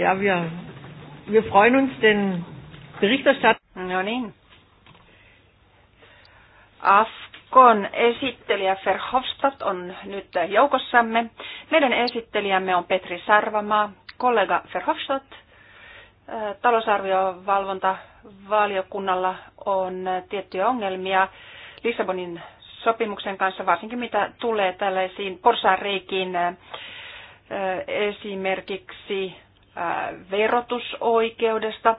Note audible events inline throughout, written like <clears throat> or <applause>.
Ja, wir, wir freuen uns, den Berichterstatter. No niin. Afkon esittelijä Verhofstadt on nyt joukossamme. Meidän esittelijämme on Petri Sarvamaa, kollega Verhofstadt. Talousarviovalvontavaliokunnalla on tiettyjä ongelmia Lissabonin sopimuksen kanssa, varsinkin mitä tulee tällaisiin porsaanreikiin esimerkiksi verotusoikeudesta.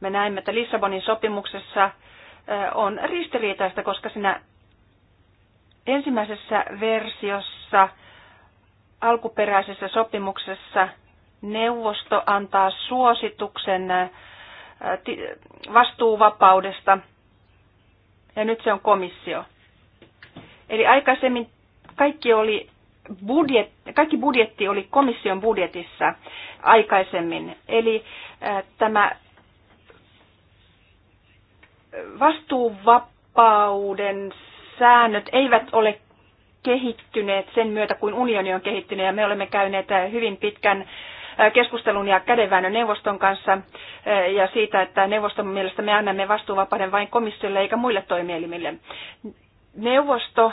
Me näemme, että Lissabonin sopimuksessa on ristiriitaista, koska siinä ensimmäisessä versiossa alkuperäisessä sopimuksessa neuvosto antaa suosituksen vastuuvapaudesta ja nyt se on komissio. Eli aikaisemmin kaikki oli budjet, kaikki budjetti oli komission budjetissa aikaisemmin. Eli tämä vastuuvapauden säännöt eivät ole kehittyneet sen myötä, kuin unioni on kehittynyt, ja me olemme käyneet hyvin pitkän keskustelun ja kädenväännön neuvoston kanssa ja siitä, että neuvoston mielestä me annamme vastuuvapauden vain komissiolle eikä muille toimielimille. Neuvosto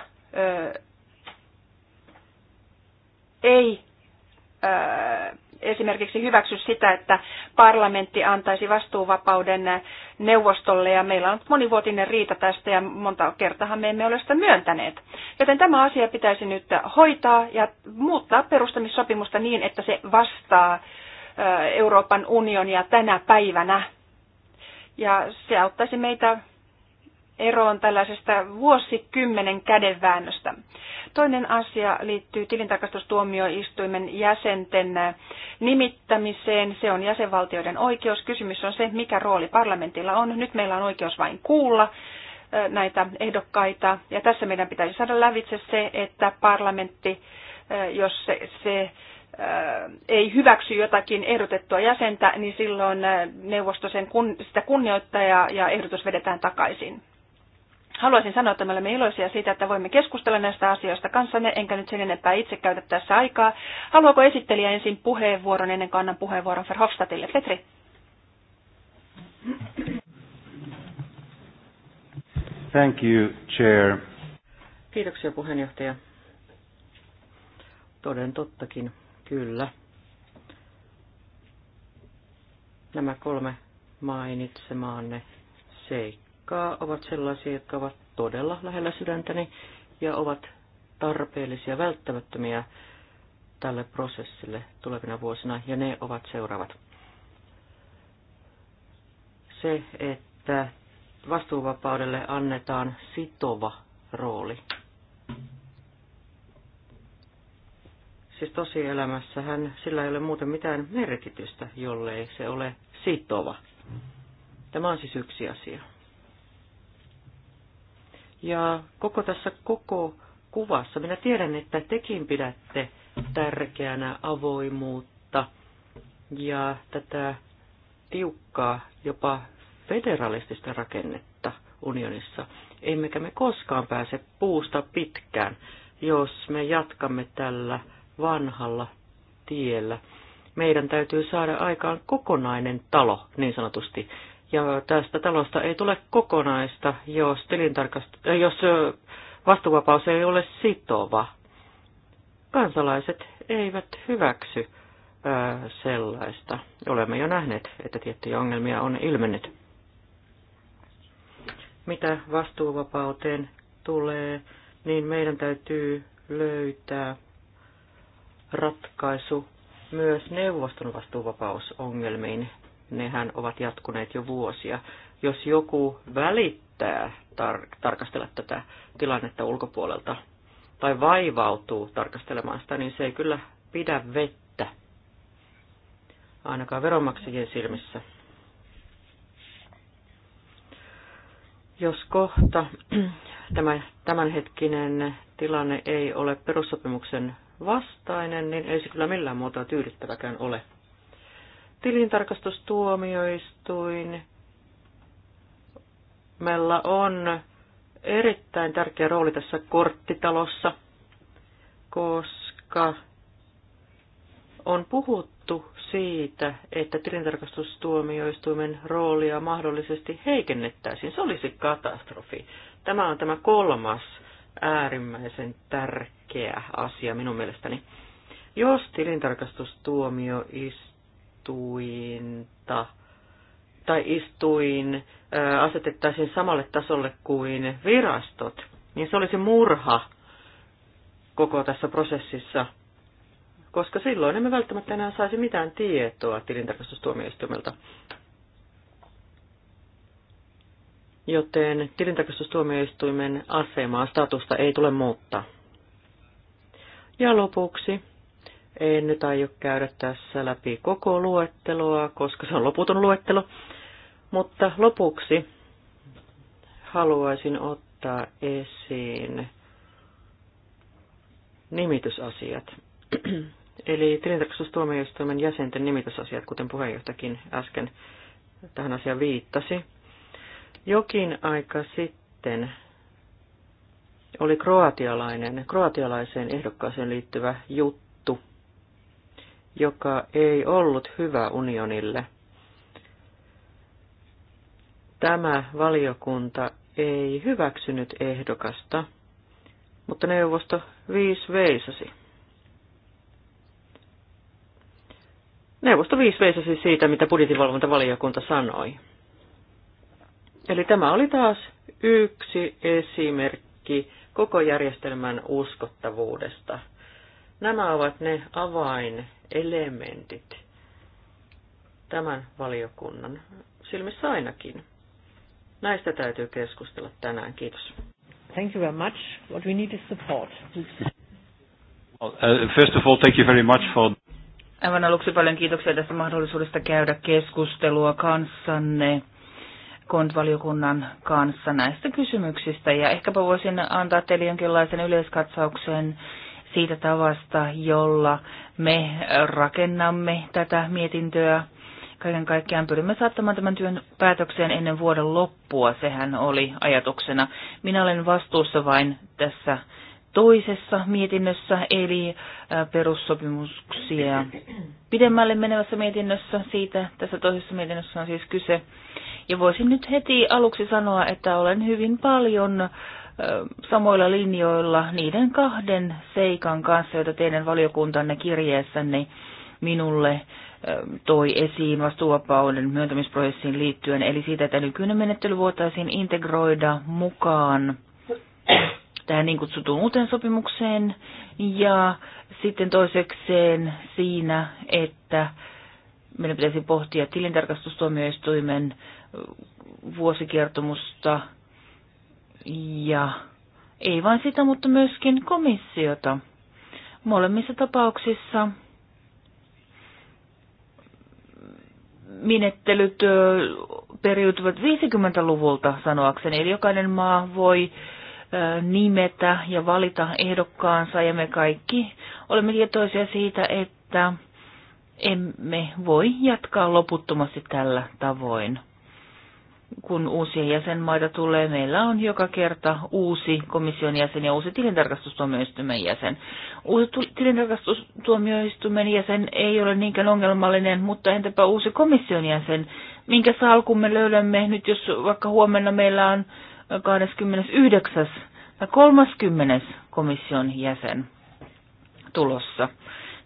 ei esimerkiksi hyväksy sitä, että parlamentti antaisi vastuuvapauden neuvostolle ja meillä on monivuotinen riita tästä ja monta kertaa me emme ole sitä myöntäneet. Joten tämä asia pitäisi nyt hoitaa ja muuttaa perustamissopimusta niin, että se vastaa Euroopan unionia tänä päivänä. Ja se auttaisi meitä eroon tällaisesta vuosikymmenen kädenväännöstä. Toinen asia liittyy tilintarkastustuomioistuimen jäsenten nimittämiseen. Se on jäsenvaltioiden oikeus. Kysymys on se, mikä rooli parlamentilla on. Nyt meillä on oikeus vain kuulla näitä ehdokkaita. Ja tässä meidän pitäisi saada lävitse se, että parlamentti, jos se, se ei hyväksy jotakin ehdotettua jäsentä, niin silloin neuvosto sen kun, sitä kunnioittaa ja, ja ehdotus vedetään takaisin haluaisin sanoa, että me olemme iloisia siitä, että voimme keskustella näistä asioista kanssanne, enkä nyt sen enempää itse käytä tässä aikaa. Haluaako esittelijä ensin puheenvuoron ennen kuin annan puheenvuoron Verhofstadille? Petri. Thank you, Chair. Kiitoksia puheenjohtaja. Toden tottakin, kyllä. Nämä kolme mainitsemaanne seikkaa takaa ovat sellaisia, jotka ovat todella lähellä sydäntäni ja ovat tarpeellisia, välttämättömiä tälle prosessille tulevina vuosina, ja ne ovat seuraavat. Se, että vastuuvapaudelle annetaan sitova rooli. Siis tosielämässähän sillä ei ole muuten mitään merkitystä, jollei se ole sitova. Tämä on siis yksi asia. Ja koko tässä koko kuvassa, minä tiedän, että tekin pidätte tärkeänä avoimuutta ja tätä tiukkaa, jopa federalistista rakennetta unionissa. Emmekä me koskaan pääse puusta pitkään, jos me jatkamme tällä vanhalla tiellä. Meidän täytyy saada aikaan kokonainen talo, niin sanotusti, ja tästä talosta ei tule kokonaista, jos, tilintarkast- äh, jos vastuuvapaus ei ole sitova. Kansalaiset eivät hyväksy sellaista. Olemme jo nähneet, että tiettyjä ongelmia on ilmennyt. Mitä vastuuvapauteen tulee, niin meidän täytyy löytää ratkaisu myös neuvoston vastuuvapausongelmiin nehän ovat jatkuneet jo vuosia. Jos joku välittää tar- tarkastella tätä tilannetta ulkopuolelta tai vaivautuu tarkastelemaan sitä, niin se ei kyllä pidä vettä, ainakaan veronmaksajien silmissä. Jos kohta <clears throat> tämä tämänhetkinen tilanne ei ole perussopimuksen vastainen, niin ei se kyllä millään muuta tyydyttäväkään ole. Tilintarkastustuomioistuin meillä on erittäin tärkeä rooli tässä korttitalossa, koska on puhuttu siitä, että tilintarkastustuomioistuimen roolia mahdollisesti heikennettäisiin. Se olisi katastrofi. Tämä on tämä kolmas äärimmäisen tärkeä asia minun mielestäni. Jos tilintarkastustuomioistuin istuinta tai istuin asetettaisiin samalle tasolle kuin virastot, niin se olisi murha koko tässä prosessissa, koska silloin emme välttämättä enää saisi mitään tietoa tilintarkastustuomioistuimelta. Joten tilintarkastustuomioistuimen asemaa, statusta ei tule muuttaa. Ja lopuksi en nyt aio käydä tässä läpi koko luetteloa, koska se on loputon luettelo. Mutta lopuksi haluaisin ottaa esiin nimitysasiat. Eli tilintarkastustuomioistuimen jäsenten nimitysasiat, kuten puheenjohtakin äsken tähän asiaan viittasi. Jokin aika sitten oli kroatialainen, kroatialaiseen ehdokkaaseen liittyvä juttu joka ei ollut hyvä unionille. Tämä valiokunta ei hyväksynyt ehdokasta, mutta neuvosto viis veisasi. Neuvosto viis veisasi siitä, mitä budjetinvalvontavaliokunta sanoi. Eli tämä oli taas yksi esimerkki koko järjestelmän uskottavuudesta – Nämä ovat ne avainelementit tämän valiokunnan silmissä ainakin. Näistä täytyy keskustella tänään. Kiitos. Thank you very much. What we need is support. Uh, first of all, thank you very much for... Aivan aluksi paljon kiitoksia tästä mahdollisuudesta käydä keskustelua kanssanne, kontvaliokunnan kanssa näistä kysymyksistä. Ja ehkäpä voisin antaa teille jonkinlaisen yleiskatsauksen siitä tavasta, jolla me rakennamme tätä mietintöä. Kaiken kaikkiaan pyrimme saattamaan tämän työn päätökseen ennen vuoden loppua, sehän oli ajatuksena. Minä olen vastuussa vain tässä toisessa mietinnössä, eli äh, perussopimuksia pidemmälle menevässä mietinnössä. Siitä tässä toisessa mietinnössä on siis kyse. Ja voisin nyt heti aluksi sanoa, että olen hyvin paljon samoilla linjoilla niiden kahden seikan kanssa, joita teidän valiokuntanne kirjeessänne minulle toi esiin vastuuvapauden myöntämisprosessiin liittyen, eli siitä, että nykyinen menettely voitaisiin integroida mukaan tähän niin kutsutun uuteen sopimukseen, ja sitten toisekseen siinä, että meidän pitäisi pohtia tilintarkastustuomioistuimen vuosikertomusta ja ei vain sitä, mutta myöskin komissiota. Molemmissa tapauksissa menettelyt periytyvät 50-luvulta sanoakseni, eli jokainen maa voi nimetä ja valita ehdokkaansa ja me kaikki olemme tietoisia siitä, että emme voi jatkaa loputtomasti tällä tavoin kun uusia jäsenmaita tulee, meillä on joka kerta uusi komission jäsen ja uusi tilintarkastustuomioistuimen jäsen. Uusi tilintarkastustuomioistuimen jäsen ei ole niinkään ongelmallinen, mutta entäpä uusi komission jäsen? Minkä salkun me löydämme nyt, jos vaikka huomenna meillä on 29. tai 30. komission jäsen tulossa?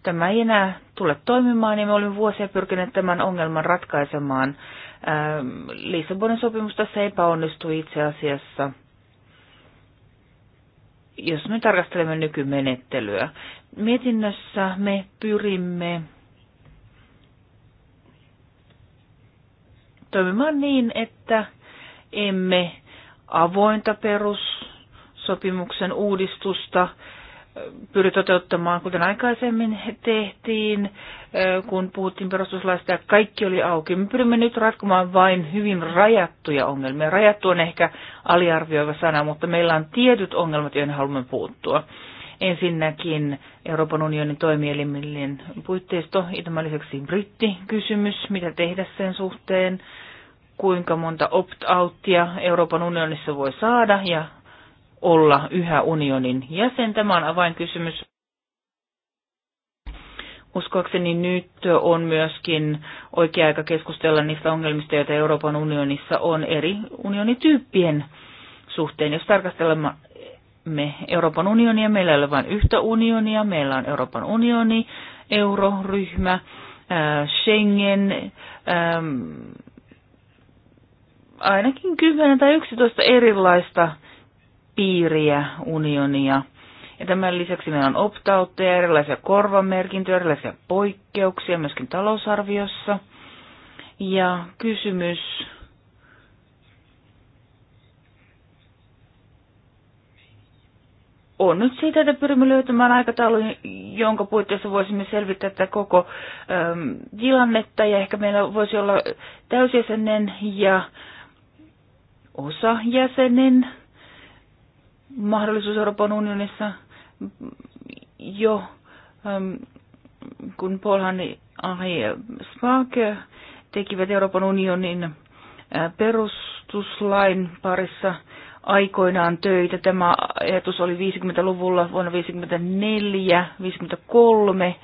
Tämä ei enää tule toimimaan ja me olemme vuosia pyrkineet tämän ongelman ratkaisemaan Ähm, Lissabonin sopimus tässä epäonnistui itse asiassa, jos me tarkastelemme nykymenettelyä. Mietinnössä me pyrimme toimimaan niin, että emme avointa perussopimuksen uudistusta pyri toteuttamaan, kuten aikaisemmin tehtiin, kun puhuttiin perustuslaista ja kaikki oli auki. Me pyrimme nyt ratkomaan vain hyvin rajattuja ongelmia. Rajattu on ehkä aliarvioiva sana, mutta meillä on tietyt ongelmat, joihin haluamme puuttua. Ensinnäkin Euroopan unionin toimielimillinen puitteisto, tämän lisäksi brittikysymys, mitä tehdä sen suhteen, kuinka monta opt-outtia Euroopan unionissa voi saada ja olla yhä unionin jäsen. Tämä on avainkysymys. Uskoakseni nyt on myöskin oikea aika keskustella niistä ongelmista, joita Euroopan unionissa on eri unionityyppien suhteen. Jos tarkastellaan me Euroopan unionia, meillä ei ole vain yhtä unionia, meillä on Euroopan unioni, euroryhmä, äh, Schengen, ähm, ainakin 10 tai 11 erilaista piiriä unionia. Ja tämän lisäksi meillä on optautteja, erilaisia korvamerkintöjä, erilaisia poikkeuksia myöskin talousarviossa. Ja kysymys on nyt siitä, että pyrimme löytämään aikataulun, jonka puitteissa voisimme selvittää tätä koko äm, tilannetta ja ehkä meillä voisi olla täysjäsenen ja osajäsenen mahdollisuus Euroopan unionissa jo, ähm, kun Polhani Henri Spaak tekivät Euroopan unionin äh, perustuslain parissa aikoinaan töitä. Tämä ajatus oli 50-luvulla vuonna 1954, 1953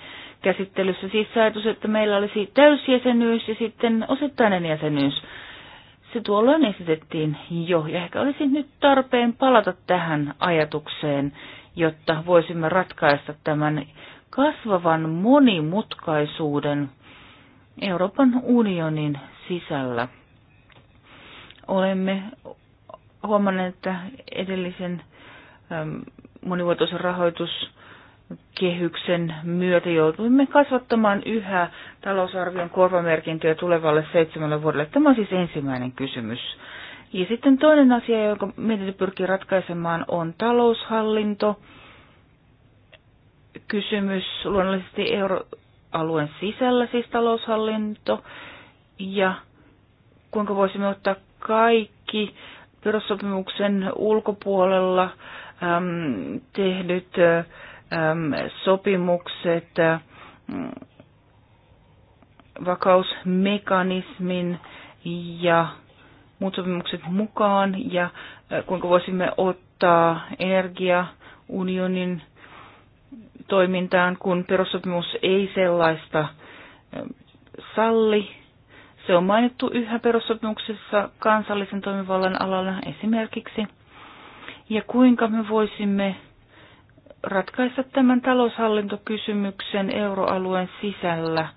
käsittelyssä. Siis ajatus, että meillä olisi täysjäsenyys ja sitten osittainen jäsenyys. Se tuolloin esitettiin jo, ja ehkä olisi nyt tarpeen palata tähän ajatukseen, jotta voisimme ratkaista tämän kasvavan monimutkaisuuden Euroopan unionin sisällä. Olemme huomanneet, että edellisen monivuotoisen rahoitus kehyksen myötä joutuimme kasvattamaan yhä talousarvion korvamerkintöjä tulevalle seitsemälle vuodelle. Tämä on siis ensimmäinen kysymys. Ja sitten toinen asia, jonka mietintö pyrkii ratkaisemaan, on taloushallinto. Kysymys luonnollisesti euroalueen sisällä, siis taloushallinto. Ja kuinka voisimme ottaa kaikki perussopimuksen ulkopuolella äm, tehdyt äh, Ähm, sopimukset, äh, vakausmekanismin ja muut sopimukset mukaan ja äh, kuinka voisimme ottaa energiaunionin toimintaan, kun perussopimus ei sellaista ähm, salli. Se on mainittu yhä perussopimuksessa kansallisen toimivallan alalla esimerkiksi. Ja kuinka me voisimme ratkaista tämän taloushallintokysymyksen euroalueen sisällä.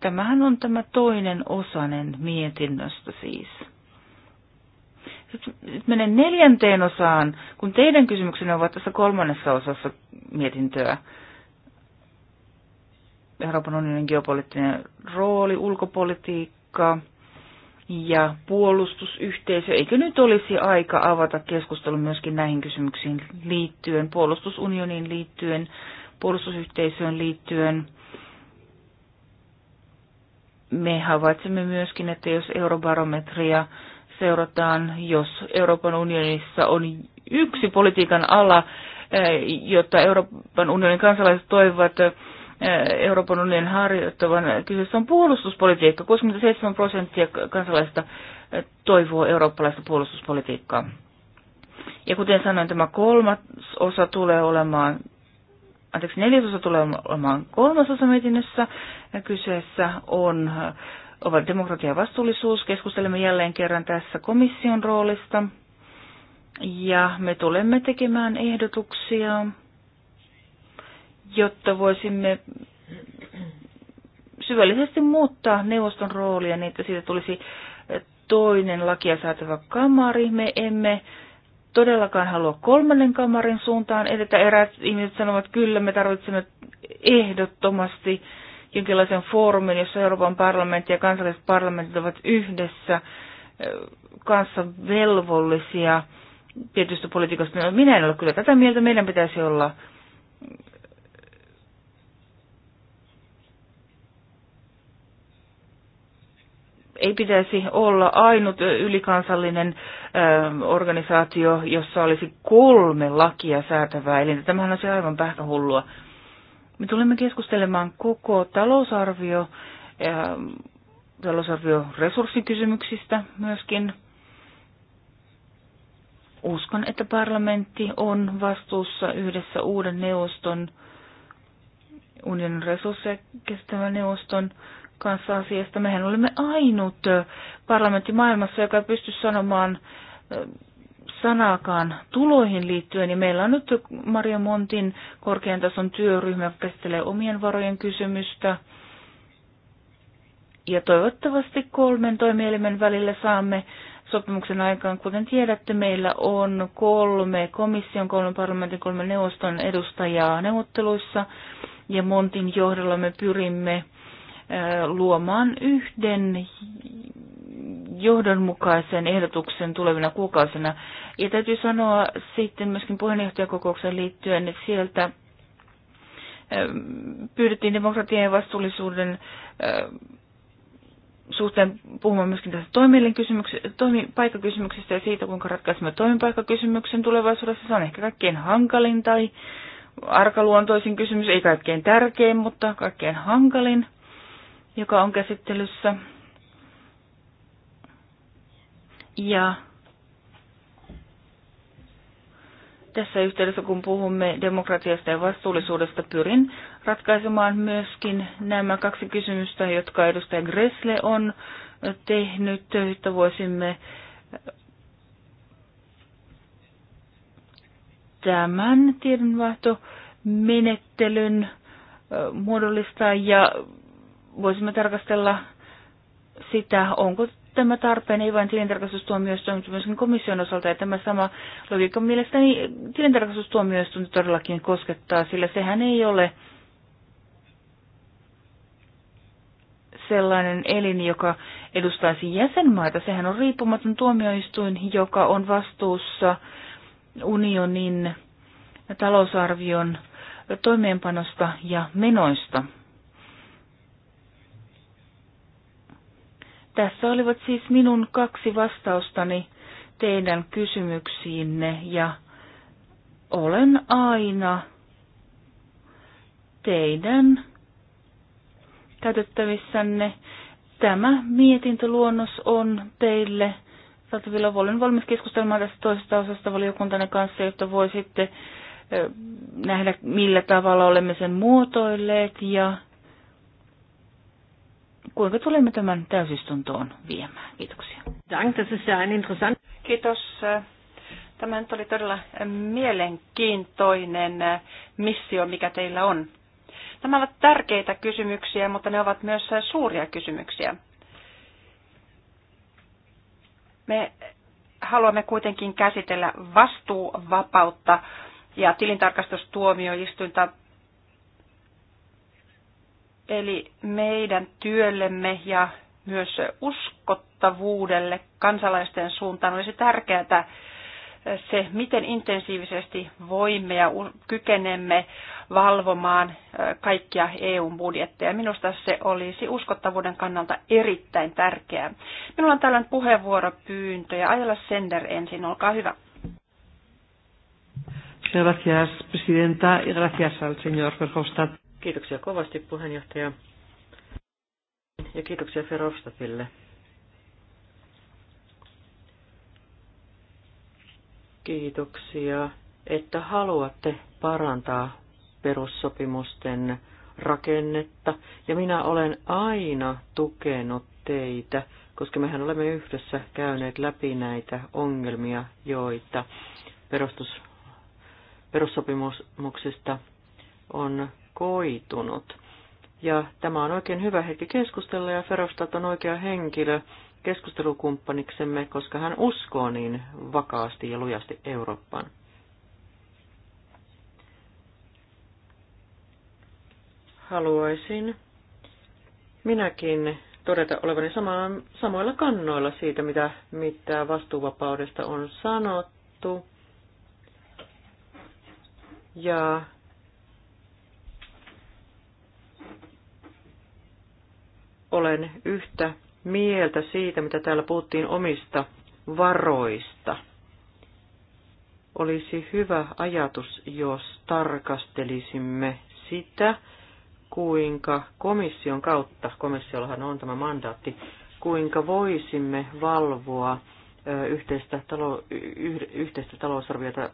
Tämähän on tämä toinen osanen mietinnöstä siis. Nyt menen neljänteen osaan, kun teidän kysymyksenne ovat tässä kolmannessa osassa mietintöä. Euroopan unionin geopoliittinen rooli, ulkopolitiikka, ja puolustusyhteisö. Eikö nyt olisi aika avata keskustelu myöskin näihin kysymyksiin liittyen, puolustusunioniin liittyen, puolustusyhteisöön liittyen? Me havaitsemme myöskin, että jos eurobarometria seurataan, jos Euroopan unionissa on yksi politiikan ala, eh, jota Euroopan unionin kansalaiset toivovat, eh, Euroopan unionin harjoittavan. Kyseessä on puolustuspolitiikka. 67 prosenttia kansalaisista eh, toivoo eurooppalaista puolustuspolitiikkaa. Ja kuten sanoin, tämä kolmas osa tulee olemaan, anteeksi neljäsosa tulee olemaan kolmas osa mietinnössä. Kyseessä on, eh, ovat demokratia ja vastuullisuus. Keskustelemme jälleen kerran tässä komission roolista. Ja me tulemme tekemään ehdotuksia jotta voisimme syvällisesti muuttaa neuvoston roolia niin, että siitä tulisi toinen lakia säätävä kamari. Me emme todellakaan halua kolmannen kamarin suuntaan edetä. Eräät ihmiset sanovat, että kyllä me tarvitsemme ehdottomasti jonkinlaisen foorumin, jossa Euroopan parlamentti ja kansalliset parlamentit ovat yhdessä kanssa velvollisia tietystä politiikasta. No, minä en ole kyllä tätä mieltä. Meidän pitäisi olla ei pitäisi olla ainut ylikansallinen ö, organisaatio, jossa olisi kolme lakia säätävää elintä. Tämähän on se aivan pähkähullua. Me tulemme keskustelemaan koko talousarvio ja resurssikysymyksistä myöskin. Uskon, että parlamentti on vastuussa yhdessä uuden neuvoston, unionin resursseja kestävän neuvoston kanssa asiasta. Mehän olimme ainut parlamentti maailmassa, joka ei pysty sanomaan sanaakaan tuloihin liittyen, niin meillä on nyt Maria Montin korkean tason työryhmä, joka käsittelee omien varojen kysymystä. Ja toivottavasti kolmen toimielimen välillä saamme sopimuksen aikaan. Kuten tiedätte, meillä on kolme komission, kolme parlamentin, kolme neuvoston edustajaa neuvotteluissa. Ja Montin johdolla me pyrimme luomaan yhden johdonmukaisen ehdotuksen tulevina kuukausina. Ja täytyy sanoa sitten myöskin puheenjohtajakokoukseen liittyen, että sieltä pyydettiin demokratian ja vastuullisuuden suhteen puhumaan myöskin tästä toimipaikkakysymyksestä ja siitä, kuinka ratkaisemme toimipaikkakysymyksen tulevaisuudessa. Se on ehkä kaikkein hankalin tai arkaluontoisin kysymys, ei kaikkein tärkein, mutta kaikkein hankalin joka on käsittelyssä. Ja tässä yhteydessä, kun puhumme demokratiasta ja vastuullisuudesta, pyrin ratkaisemaan myöskin nämä kaksi kysymystä, jotka edustaja Gressle on tehnyt, että voisimme tämän tiedonvaihtomenettelyn muodollistaa ja voisimme tarkastella sitä, onko tämä tarpeen, ei vain tilintarkastustuomioistuin, mutta myöskin komission osalta. Ja tämä sama logiikka mielestäni tilintarkastustuomioistuin todellakin koskettaa, sillä sehän ei ole sellainen elin, joka edustaisi jäsenmaita. Sehän on riippumaton tuomioistuin, joka on vastuussa unionin talousarvion toimeenpanosta ja menoista. Tässä olivat siis minun kaksi vastaustani teidän kysymyksiinne ja olen aina teidän käytettävissänne. Tämä mietintöluonnos on teille saatavilla. Olen valmis keskustelemaan tästä toisesta osasta valiokuntanne kanssa, jotta voisitte nähdä, millä tavalla olemme sen muotoilleet ja kuinka tulemme tämän täysistuntoon viemään. Kiitoksia. Dank, das ist ja ein interessant... Kiitos. Tämä oli todella mielenkiintoinen missio, mikä teillä on. Nämä ovat tärkeitä kysymyksiä, mutta ne ovat myös suuria kysymyksiä. Me haluamme kuitenkin käsitellä vastuuvapautta ja tilintarkastustuomioistuinta Eli meidän työllemme ja myös uskottavuudelle kansalaisten suuntaan olisi tärkeää se, miten intensiivisesti voimme ja kykenemme valvomaan kaikkia EU-budjetteja. Minusta se olisi uskottavuuden kannalta erittäin tärkeää. Minulla on tällainen puheenvuoropyyntö ja Ajala Sender ensin, olkaa hyvä. Gracias, presidenta, y gracias al señor Verhofstadt. Kiitoksia kovasti puheenjohtaja ja kiitoksia Ferovstatille. Kiitoksia, että haluatte parantaa perussopimusten rakennetta. Ja minä olen aina tukenut teitä, koska mehän olemme yhdessä käyneet läpi näitä ongelmia, joita perustus, perussopimuksista on koitunut. Ja tämä on oikein hyvä hetki keskustella ja Ferostat on oikea henkilö keskustelukumppaniksemme, koska hän uskoo niin vakaasti ja lujasti Eurooppaan. Haluaisin minäkin todeta olevani sama, samoilla kannoilla siitä, mitä, mitä vastuuvapaudesta on sanottu. Ja olen yhtä mieltä siitä, mitä täällä puhuttiin omista varoista. Olisi hyvä ajatus, jos tarkastelisimme sitä, kuinka komission kautta, komissiollahan on tämä mandaatti, kuinka voisimme valvoa yhteistä, talo, yhteistä talousarviota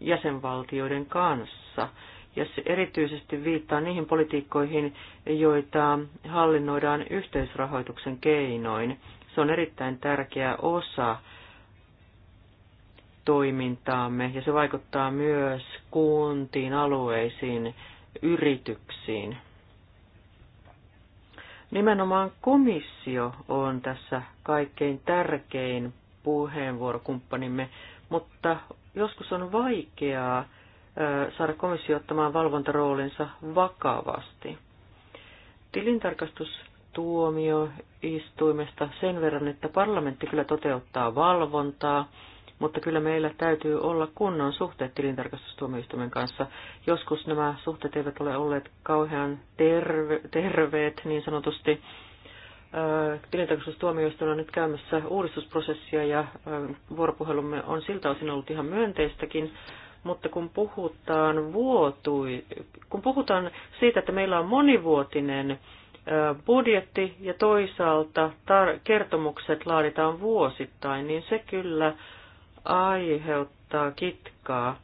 jäsenvaltioiden kanssa ja erityisesti viittaa niihin politiikkoihin, joita hallinnoidaan yhteisrahoituksen keinoin. Se on erittäin tärkeä osa toimintaamme ja se vaikuttaa myös kuntiin, alueisiin, yrityksiin. Nimenomaan komissio on tässä kaikkein tärkein puheenvuorokumppanimme, mutta joskus on vaikeaa saada komissio ottamaan valvontaroolinsa vakavasti. Tilintarkastustuomioistuimesta sen verran, että parlamentti kyllä toteuttaa valvontaa, mutta kyllä meillä täytyy olla kunnon suhteet tilintarkastustuomioistuimen kanssa. Joskus nämä suhteet eivät ole olleet kauhean terve, terveet niin sanotusti. Tilintarkastustuomioistuin on nyt käymässä uudistusprosessia ja vuoropuhelumme on siltä osin ollut ihan myönteistäkin, mutta kun puhutaan, vuotui, kun puhutaan siitä, että meillä on monivuotinen budjetti ja toisaalta tar- kertomukset laaditaan vuosittain, niin se kyllä aiheuttaa kitkaa.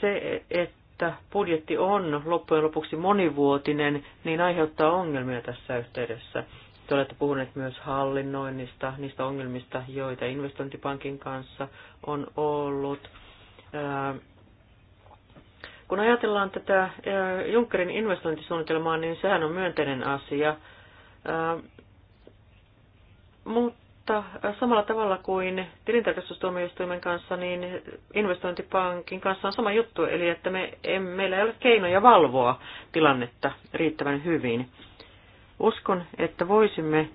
Se, että budjetti on loppujen lopuksi monivuotinen, niin aiheuttaa ongelmia tässä yhteydessä. Te olette puhuneet myös hallinnoinnista, niistä ongelmista, joita investointipankin kanssa on ollut. Kun ajatellaan tätä Junckerin investointisuunnitelmaa, niin sehän on myönteinen asia. Mutta samalla tavalla kuin tilintarkastustuomioistuimen kanssa, niin investointipankin kanssa on sama juttu, eli että me, meillä ei ole keinoja valvoa tilannetta riittävän hyvin Uskon, että voisimme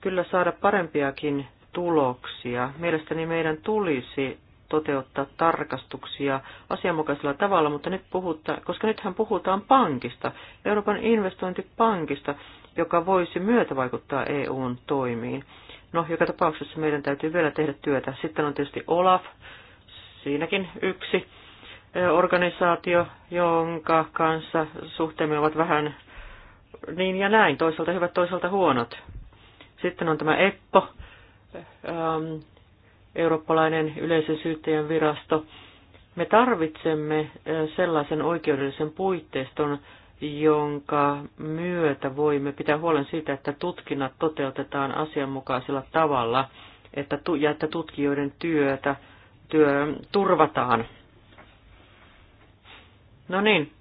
kyllä saada parempiakin tuloksia. Mielestäni meidän tulisi toteuttaa tarkastuksia asianmukaisella tavalla, mutta nyt puhuta, koska nythän puhutaan pankista, Euroopan investointipankista, joka voisi myötävaikuttaa EUn toimiin. No, joka tapauksessa meidän täytyy vielä tehdä työtä. Sitten on tietysti OLAF, siinäkin yksi eh, organisaatio, jonka kanssa suhteemme ovat vähän niin ja näin, toisaalta hyvät, toisaalta huonot. Sitten on tämä EPPO, ähm, eurooppalainen yleisen syyttäjän virasto. Me tarvitsemme äh, sellaisen oikeudellisen puitteiston, jonka myötä voimme pitää huolen siitä, että tutkinnat toteutetaan asianmukaisella tavalla että, ja että tutkijoiden työtä työ, turvataan. No niin,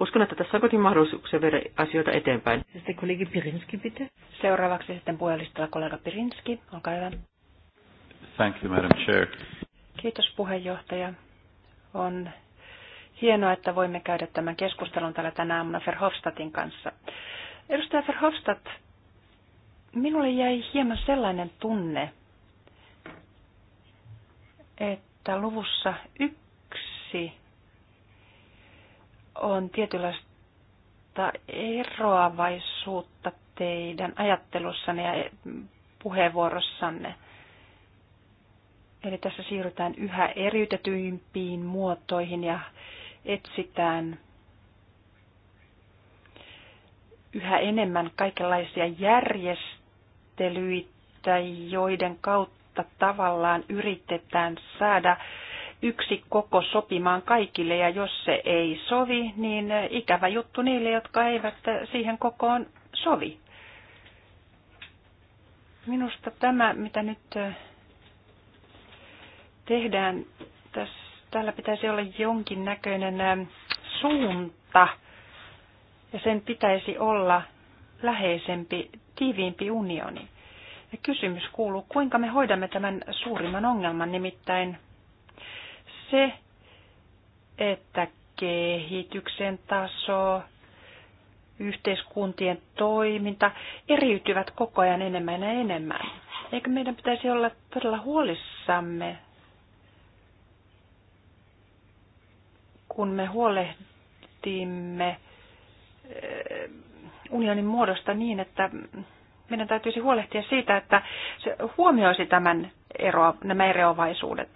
uskon, että tässä on kuitenkin mahdollisuuksia viedä asioita eteenpäin. Sitten kollegi Pirinski pitää. Seuraavaksi sitten puhelistalla kollega Pirinski, olkaa hyvä. Thank you, Madam Chair. Kiitos puheenjohtaja. On hienoa, että voimme käydä tämän keskustelun täällä tänä aamuna Verhofstadtin kanssa. Edustaja Verhofstadt, minulle jäi hieman sellainen tunne, että luvussa yksi on tietynlaista eroavaisuutta teidän ajattelussanne ja puheenvuorossanne. Eli tässä siirrytään yhä eriytetyimpiin muotoihin ja etsitään yhä enemmän kaikenlaisia järjestelyitä, joiden kautta tavallaan yritetään saada yksi koko sopimaan kaikille ja jos se ei sovi, niin ikävä juttu niille, jotka eivät siihen kokoon sovi. Minusta tämä, mitä nyt äh, tehdään, tässä, täällä pitäisi olla jonkin näköinen äh, suunta ja sen pitäisi olla läheisempi, tiiviimpi unioni. Ja kysymys kuuluu, kuinka me hoidamme tämän suurimman ongelman, nimittäin se, että kehityksen taso, yhteiskuntien toiminta eriytyvät koko ajan enemmän ja enemmän. Eikö meidän pitäisi olla todella huolissamme, kun me huolehtimme eh, unionin muodosta niin, että meidän täytyisi huolehtia siitä, että se huomioisi tämän ero, nämä eroavaisuudet.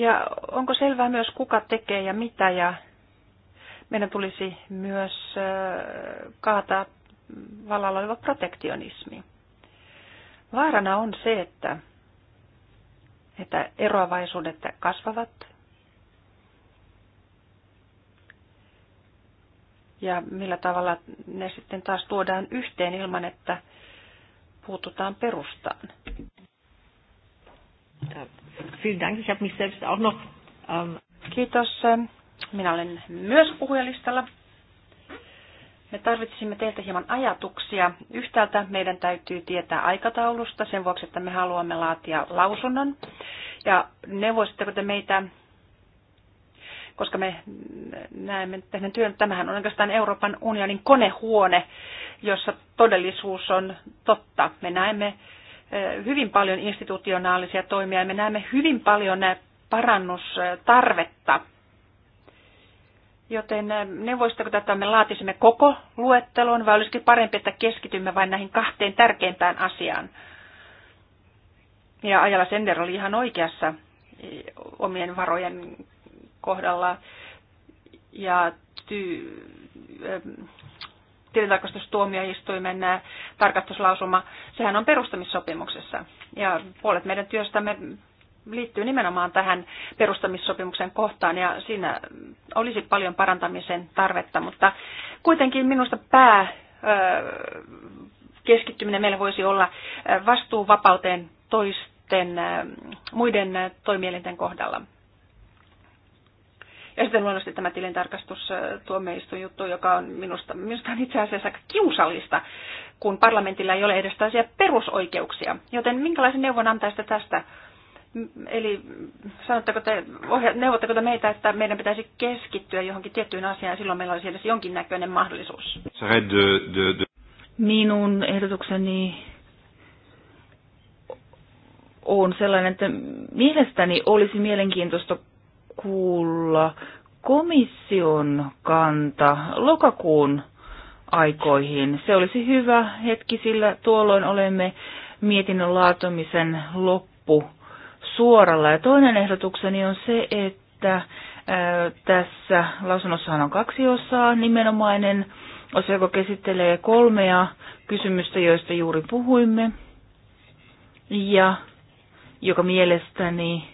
Ja onko selvää myös, kuka tekee ja mitä, ja meidän tulisi myös kaataa vallalla oleva protektionismi. Vaarana on se, että, että eroavaisuudet kasvavat. Ja millä tavalla ne sitten taas tuodaan yhteen ilman, että puututaan perustaan. Äh, Vielen Dank. Ich habe mich selbst auch noch. Ähm Kiitos. Minä olen myös puhujalistalla. Me tarvitsisimme teiltä hieman ajatuksia. Yhtäältä meidän täytyy tietää aikataulusta sen vuoksi, että me haluamme laatia lausunnon. Ja neuvoisitteko te meitä, koska me näemme tehdään työn, tämähän on oikeastaan Euroopan unionin konehuone, jossa todellisuus on totta. Me näemme Eh, hyvin paljon institutionaalisia toimia ja me näemme hyvin paljon eh, parannustarvetta. Joten eh, neuvoisitteko tätä me laatisimme koko luettelon vai olisikin parempi, että keskitymme vain näihin kahteen tärkeimpään asiaan? Ja Ajala Sender oli ihan oikeassa omien varojen kohdalla. Ja ty, tilintarkastustuomioistuimen äh, tarkastuslausuma, sehän on perustamissopimuksessa. Ja puolet meidän työstämme liittyy nimenomaan tähän perustamissopimuksen kohtaan ja siinä olisi paljon parantamisen tarvetta, mutta kuitenkin minusta pää äh, keskittyminen meillä voisi olla äh, vastuuvapauteen toisten muiden toimielinten kohdalla. Ja sitten luonnollisesti tämä tilintarkastus tuomioistuin juttu, joka on minusta, minusta on itse asiassa kiusallista, kun parlamentilla ei ole edes tällaisia perusoikeuksia. Joten minkälaisen neuvon antaisitte tästä? Eli sanotteko te, neuvotteko te meitä, että meidän pitäisi keskittyä johonkin tiettyyn asiaan ja silloin meillä olisi edes jonkinnäköinen mahdollisuus? Minun ehdotukseni on sellainen, että mielestäni olisi mielenkiintoista kuulla komission kanta lokakuun aikoihin. Se olisi hyvä hetki, sillä tuolloin olemme mietinnön laatumisen loppu suoralla. Ja toinen ehdotukseni on se, että äh, tässä lausunnossahan on kaksi osaa, nimenomainen osa, joka käsittelee kolmea kysymystä, joista juuri puhuimme, ja joka mielestäni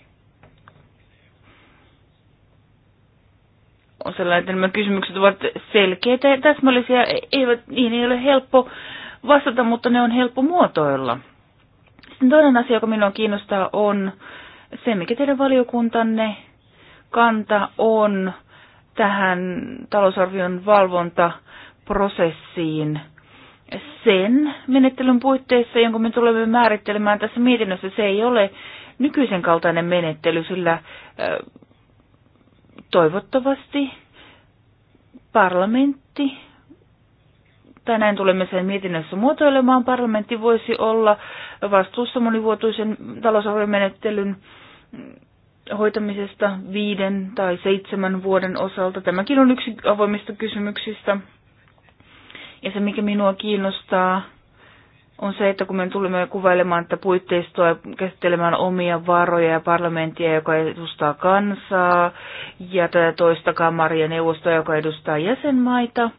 on sellainen, että nämä kysymykset ovat selkeitä ja täsmällisiä. Eivät, niihin ei ole helppo vastata, mutta ne on helppo muotoilla. Sitten toinen asia, joka minua kiinnostaa, on se, mikä teidän valiokuntanne kanta on tähän talousarvion valvontaprosessiin sen menettelyn puitteissa, jonka me tulemme määrittelemään tässä mietinnössä. Se ei ole nykyisen kaltainen menettely, sillä toivottavasti parlamentti, tai näin tulemme sen mietinnössä muotoilemaan, parlamentti voisi olla vastuussa monivuotuisen talousarviomenettelyn hoitamisesta viiden tai seitsemän vuoden osalta. Tämäkin on yksi avoimista kysymyksistä. Ja se, mikä minua kiinnostaa, on se, että kun me tulemme kuvailemaan että puitteistoa käsittelemään omia varoja ja parlamenttia, joka edustaa kansaa, ja tätä toista kamaria neuvostoa, joka edustaa jäsenmaita,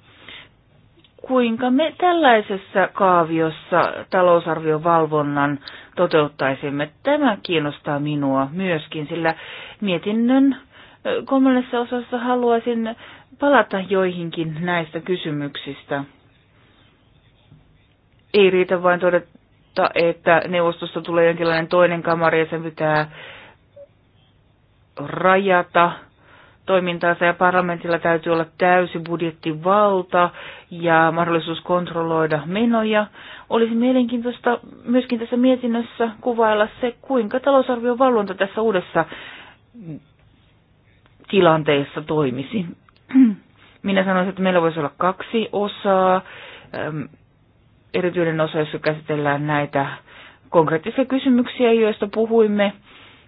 kuinka me tällaisessa kaaviossa talousarviovalvonnan toteuttaisimme. Tämä kiinnostaa minua myöskin, sillä mietinnön kolmannessa osassa haluaisin palata joihinkin näistä kysymyksistä ei riitä vain todeta, että neuvostosta tulee jonkinlainen toinen kamari ja sen pitää rajata toimintaansa ja parlamentilla täytyy olla täysi budjettivalta ja mahdollisuus kontrolloida menoja. Olisi mielenkiintoista myöskin tässä mietinnössä kuvailla se, kuinka talousarvion valvonta tässä uudessa tilanteessa toimisi. <clears throat> Minä sanoisin, että meillä voisi olla kaksi osaa erityinen osa, jossa käsitellään näitä konkreettisia kysymyksiä, joista puhuimme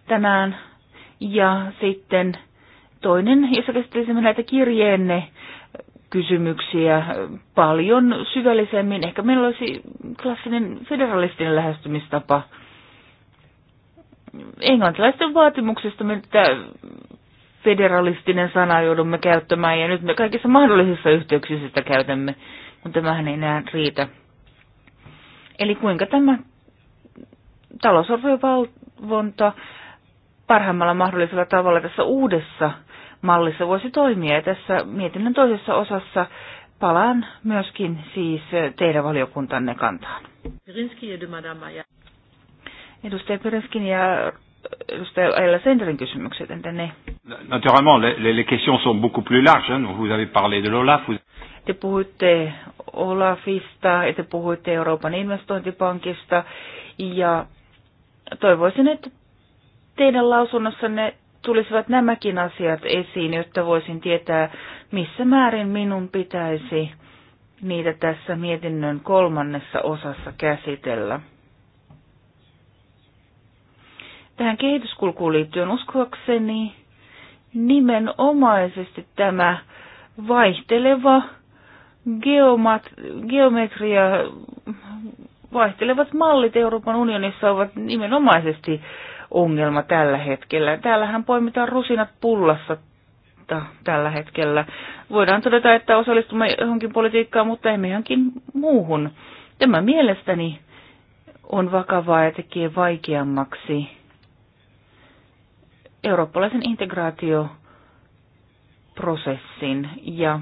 tänään. Ja sitten toinen, jossa käsittelisimme näitä kirjeenne kysymyksiä paljon syvällisemmin. Ehkä meillä olisi klassinen federalistinen lähestymistapa. Englantilaisten vaatimuksesta mitä federalistinen sana joudumme käyttämään ja nyt me kaikissa mahdollisissa yhteyksissä sitä käytämme, mutta tämähän ei enää riitä. Eli kuinka tämä talousarviovalvonta parhaimmalla mahdollisella tavalla tässä uudessa mallissa voisi toimia. Ja tässä mietinnön toisessa osassa palaan myöskin siis teidän valiokuntanne kantaan. Edustaja Pyrinskin ja edustaja Aila Senderin kysymykset, entä ne? Naturellement, les, les questions sont beaucoup plus larges. Vous avez parlé de l'OLAF. Vous... Te puhuitte Olafista ja te puhuitte Euroopan investointipankista ja toivoisin, että teidän lausunnossanne tulisivat nämäkin asiat esiin, jotta voisin tietää, missä määrin minun pitäisi niitä tässä mietinnön kolmannessa osassa käsitellä. Tähän kehityskulkuun liittyen uskoakseni nimenomaisesti tämä vaihteleva geomat, geometria vaihtelevat mallit Euroopan unionissa ovat nimenomaisesti ongelma tällä hetkellä. Täällähän poimitaan rusinat pullassa tällä hetkellä. Voidaan todeta, että osallistumme johonkin politiikkaan, mutta emme johonkin muuhun. Tämä mielestäni on vakavaa ja tekee vaikeammaksi eurooppalaisen integraatioprosessin ja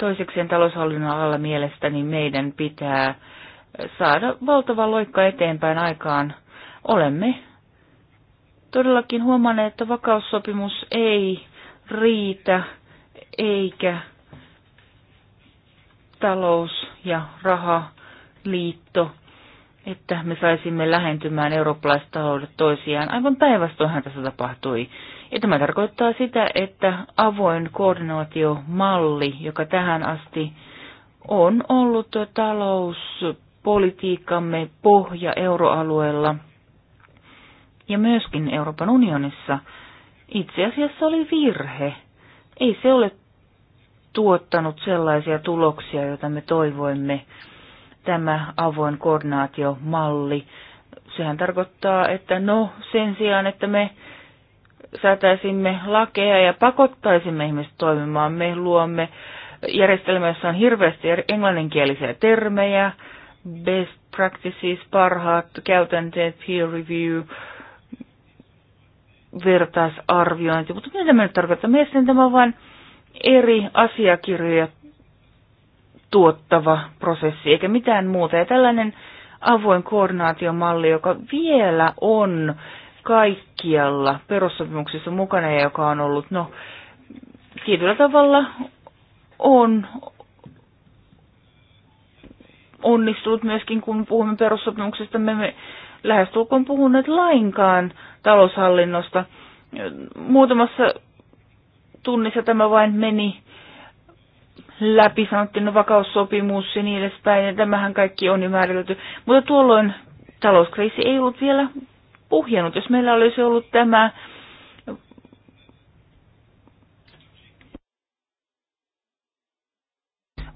Toisekseen taloushallinnon alalla mielestäni meidän pitää saada valtava loikka eteenpäin aikaan. Olemme todellakin huomanneet, että vakaussopimus ei riitä eikä talous- ja rahaliitto, että me saisimme lähentymään eurooppalaiset taloudet toisiaan. Aivan päinvastoinhan tässä tapahtui. Ja tämä tarkoittaa sitä, että avoin koordinaatiomalli, joka tähän asti on ollut talouspolitiikkamme pohja euroalueella ja myöskin Euroopan unionissa, itse asiassa oli virhe. Ei se ole tuottanut sellaisia tuloksia, joita me toivoimme. Tämä avoin koordinaatiomalli, sehän tarkoittaa, että no sen sijaan, että me säätäisimme lakeja ja pakottaisimme ihmiset toimimaan. Me luomme järjestelmä, jossa on hirveästi englanninkielisiä termejä, best practices, parhaat käytänteet, peer review, vertaisarviointi. Mutta mitä me nyt tarkoittaa? Mielestäni tämä on vain eri asiakirjoja tuottava prosessi, eikä mitään muuta. Ja tällainen avoin koordinaatiomalli, joka vielä on kaikkialla perussopimuksissa mukana ja joka on ollut, no, tietyllä tavalla on onnistunut myöskin, kun puhumme perussopimuksesta, me, emme lähestulkoon puhuneet lainkaan taloushallinnosta. Muutamassa tunnissa tämä vain meni läpi, sanottiin no, vakaussopimus ja niin edespäin, ja tämähän kaikki on jo määritelty. Mutta tuolloin talouskriisi ei ollut vielä puhjennut. Jos meillä olisi ollut tämä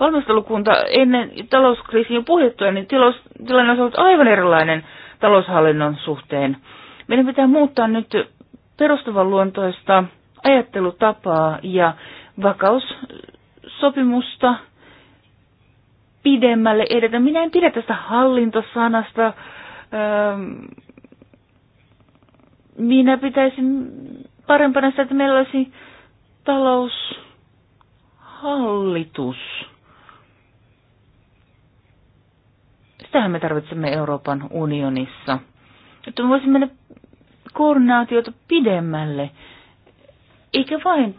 valmistelukunta ennen talouskriisiin puhjettua, niin tilos, tilanne on ollut aivan erilainen taloushallinnon suhteen. Meidän pitää muuttaa nyt perustavan luontoista ajattelutapaa ja vakaussopimusta pidemmälle edetä. Minä en pidä tästä hallintosanasta. Öö, minä pitäisin parempana sitä, että meillä olisi taloushallitus. Sitähän me tarvitsemme Euroopan unionissa. Että me voisimme mennä koordinaatiota pidemmälle, eikä vain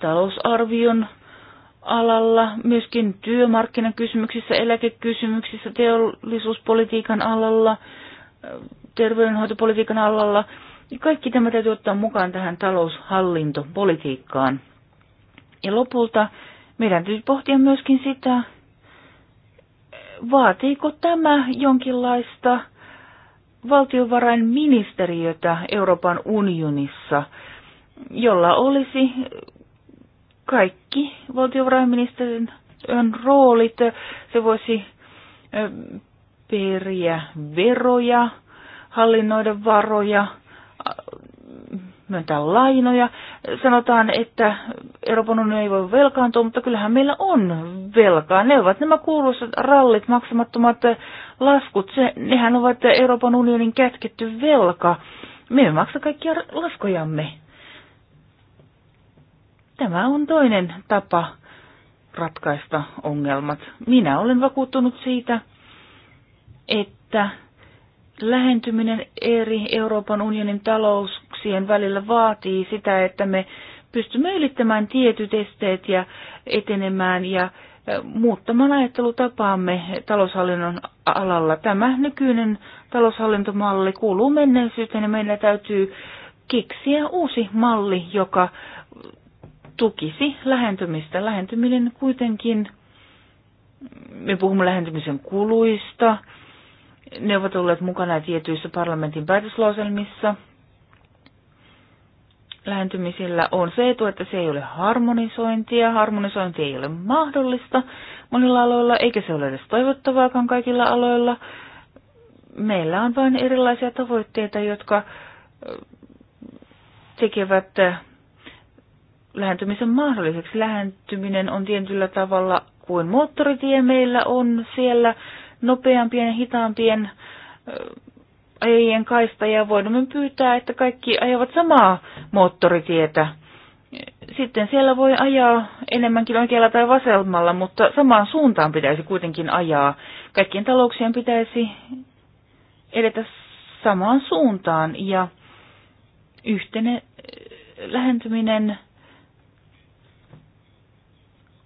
talousarvion alalla, myöskin työmarkkinakysymyksissä, eläkekysymyksissä, teollisuuspolitiikan alalla, terveydenhoitopolitiikan alalla. Ja kaikki tämä täytyy ottaa mukaan tähän taloushallintopolitiikkaan. Ja lopulta meidän täytyy pohtia myöskin sitä, vaatiiko tämä jonkinlaista valtiovarainministeriötä Euroopan unionissa, jolla olisi kaikki valtiovarainministerin roolit. Se voisi periä veroja, hallinnoida varoja, myöntää lainoja. Sanotaan, että Euroopan unioni ei voi velkaantua, mutta kyllähän meillä on velkaa. Ne ovat nämä kuuluisat rallit, maksamattomat laskut. Se, nehän ovat Euroopan unionin kätketty velka. Me emme maksa kaikkia laskujamme. Tämä on toinen tapa ratkaista ongelmat. Minä olen vakuuttunut siitä, että lähentyminen eri Euroopan unionin talouksien välillä vaatii sitä, että me pystymme ylittämään tietyt esteet ja etenemään ja äh, muuttamaan ajattelutapaamme taloushallinnon alalla. Tämä nykyinen taloushallintomalli kuuluu menneisyyteen ja meillä täytyy keksiä uusi malli, joka tukisi lähentymistä. Lähentyminen kuitenkin, me puhumme lähentymisen kuluista, ne ovat olleet mukana tietyissä parlamentin päätöslauselmissa. Lähentymisillä on se etu, että se ei ole harmonisointia. Harmonisointi ei ole mahdollista monilla aloilla, eikä se ole edes toivottavaakaan kaikilla aloilla. Meillä on vain erilaisia tavoitteita, jotka tekevät lähentymisen mahdolliseksi. Lähentyminen on tietyllä tavalla kuin moottoritie meillä on siellä nopeampien ja hitaampien ajajien kaista ja voimme pyytää, että kaikki ajavat samaa moottoritietä. Sitten siellä voi ajaa enemmänkin oikealla tai vasemmalla, mutta samaan suuntaan pitäisi kuitenkin ajaa. Kaikkien talouksien pitäisi edetä samaan suuntaan ja yhtene lähentyminen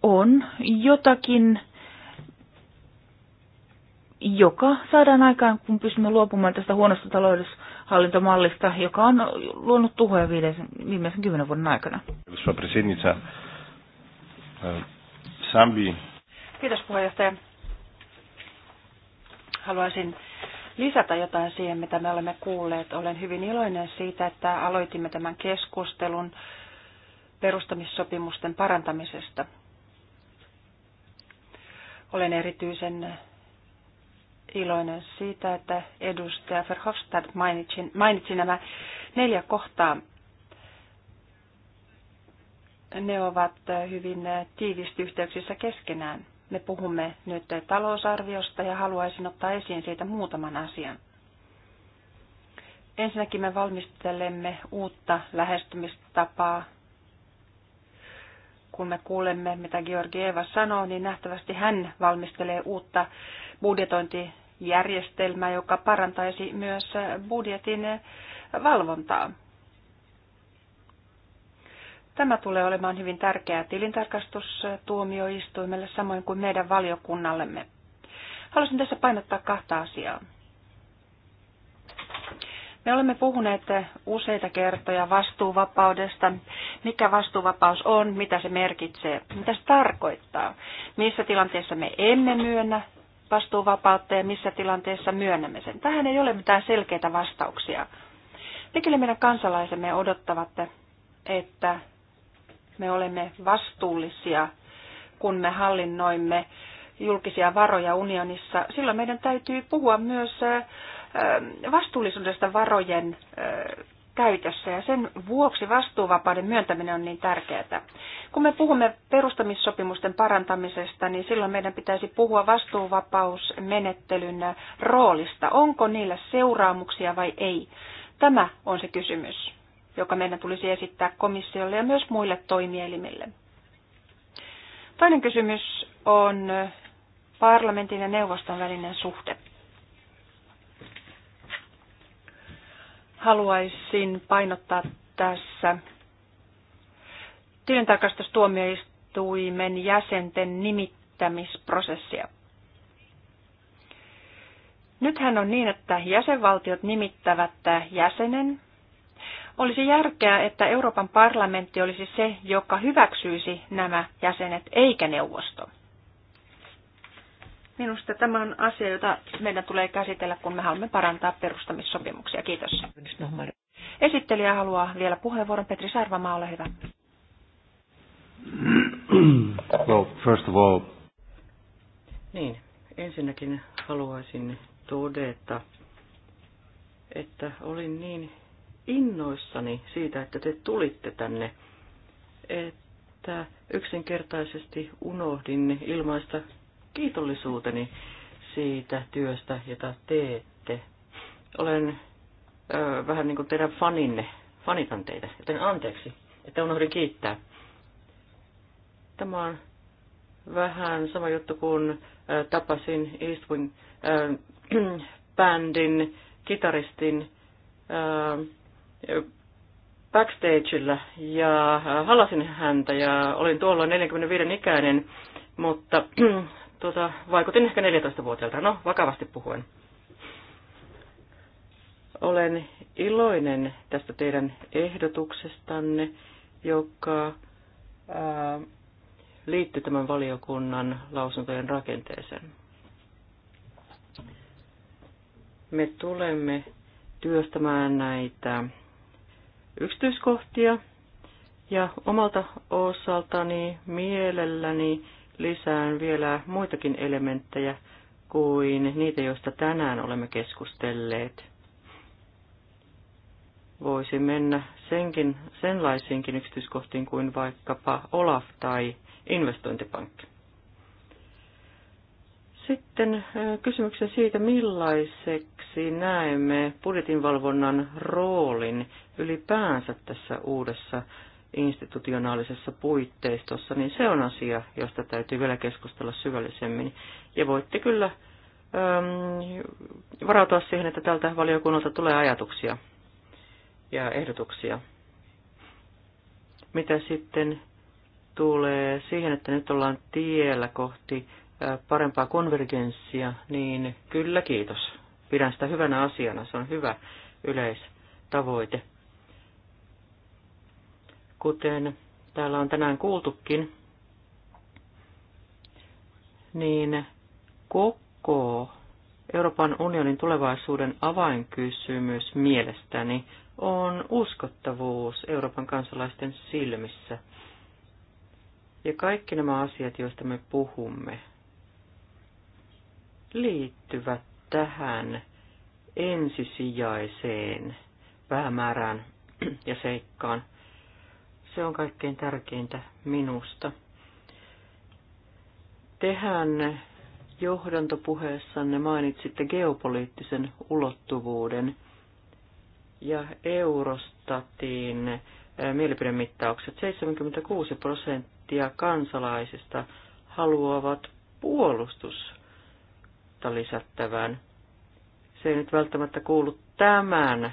on jotakin, joka saadaan aikaan, kun pystymme luopumaan tästä huonosta taloudellishallintomallista, joka on luonut tuhoja viimeisen kymmenen vuoden aikana. Eh, Sambi. Kiitos puheenjohtaja. Haluaisin lisätä jotain siihen, mitä me olemme kuulleet. Olen hyvin iloinen siitä, että aloitimme tämän keskustelun perustamissopimusten parantamisesta. Olen erityisen iloinen siitä, että edustaja Verhofstadt mainitsi, mainitsi nämä neljä kohtaa. Ne ovat hyvin tiivisti yhteyksissä keskenään. Me puhumme nyt talousarviosta ja haluaisin ottaa esiin siitä muutaman asian. Ensinnäkin me valmistelemme uutta lähestymistapaa. Kun me kuulemme, mitä Georgieva sanoo, niin nähtävästi hän valmistelee uutta budjetointi järjestelmä, joka parantaisi myös budjetin valvontaa. Tämä tulee olemaan hyvin tärkeä tilintarkastus tuomioistuimelle samoin kuin meidän valiokunnallemme. Haluaisin tässä painottaa kahta asiaa. Me olemme puhuneet useita kertoja vastuuvapaudesta, mikä vastuuvapaus on, mitä se merkitsee, mitä se tarkoittaa, missä tilanteessa me emme myönnä vastuuvapautta ja missä tilanteessa myönnämme sen. Tähän ei ole mitään selkeitä vastauksia. Tekele meidän kansalaisemme odottavat, että me olemme vastuullisia, kun me hallinnoimme julkisia varoja unionissa. Silloin meidän täytyy puhua myös vastuullisuudesta varojen käytössä ja sen vuoksi vastuuvapauden myöntäminen on niin tärkeää. Kun me puhumme perustamissopimusten parantamisesta, niin silloin meidän pitäisi puhua vastuuvapausmenettelyn roolista. Onko niillä seuraamuksia vai ei? Tämä on se kysymys, joka meidän tulisi esittää komissiolle ja myös muille toimielimille. Toinen kysymys on parlamentin ja neuvoston välinen suhde. haluaisin painottaa tässä tilintarkastustuomioistuimen jäsenten nimittämisprosessia. Nythän on niin, että jäsenvaltiot nimittävät jäsenen. Olisi järkeä, että Euroopan parlamentti olisi se, joka hyväksyisi nämä jäsenet, eikä neuvosto. Minusta tämä on asia, jota meidän tulee käsitellä, kun me haluamme parantaa perustamissopimuksia. Kiitos. Esittelijä haluaa vielä puheenvuoron. Petri Sarvamaa, ole hyvä. Well, first of all. Niin, ensinnäkin haluaisin todeta, että olin niin innoissani siitä, että te tulitte tänne, että yksinkertaisesti unohdin ilmaista kiitollisuuteni siitä työstä, jota teette. Olen ö, vähän niin kuin teidän faninne, fanitan teitä, joten anteeksi, että unohdin kiittää. Tämä on vähän sama juttu kuin ö, tapasin Eastwing ö, <clears throat> bändin kitaristin ö, backstageilla ja halasin häntä ja olin tuolloin 45 ikäinen, mutta tuota, vaikutin ehkä 14-vuotiaalta, no vakavasti puhuen. Olen iloinen tästä teidän ehdotuksestanne, joka ää, liittyy tämän valiokunnan lausuntojen rakenteeseen. Me tulemme työstämään näitä yksityiskohtia ja omalta osaltani mielelläni lisään vielä muitakin elementtejä kuin niitä, joista tänään olemme keskustelleet. Voisi mennä senkin, senlaisiinkin yksityiskohtiin kuin vaikkapa Olaf tai investointipankki. Sitten kysymyksen siitä, millaiseksi näemme budjetinvalvonnan roolin ylipäänsä tässä uudessa institutionaalisessa puitteistossa, niin se on asia, josta täytyy vielä keskustella syvällisemmin. Ja voitte kyllä äm, varautua siihen, että tältä valiokunnalta tulee ajatuksia ja ehdotuksia. Mitä sitten tulee siihen, että nyt ollaan tiellä kohti äh, parempaa konvergenssia, niin kyllä kiitos. Pidän sitä hyvänä asiana, se on hyvä yleistavoite kuten täällä on tänään kuultukin, niin koko Euroopan unionin tulevaisuuden avainkysymys mielestäni on uskottavuus Euroopan kansalaisten silmissä. Ja kaikki nämä asiat, joista me puhumme, liittyvät tähän ensisijaiseen päämäärään ja seikkaan – se on kaikkein tärkeintä minusta. Tehän johdantopuheessanne mainitsitte geopoliittisen ulottuvuuden ja Eurostatin eh, mielipidemittaukset. 76 prosenttia kansalaisista haluavat puolustusta lisättävän. Se ei nyt välttämättä kuulu tämän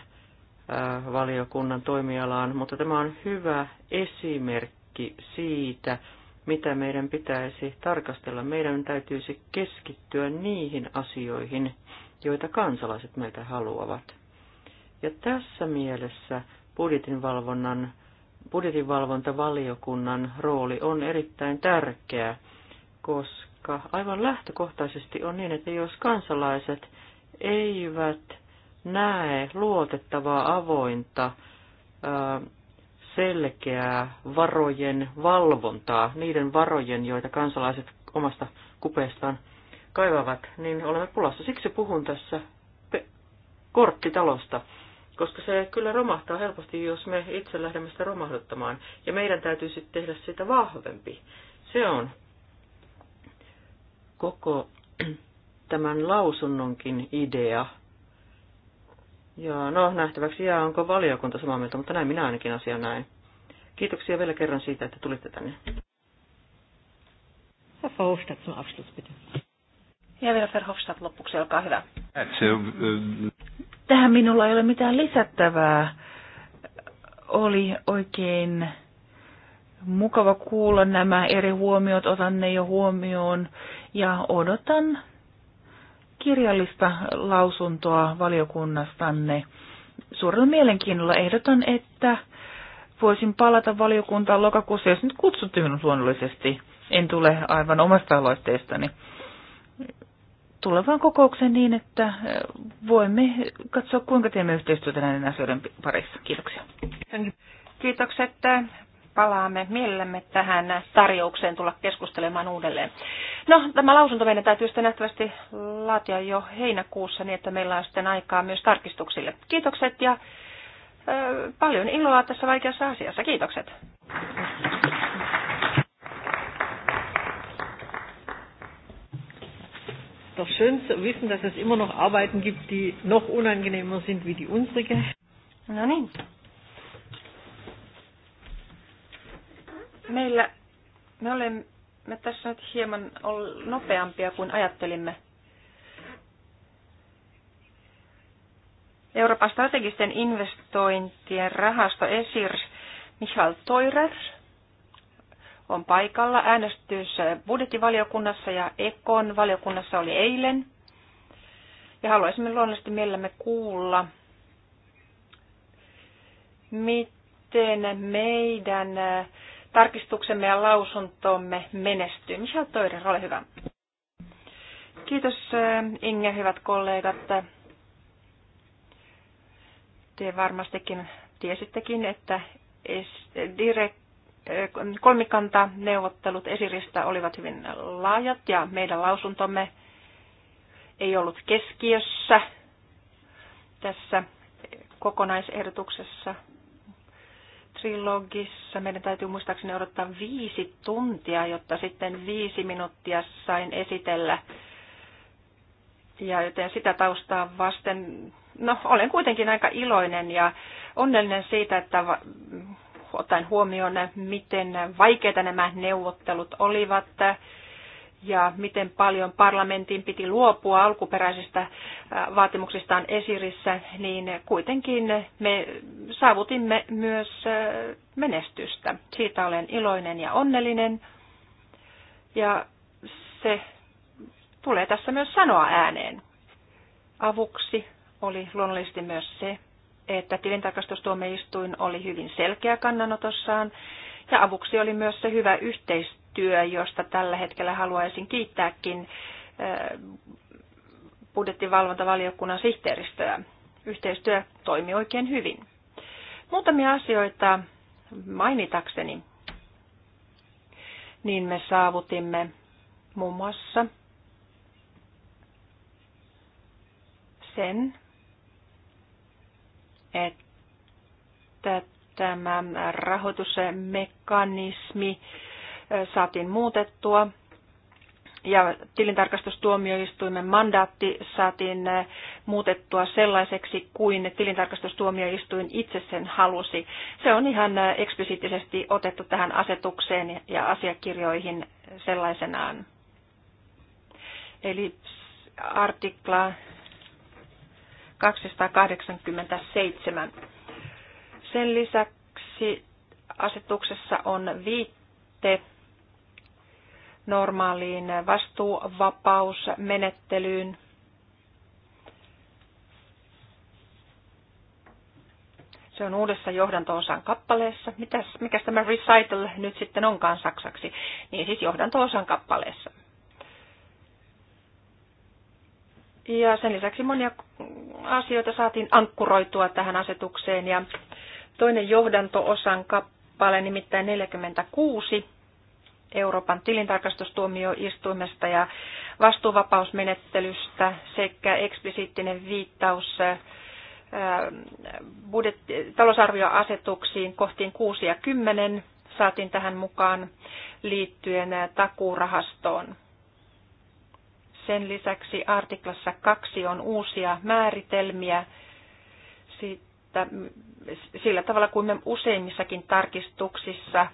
Äh, valiokunnan toimialaan, mutta tämä on hyvä esimerkki siitä, mitä meidän pitäisi tarkastella. Meidän täytyisi keskittyä niihin asioihin, joita kansalaiset meiltä haluavat. Ja tässä mielessä budjetinvalvonnan, budjetinvalvontavaliokunnan rooli on erittäin tärkeä, koska aivan lähtökohtaisesti on niin, että jos kansalaiset eivät näe luotettavaa, avointa, selkeää varojen valvontaa, niiden varojen, joita kansalaiset omasta kupeestaan kaivavat, niin olemme pulassa. Siksi puhun tässä korttitalosta, koska se kyllä romahtaa helposti, jos me itse lähdemme sitä romahduttamaan. Ja meidän täytyy sitten tehdä sitä vahvempi. Se on koko <clears throat> tämän lausunnonkin idea. Joo, no nähtäväksi jää, onko valiokunta samaa mieltä, mutta näin minä ainakin asia näin. Kiitoksia vielä kerran siitä, että tulitte tänne. Herr Verhofstadt zum Abschluss, bitte. Ja vielä Verhofstadt lopuksi, olkaa hyvä. Um, Tähän minulla ei ole mitään lisättävää. Oli oikein mukava kuulla nämä eri huomiot, otan ne jo huomioon ja odotan kirjallista lausuntoa valiokunnastanne. Suurella mielenkiinnolla ehdotan, että voisin palata valiokuntaan lokakuussa, jos nyt kutsutte minut luonnollisesti. En tule aivan omasta aloitteestani tulevaan kokoukseen niin, että eh, voimme katsoa, kuinka teemme yhteistyötä näiden asioiden parissa. Kiitoksia. Kiitokset eh, palaamme mielellämme tähän tarjoukseen tulla keskustelemaan uudelleen. No, tämä lausunto meidän täytyy sitten nähtävästi laatia jo heinäkuussa niin, että meillä on sitten aikaa myös tarkistuksille. Kiitokset ja ö, paljon iloa tässä vaikeassa asiassa. Kiitokset. Doch schön zu wissen, dass es immer noch Arbeiten gibt, die noch unangenehmer sind wie die unsrige. No niin, Meillä, me olemme tässä nyt hieman nopeampia kuin ajattelimme. Euroopan strategisten investointien rahasto ESIR Michal Toirer on paikalla. Äänestys budjettivaliokunnassa ja Ekon valiokunnassa oli eilen. Ja haluaisimme luonnollisesti mielellämme kuulla, miten meidän tarkistuksemme ja lausuntomme menestyy. Michel Toirer, ole hyvä. Kiitos eh, Inge, hyvät kollegat. Te varmastikin tiesittekin, että direkt eh, kolmikanta neuvottelut esiristä olivat hyvin laajat ja meidän lausuntomme ei ollut keskiössä tässä kokonaisehdotuksessa, trilogissa meidän täytyy muistaakseni odottaa viisi tuntia, jotta sitten viisi minuuttia sain esitellä. Ja joten sitä taustaa vasten, no olen kuitenkin aika iloinen ja onnellinen siitä, että ottaen huomioon, miten vaikeita nämä neuvottelut olivat, ja miten paljon parlamentin piti luopua alkuperäisistä äh, vaatimuksistaan esirissä, niin kuitenkin me saavutimme myös äh, menestystä. Siitä olen iloinen ja onnellinen. Ja se tulee tässä myös sanoa ääneen. Avuksi oli luonnollisesti myös se, että tilintarkastustuomioistuin oli hyvin selkeä kannanotossaan ja avuksi oli myös se hyvä yhteistyö työ, josta tällä hetkellä haluaisin kiittääkin budjettivalvontavaliokunnan sihteeristöä. Yhteistyö toimi oikein hyvin. Muutamia asioita mainitakseni, niin me saavutimme muun muassa sen, että tämä rahoitusmekanismi saatiin muutettua ja tilintarkastustuomioistuimen mandaatti saatiin muutettua sellaiseksi kuin tilintarkastustuomioistuin itse sen halusi. Se on ihan eksplisiittisesti otettu tähän asetukseen ja asiakirjoihin sellaisenaan. Eli artikla 287. Sen lisäksi asetuksessa on viitte normaaliin vastuuvapausmenettelyyn. Se on uudessa johdantoosan kappaleessa. Mitäs, mikäs tämä recital nyt sitten onkaan saksaksi? Niin siis johdantoosan kappaleessa. Ja sen lisäksi monia asioita saatiin ankkuroitua tähän asetukseen. Ja toinen johdantoosan kappale, nimittäin 46, Euroopan tilintarkastustuomioistuimesta ja vastuuvapausmenettelystä sekä eksplisiittinen viittaus budjetti, talousarvioasetuksiin kohtiin 6 ja 10 saatiin tähän mukaan liittyen takuurahastoon. Sen lisäksi artiklassa 2 on uusia määritelmiä että sillä tavalla kuin me useimmissakin tarkistuksissa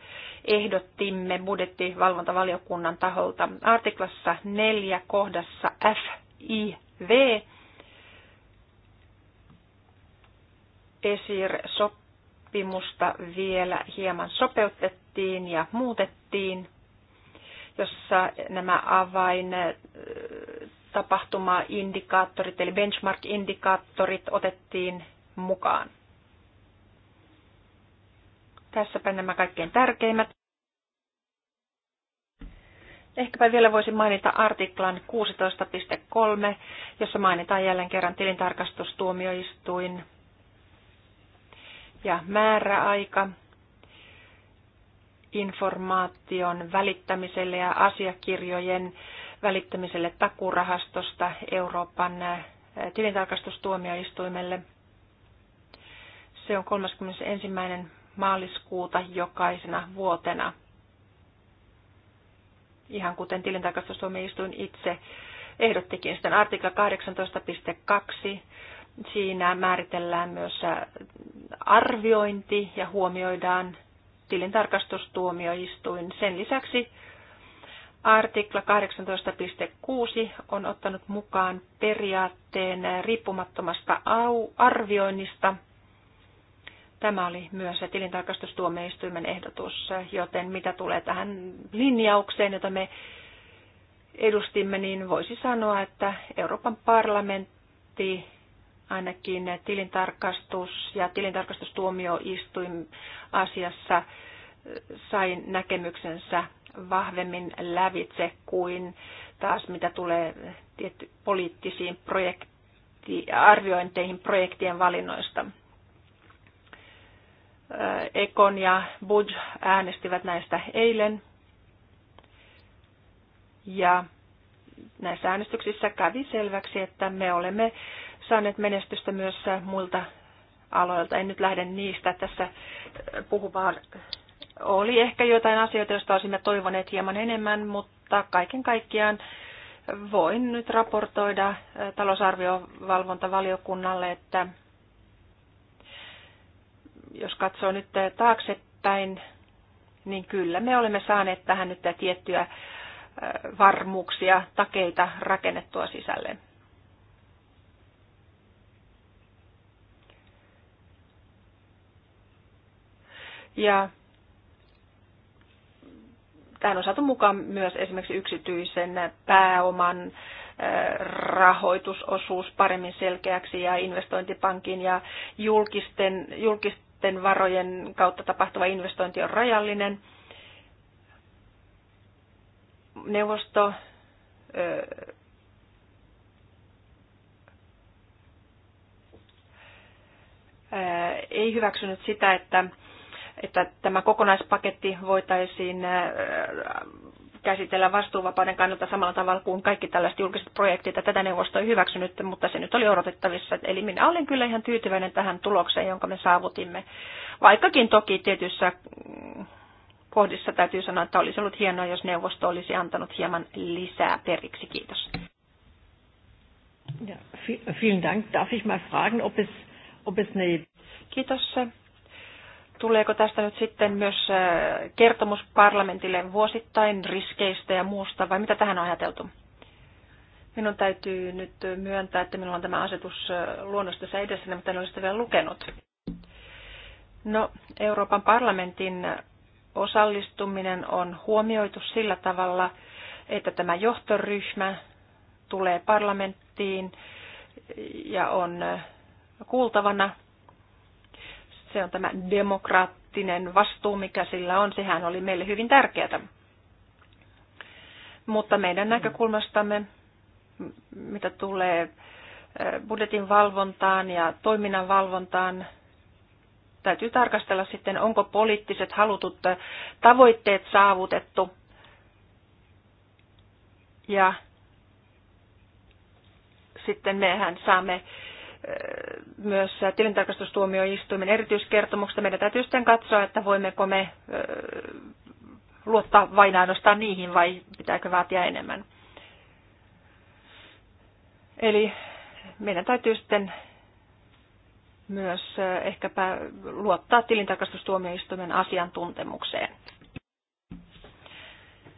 ehdottimme budjettivalvontavaliokunnan taholta artiklassa 4 kohdassa FIV ESIR-sopimusta vielä hieman sopeutettiin ja muutettiin, jossa nämä avain tapahtumaindikaattorit eli benchmark-indikaattorit otettiin mukaan. Tässäpä nämä kaikkein tärkeimmät. Ehkäpä vielä voisin mainita artiklan 16.3, jossa mainitaan jälleen kerran tilintarkastustuomioistuin ja määräaika informaation välittämiselle ja asiakirjojen välittämiselle takurahastosta Euroopan eh, tilintarkastustuomioistuimelle – se on 31. maaliskuuta jokaisena vuotena. Ihan kuten tilintarkastustuomioistuin itse ehdottikin. Sitten artikla 18.2. Siinä määritellään myös äh, arviointi ja huomioidaan tilintarkastustuomioistuin. Sen lisäksi Artikla 18.6 on ottanut mukaan periaatteen riippumattomasta arvioinnista Tämä oli myös tilintarkastustuomioistuimen ehdotus, joten mitä tulee tähän linjaukseen, jota me edustimme, niin voisi sanoa, että Euroopan parlamentti ainakin tilintarkastus ja tilintarkastustuomioistuin asiassa sai näkemyksensä vahvemmin lävitse kuin taas mitä tulee tietty poliittisiin projekti, arviointeihin projektien valinnoista. Ekon ja Budge äänestivät näistä eilen. Ja näissä äänestyksissä kävi selväksi, että me olemme saaneet menestystä myös muilta aloilta. En nyt lähde niistä tässä puhumaan. oli ehkä jotain asioita, joista olisimme toivoneet hieman enemmän, mutta kaiken kaikkiaan voin nyt raportoida talousarviovalvontavaliokunnalle, että jos katsoo nyt taaksepäin, niin kyllä me olemme saaneet tähän nyt tiettyjä varmuuksia, takeita rakennettua sisälle. Ja tähän on saatu mukaan myös esimerkiksi yksityisen pääoman rahoitusosuus paremmin selkeäksi ja investointipankin ja julkisten, julkisten julkisten varojen kautta tapahtuva investointi on rajallinen. Neuvosto ei hyväksynyt sitä, että, että tämä kokonaispaketti voitaisiin käsitellä vastuuvapauden kannalta samalla tavalla kuin kaikki tällaiset julkiset projektit, ja tätä neuvosto ei hyväksynyt, mutta se nyt oli odotettavissa. Eli minä olin kyllä ihan tyytyväinen tähän tulokseen, jonka me saavutimme. Vaikkakin toki tietyissä mm, kohdissa täytyy sanoa, että olisi ollut hienoa, jos neuvosto olisi antanut hieman lisää periksi. Kiitos. Ja, vielen Dank. Darf ich mal fragen, ob es, ob es Kiitos. Tuleeko tästä nyt sitten myös äh, kertomus parlamentille vuosittain riskeistä ja muusta, vai mitä tähän on ajateltu? Minun täytyy nyt myöntää, että minulla on tämä asetus äh, luonnostossa edessä, mutta niin en ole sitä vielä lukenut. No, Euroopan parlamentin osallistuminen on huomioitu sillä tavalla, että tämä johtoryhmä tulee parlamenttiin ja on äh, kuultavana se on tämä demokraattinen vastuu, mikä sillä on. Sehän oli meille hyvin tärkeää. Mutta meidän näkökulmastamme, mitä tulee budjetin valvontaan ja toiminnan valvontaan, täytyy tarkastella sitten, onko poliittiset halutut tavoitteet saavutettu ja sitten mehän saamme myös tilintarkastustuomioistuimen erityiskertomuksesta. Meidän täytyy sitten katsoa, että voimmeko me luottaa vain ainoastaan niihin vai pitääkö vaatia enemmän. Eli meidän täytyy sitten myös ehkäpä luottaa tilintarkastustuomioistuimen asiantuntemukseen.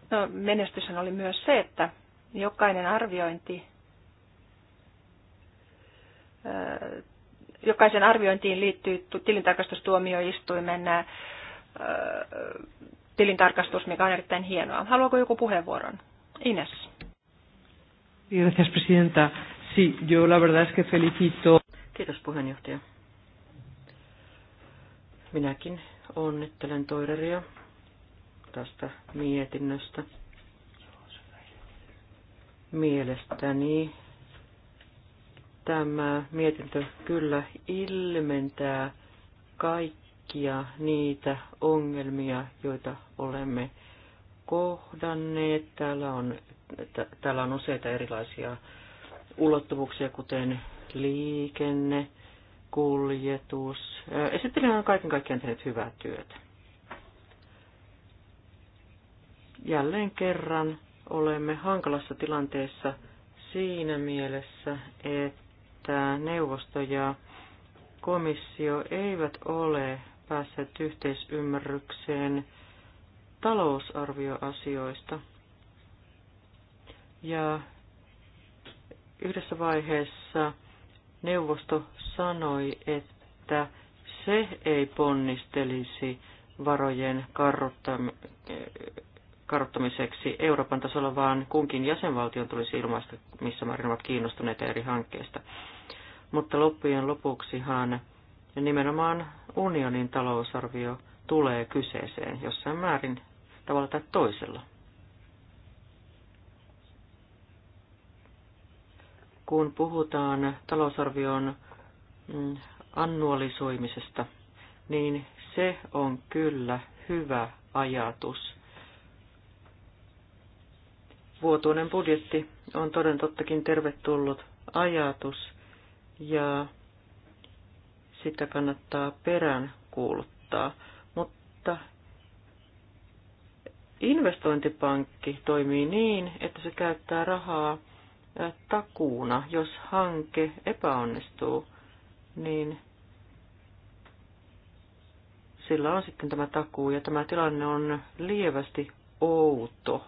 No, menestyshän oli myös se, että jokainen arviointi jokaisen arviointiin liittyy tilintarkastustuomioistuimen tilintarkastus, mikä on erittäin hienoa. Haluaako joku puheenvuoron? Ines. Gracias, presidenta. Sí, yo la verdad es que felicito. Kiitos puheenjohtaja. Minäkin onnittelen Toireria tästä mietinnöstä. Mielestäni Tämä mietintö kyllä ilmentää kaikkia niitä ongelmia, joita olemme kohdanneet. Täällä on, täällä on useita erilaisia ulottuvuuksia, kuten liikenne, kuljetus. Äh, esittelijä on kaiken kaikkiaan tehnyt hyvää työtä. Jälleen kerran olemme hankalassa tilanteessa siinä mielessä, että että neuvosto ja komissio eivät ole päässeet yhteisymmärrykseen talousarvioasioista. Ja yhdessä vaiheessa neuvosto sanoi, että se ei ponnistelisi varojen karrottamiseksi Euroopan tasolla, vaan kunkin jäsenvaltion tulisi ilmaista, missä määrin ovat kiinnostuneita eri hankkeista mutta loppujen lopuksihan nimenomaan unionin talousarvio tulee kyseeseen jossain määrin tavalla tai toisella. Kun puhutaan talousarvion mm, annualisoimisesta, niin se on kyllä hyvä ajatus. Vuotuinen budjetti on toden tottakin tervetullut ajatus, ja sitä kannattaa perään kuuluttaa. Mutta investointipankki toimii niin, että se käyttää rahaa takuuna, jos hanke epäonnistuu, niin sillä on sitten tämä takuu ja tämä tilanne on lievästi outo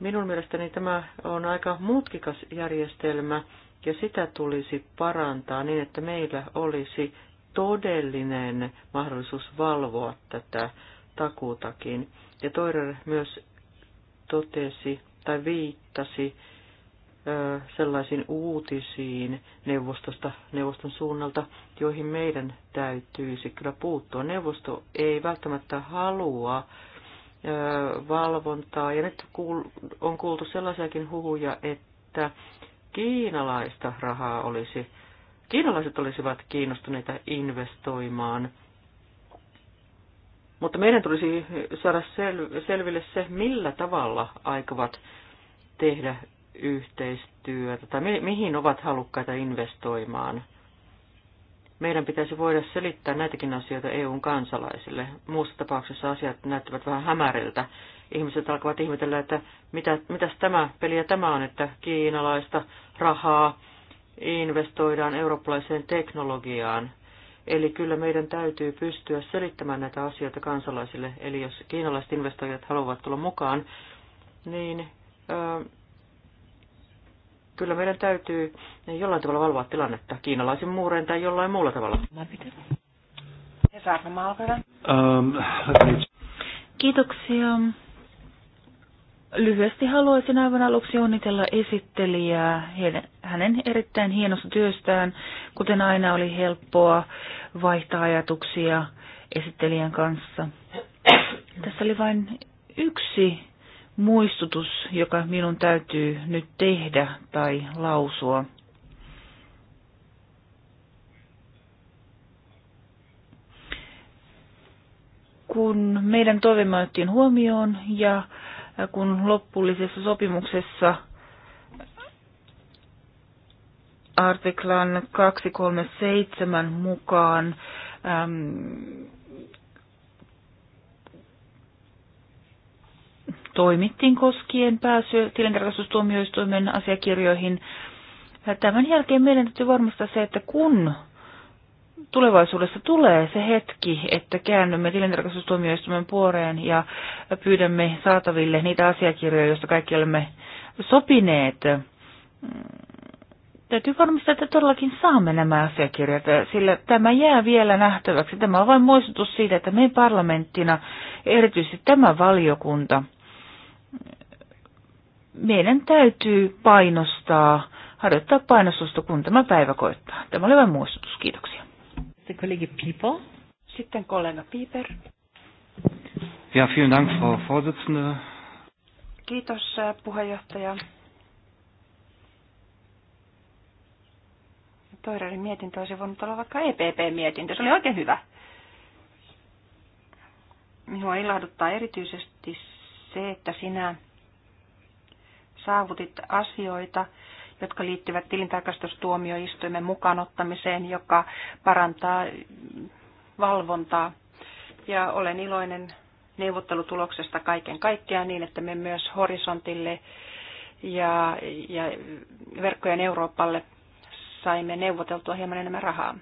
Minun mielestäni tämä on aika mutkikas järjestelmä ja sitä tulisi parantaa niin, että meillä olisi todellinen mahdollisuus valvoa tätä takuutakin. Ja Toirer myös totesi tai viittasi ö, sellaisiin uutisiin neuvostosta, neuvoston suunnalta, joihin meidän täytyisi kyllä puuttua. Neuvosto ei välttämättä halua valvontaa. Ja nyt on kuultu sellaisiakin huhuja, että kiinalaista rahaa olisi, kiinalaiset olisivat kiinnostuneita investoimaan. Mutta meidän tulisi saada sel- selville se, millä tavalla aikovat tehdä yhteistyötä tai mi- mihin ovat halukkaita investoimaan – meidän pitäisi voida selittää näitäkin asioita EUn kansalaisille. Muussa tapauksessa asiat näyttävät vähän hämäriltä. Ihmiset alkavat ihmetellä, että mitä, mitäs tämä peliä tämä on, että kiinalaista rahaa investoidaan eurooppalaiseen teknologiaan. Eli kyllä meidän täytyy pystyä selittämään näitä asioita kansalaisille. Eli jos kiinalaiset investoijat haluavat tulla mukaan, niin kyllä meidän täytyy jollain tavalla valvoa tilannetta kiinalaisen muureen tai jollain muulla tavalla. Um, Kiitoksia. Lyhyesti haluaisin aivan aluksi onnitella esittelijää hänen erittäin hienosta työstään. Kuten aina oli helppoa vaihtaa ajatuksia esittelijän kanssa. Tässä oli vain yksi muistutus, joka minun täytyy nyt tehdä tai lausua. Kun meidän toiveemme otettiin huomioon ja kun loppullisessa sopimuksessa artiklan 237 mukaan toimittiin koskien pääsy tilintarkastustuomioistuimen asiakirjoihin. Tämän jälkeen meidän täytyy varmistaa se, että kun tulevaisuudessa tulee se hetki, että käännymme tilintarkastustuomioistuimen puoreen ja pyydämme saataville niitä asiakirjoja, joista kaikki olemme sopineet. Mm, täytyy varmistaa, että todellakin saamme nämä asiakirjat, sillä tämä jää vielä nähtäväksi. Tämä on vain muistutus siitä, että me parlamenttina, erityisesti tämä valiokunta – meidän täytyy painostaa, harjoittaa painostusta, kun tämä päivä koittaa. Tämä oli vain muistutus. Kiitoksia. Sitten Sitten kollega Pieper. Ja, vielen Dank, Frau Vorsitzende. Kiitos, äh, puheenjohtaja. Toireiden mietintö olisi voinut olla vaikka EPP-mietintö. Se oli oikein hyvä. Minua ilahduttaa erityisesti se, että sinä saavutit asioita, jotka liittyvät tilintarkastustuomioistuimen mukaanottamiseen, joka parantaa valvontaa. Ja olen iloinen neuvottelutuloksesta kaiken kaikkiaan niin, että me myös horisontille ja, ja verkkojen Euroopalle saimme neuvoteltua hieman enemmän rahaa.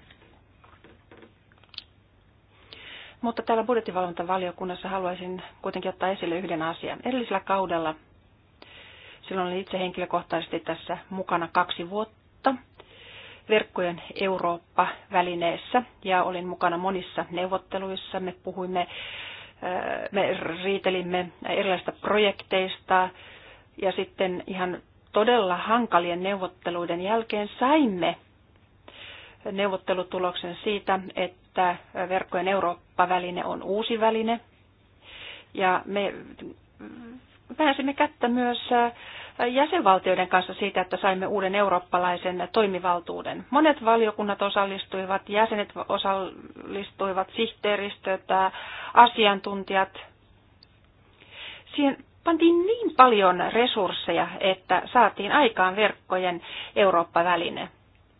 Mutta täällä budjettivalvontavaliokunnassa haluaisin kuitenkin ottaa esille yhden asian. Edellisellä kaudella Silloin olin itse henkilökohtaisesti tässä mukana kaksi vuotta verkkojen Eurooppa-välineessä ja olin mukana monissa neuvotteluissa. Me puhuimme, äh, me riitelimme erilaisista projekteista ja sitten ihan todella hankalien neuvotteluiden jälkeen saimme neuvottelutuloksen siitä, että verkkojen Eurooppa-väline on uusi väline. Ja me pääsimme kättä myös äh, jäsenvaltioiden kanssa siitä, että saimme uuden eurooppalaisen toimivaltuuden. Monet valiokunnat osallistuivat, jäsenet osallistuivat, sihteeristöt, äh, asiantuntijat. Siihen pantiin niin paljon resursseja, että saatiin aikaan verkkojen Eurooppa-väline.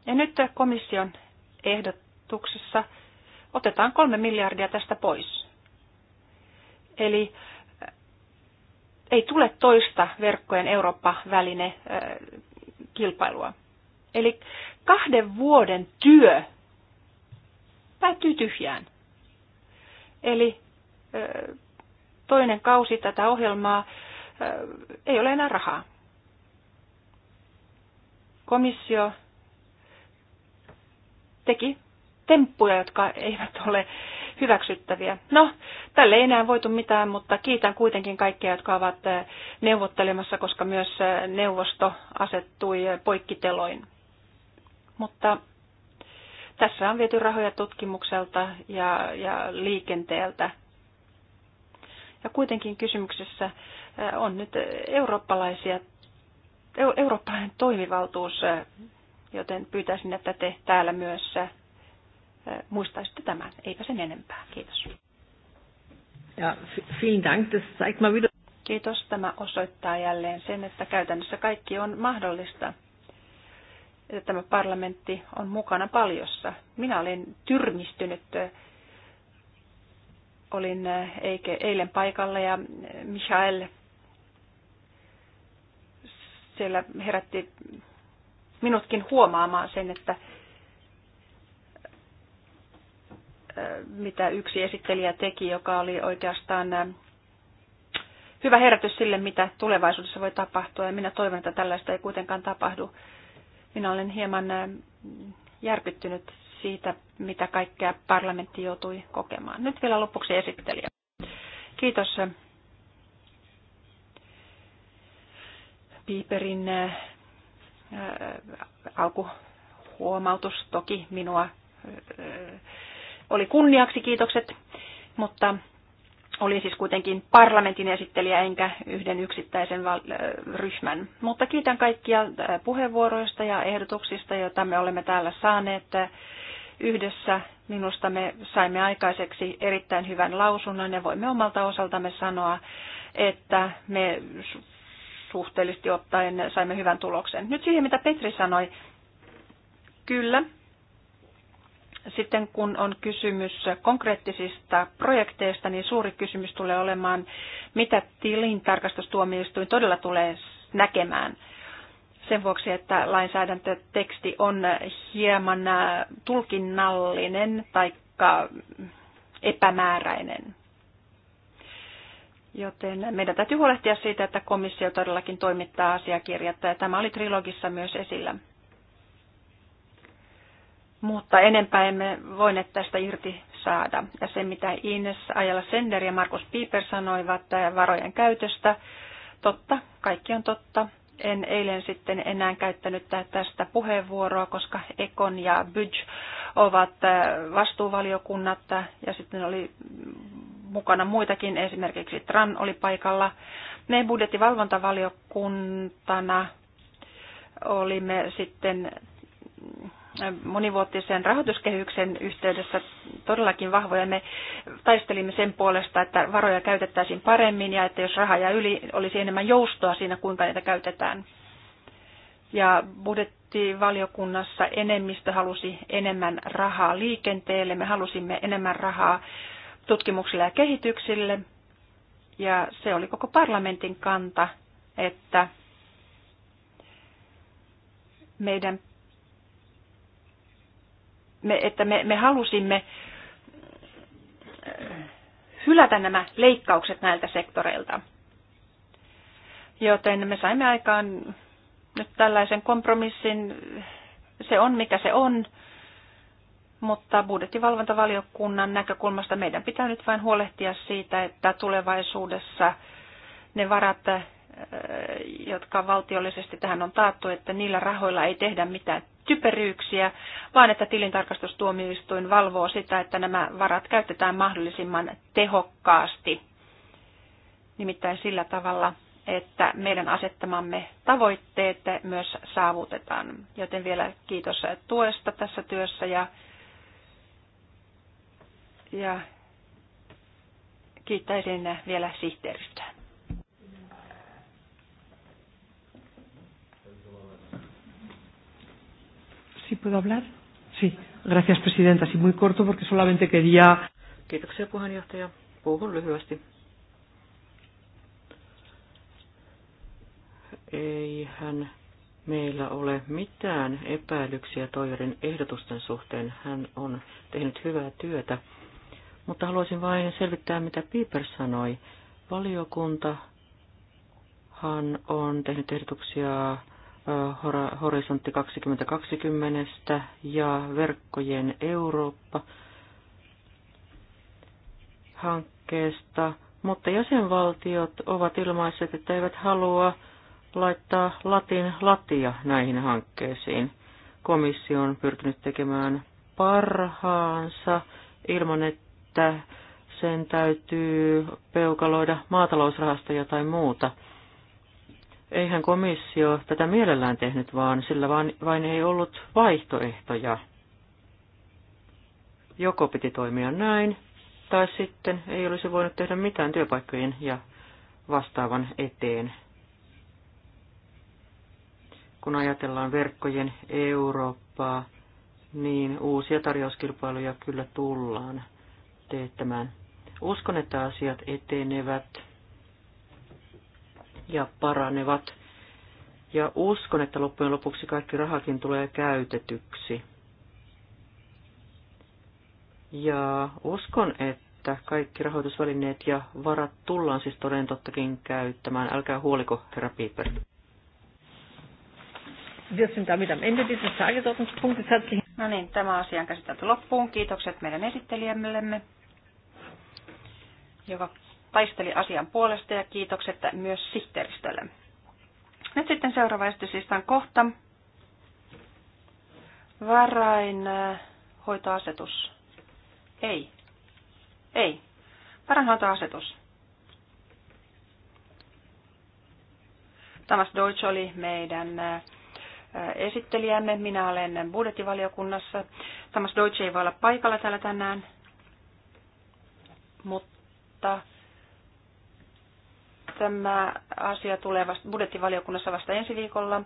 Ja nyt komission ehdotuksessa otetaan kolme miljardia tästä pois. Eli ei tule toista verkkojen Eurooppa-väline kilpailua. Eli kahden vuoden työ päättyy tyhjään. Eli toinen kausi tätä ohjelmaa ei ole enää rahaa. Komissio teki temppuja, jotka eivät ole hyväksyttäviä. No, tälle ei enää voitu mitään, mutta kiitän kuitenkin kaikkia, jotka ovat eh, neuvottelemassa, koska myös eh, neuvosto asettui eh, poikkiteloin. Mutta tässä on viety rahoja tutkimukselta ja, ja liikenteeltä. Ja kuitenkin kysymyksessä on nyt eurooppalaisia, eurooppalainen toimivaltuus, joten pyytäisin, että te täällä myös muistaisitte tämän. Eipä sen enempää. Kiitos. Ja, vielen Dank. Das zeigt mal wieder. Kiitos. Tämä osoittaa jälleen sen, että käytännössä kaikki on mahdollista. Että tämä parlamentti on mukana paljossa. Minä olin tyrmistynyt. Olin eilen paikalla ja Michael siellä herätti minutkin huomaamaan sen, että mitä yksi esittelijä teki, joka oli oikeastaan hyvä herätys sille, mitä tulevaisuudessa voi tapahtua. Ja minä toivon, että tällaista ei kuitenkaan tapahdu. Minä olen hieman järkyttynyt siitä, mitä kaikkea parlamentti joutui kokemaan. Nyt vielä lopuksi esittelijä. Kiitos Piiperin alkuhuomautus. Toki minua oli kunniaksi, kiitokset, mutta olin siis kuitenkin parlamentin esittelijä enkä yhden yksittäisen ryhmän. Mutta kiitän kaikkia puheenvuoroista ja ehdotuksista, joita me olemme täällä saaneet. Yhdessä minusta me saimme aikaiseksi erittäin hyvän lausunnon ja voimme omalta osaltamme sanoa, että me suhteellisesti ottaen saimme hyvän tuloksen. Nyt siihen, mitä Petri sanoi, kyllä, sitten kun on kysymys konkreettisista projekteista, niin suuri kysymys tulee olemaan, mitä tilintarkastustuomioistuin todella tulee näkemään. Sen vuoksi, että lainsäädäntöteksti on hieman äh, tulkinnallinen tai epämääräinen. Joten meidän täytyy huolehtia siitä, että komissio todellakin toimittaa asiakirjat. Tämä oli trilogissa myös esillä mutta enempää emme voineet tästä irti saada. Ja se, mitä Ines Ajala Sender ja Markus Piper sanoivat äh, varojen käytöstä, totta, kaikki on totta. En eilen sitten enää käyttänyt tästä puheenvuoroa, koska Ekon ja Budge ovat äh, vastuuvaliokunnat äh, ja sitten oli mukana muitakin, esimerkiksi Tran oli paikalla. Me budjettivalvontavaliokuntana olimme sitten monivuotisen rahoituskehyksen yhteydessä todellakin vahvoja. Me taistelimme sen puolesta, että varoja käytettäisiin paremmin ja että jos raha jää yli, olisi enemmän joustoa siinä, kuinka niitä käytetään. Ja budjettivaliokunnassa enemmistö halusi enemmän rahaa liikenteelle, me halusimme enemmän rahaa tutkimuksille ja kehityksille. Ja se oli koko parlamentin kanta, että meidän me, että me, me halusimme äh, hylätä nämä leikkaukset näiltä sektoreilta. Joten me saimme aikaan nyt tällaisen kompromissin. Se on mikä se on, mutta budjettivalvontavaliokunnan näkökulmasta meidän pitää nyt vain huolehtia siitä, että tulevaisuudessa ne varat, äh, jotka valtiollisesti tähän on taattu, että niillä rahoilla ei tehdä mitään typeryyksiä, vaan että tilintarkastustuomioistuin valvoo sitä, että nämä varat käytetään mahdollisimman tehokkaasti. Nimittäin sillä tavalla, että meidän asettamamme tavoitteet myös saavutetaan. Joten vielä kiitos tuesta tässä työssä ja, ja kiittäisin vielä sihteeristöä. ¿Sí puedo hablar? Sí. Gracias, presidenta. Sí, muy corto porque solamente quería... Kiitoksia puheenjohtaja. Puhun lyhyesti. Eihän meillä ole mitään epäilyksiä Toijarin ehdotusten suhteen. Hän on tehnyt hyvää työtä. Mutta haluaisin vain selvittää, mitä Piper sanoi. Valiokuntahan on tehnyt ehdotuksia Horisontti 2020 ja Verkkojen Eurooppa-hankkeesta, mutta jäsenvaltiot ovat ilmaisseet, että eivät halua laittaa latin latia näihin hankkeisiin. Komissio on pyrkinyt tekemään parhaansa ilman, että sen täytyy peukaloida maatalousrahastoja tai muuta – Eihän komissio tätä mielellään tehnyt, vaan sillä vain, vain ei ollut vaihtoehtoja. Joko piti toimia näin, tai sitten ei olisi voinut tehdä mitään työpaikkojen ja vastaavan eteen. Kun ajatellaan verkkojen Eurooppaa, niin uusia tarjouskilpailuja kyllä tullaan teettämään. Uskon, että asiat etenevät ja paranevat. Ja uskon, että loppujen lopuksi kaikki rahakin tulee käytetyksi. Ja uskon, että kaikki rahoitusvälineet ja varat tullaan siis toden tottakin käyttämään. Älkää huoliko, herra Piper. No niin, tämä asia on käsitelty loppuun. Kiitokset meidän esittelijämmellemme, joka taisteli asian puolesta ja kiitokset myös sihteeristölle. Nyt sitten seuraava esityslistan kohta. Varainhoitoasetus. Äh, ei. Ei. Varainhoitoasetus. Thomas Deutsch oli meidän äh, esittelijämme. Minä olen budjettivaliokunnassa. Thomas Deutsch ei voi olla paikalla täällä tänään, mutta Tämä asia tulee vasta, budjettivaliokunnassa vasta ensi viikolla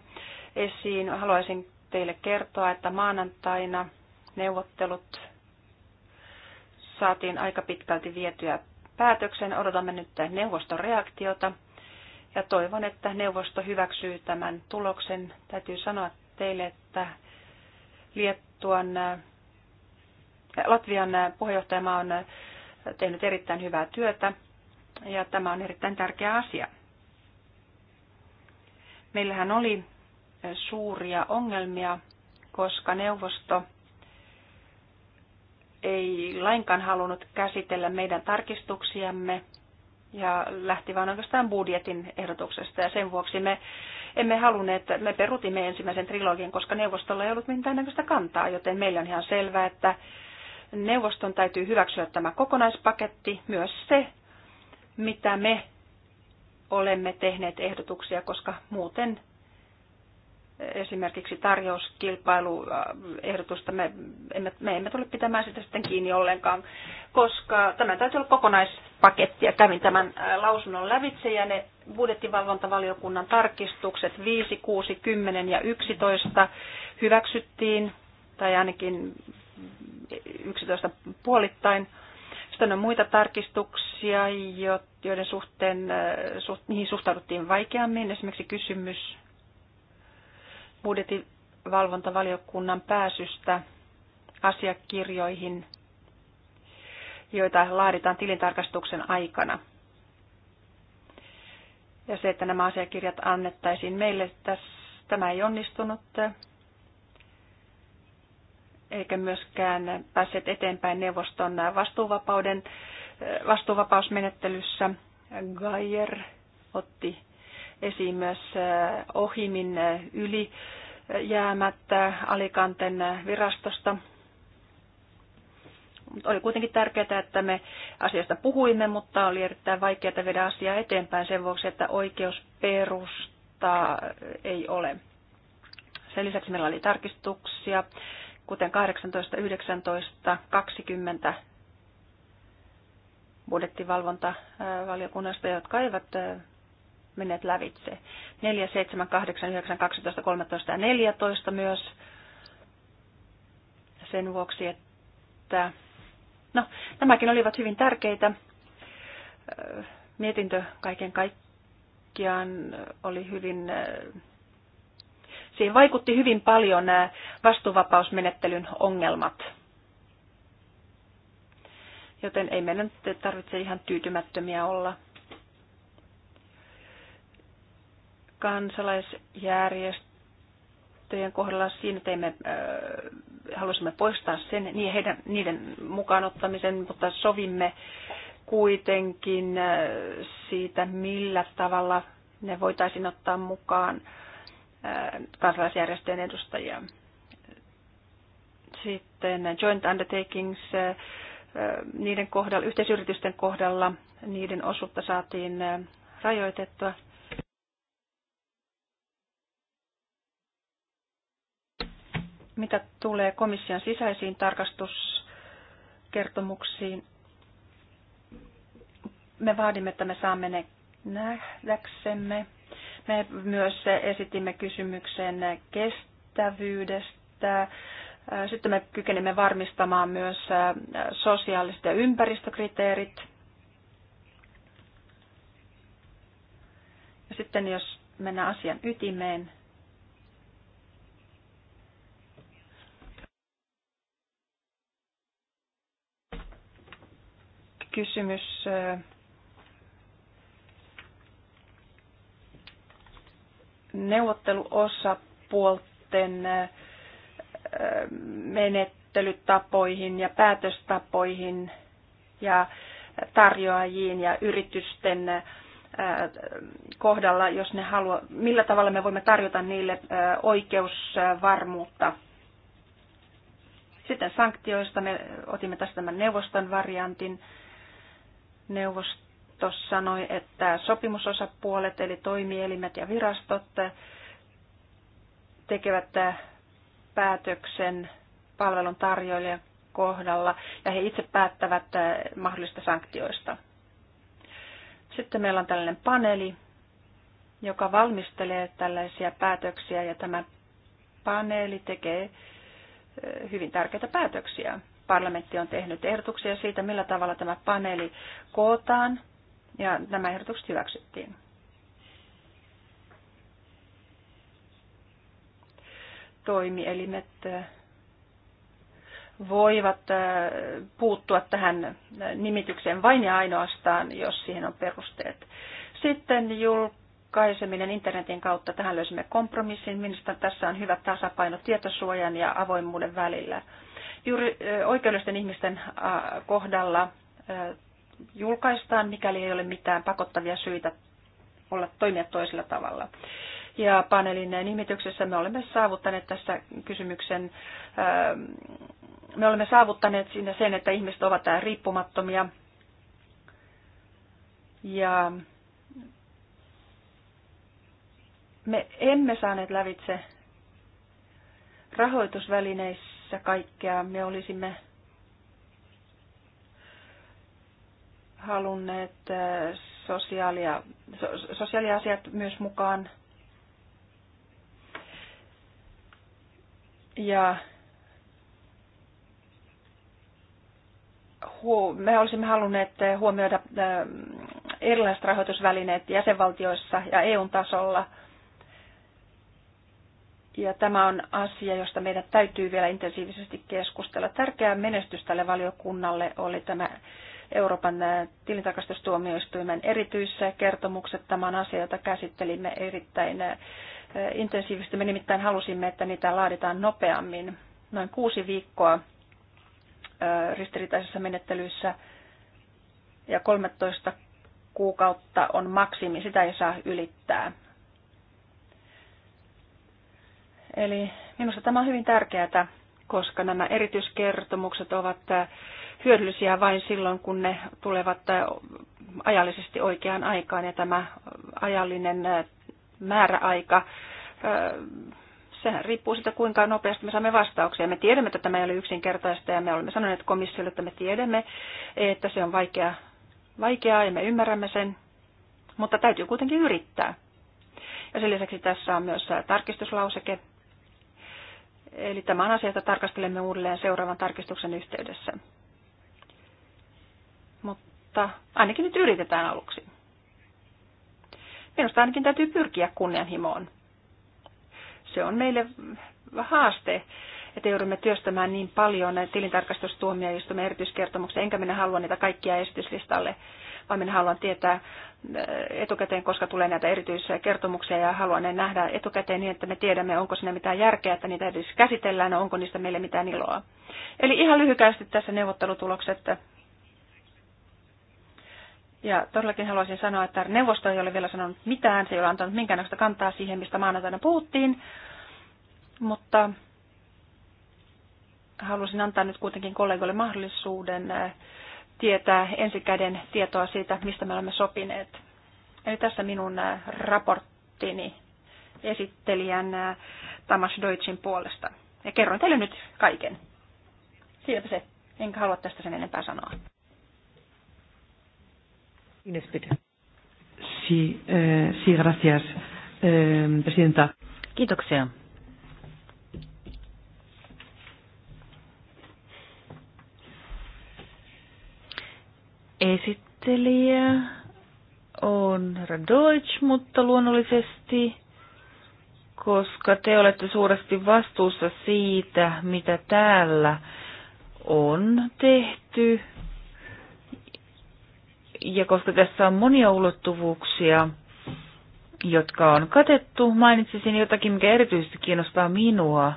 esiin. Haluaisin teille kertoa, että maanantaina neuvottelut saatiin aika pitkälti vietyä päätöksen. Odotamme nyt neuvoston reaktiota ja toivon, että neuvosto hyväksyy tämän tuloksen. Täytyy sanoa teille, että Liettuan, Latvian puheenjohtajamaa on tehnyt erittäin hyvää työtä ja tämä on erittäin tärkeä asia. Meillähän oli eh, suuria ongelmia, koska neuvosto ei lainkaan halunnut käsitellä meidän tarkistuksiamme ja lähti vain oikeastaan budjetin ehdotuksesta ja sen vuoksi me emme halunneet, me perutimme ensimmäisen trilogian, koska neuvostolla ei ollut näköistä kantaa, joten meillä on ihan selvää, että neuvoston täytyy hyväksyä tämä kokonaispaketti, myös se, mitä me olemme tehneet ehdotuksia, koska muuten esimerkiksi tarjouskilpailuehdotusta äh, me emme, me emme tule pitämään sitä sitten kiinni ollenkaan, koska tämä täytyy olla kokonaispaketti ja kävin tämän äh, lausunnon lävitse ja ne budjettivalvontavaliokunnan tarkistukset 5, 6, 10 ja 11 hyväksyttiin tai ainakin 11 puolittain. Sitten on muita tarkistuksia kysymyksiä, joiden suhteen, äh, suht, niihin suhtauduttiin vaikeammin. Esimerkiksi kysymys budjetin valvontavaliokunnan pääsystä asiakirjoihin, joita laaditaan tilintarkastuksen aikana. Ja se, että nämä asiakirjat annettaisiin meille, tässä tämä ei onnistunut, eikä myöskään päässeet eteenpäin neuvoston vastuuvapauden vastuuvapausmenettelyssä Geyer otti esiin myös Ohimin yli jäämättä Alikanten virastosta. Oli kuitenkin tärkeää, että me asiasta puhuimme, mutta oli erittäin vaikeaa viedä asiaa eteenpäin sen vuoksi, että oikeusperusta ei ole. Sen lisäksi meillä oli tarkistuksia, kuten 18, 19, 20 budjettivalvontavaliokunnasta, jotka eivät menneet lävitse. 4, 7, 8, 9, 12, 13 ja 14 myös sen vuoksi, että no, nämäkin olivat hyvin tärkeitä. Mietintö kaiken kaikkiaan oli hyvin, siihen vaikutti hyvin paljon nämä vastuuvapausmenettelyn ongelmat – Joten ei meidän tarvitse ihan tyytymättömiä olla. Kansalaisjärjestöjen kohdalla siinä teimme, halusimme poistaa sen, niin heidän, niiden mukaan ottamisen, mutta sovimme kuitenkin siitä, millä tavalla ne voitaisiin ottaa mukaan kansalaisjärjestöjen edustajia. Sitten joint undertakings niiden kohdalla, yhteisyritysten kohdalla niiden osuutta saatiin rajoitettua. Mitä tulee komission sisäisiin tarkastuskertomuksiin, me vaadimme, että me saamme ne nähdäksemme. Me myös esitimme kysymyksen kestävyydestä, sitten me kykenemme varmistamaan myös sosiaaliset ja ympäristökriteerit. Ja sitten jos mennään asian ytimeen, kysymys neuvotteluosapuolten menettelytapoihin ja päätöstapoihin ja tarjoajiin ja yritysten kohdalla, jos ne haluaa, millä tavalla me voimme tarjota niille oikeusvarmuutta. Sitten sanktioista me otimme tästä tämän neuvoston variantin. Neuvosto sanoi, että sopimusosapuolet eli toimielimet ja virastot tekevät päätöksen palvelun tarjoajien kohdalla ja he itse päättävät äh, mahdollisista sanktioista. Sitten meillä on tällainen paneeli, joka valmistelee tällaisia päätöksiä ja tämä paneeli tekee äh, hyvin tärkeitä päätöksiä. Parlamentti on tehnyt ehdotuksia siitä, millä tavalla tämä paneeli kootaan ja nämä ehdotukset hyväksyttiin. toimielimet äh, voivat äh, puuttua tähän äh, nimitykseen vain ja ainoastaan, jos siihen on perusteet. Sitten julkaiseminen internetin kautta, tähän löysimme kompromissin. Minusta tässä on hyvä tasapaino tietosuojan ja avoimuuden välillä. Juuri oikeudellisten ihmisten kohdalla julkaistaan, mikäli ei ole mitään pakottavia syitä olla toimia toisella tavalla ja paneelin nimityksessä me olemme saavuttaneet tässä kysymyksen, ähm, me olemme saavuttaneet siinä sen, että ihmiset ovat riippumattomia ja me emme saaneet lävitse rahoitusvälineissä kaikkea. Me olisimme halunneet äh, ja, so, sosiaaliasiat myös mukaan. Ja me olisimme halunneet eh, huomioida eh, erilaiset rahoitusvälineet jäsenvaltioissa ja EUn tasolla. Ja tämä on asia, josta meidän täytyy vielä intensiivisesti keskustella. Tärkeä menestys tälle valiokunnalle oli tämä Euroopan eh, tilintarkastustuomioistuimen erityiskertomukset. Tämä on asia, jota käsittelimme erittäin intensiivisesti. Me nimittäin halusimme, että niitä laaditaan nopeammin. Noin kuusi viikkoa ristiriitaisissa menettelyissä ja 13 kuukautta on maksimi, sitä ei saa ylittää. Eli minusta tämä on hyvin tärkeää, koska nämä erityiskertomukset ovat hyödyllisiä vain silloin, kun ne tulevat ajallisesti oikeaan aikaan ja tämä ajallinen määräaika, sehän riippuu siitä, kuinka nopeasti me saamme vastauksia. Me tiedämme, että tämä ei ole yksinkertaista ja me olemme sanoneet komissiolle, että me tiedämme, että se on vaikea, vaikeaa ja me ymmärrämme sen, mutta täytyy kuitenkin yrittää. Ja sen lisäksi tässä on myös tarkistuslauseke. Eli tämä on asia, jota tarkastelemme uudelleen seuraavan tarkistuksen yhteydessä. Mutta ainakin nyt yritetään aluksi. Minusta ainakin täytyy pyrkiä kunnianhimoon. Se on meille haaste, että joudumme työstämään niin paljon näitä tilintarkastustuomioistuimen erityiskertomuksia, enkä minä halua niitä kaikkia esityslistalle, vaan minä haluan tietää eh, etukäteen, koska tulee näitä kertomuksia ja haluan ne nähdä etukäteen niin, että me tiedämme, onko sinne mitään järkeä, että niitä edes käsitellään ja onko niistä meille mitään iloa. Eli ihan lyhykäisesti tässä neuvottelutulokset ja todellakin haluaisin sanoa, että neuvosto ei ole vielä sanonut mitään, se ei ole antanut minkäännäköistä kantaa siihen, mistä maanantaina puhuttiin, mutta halusin antaa nyt kuitenkin kollegoille mahdollisuuden äh, tietää ensikäden tietoa siitä, mistä me olemme sopineet. Eli tässä minun äh, raporttini esittelijän äh, Tamas Deutschin puolesta. Ja kerron teille nyt kaiken. Siinäpä se. Enkä halua tästä sen enempää sanoa. Ines, bitte. Sí, eh, sí, gracias, eh, presidenta. Kiitoksia. Esittelijä on herra Deutsch, mutta luonnollisesti, koska te olette suuresti vastuussa siitä, mitä täällä on tehty, ja koska tässä on monia ulottuvuuksia, jotka on katettu, mainitsisin jotakin, mikä erityisesti kiinnostaa minua.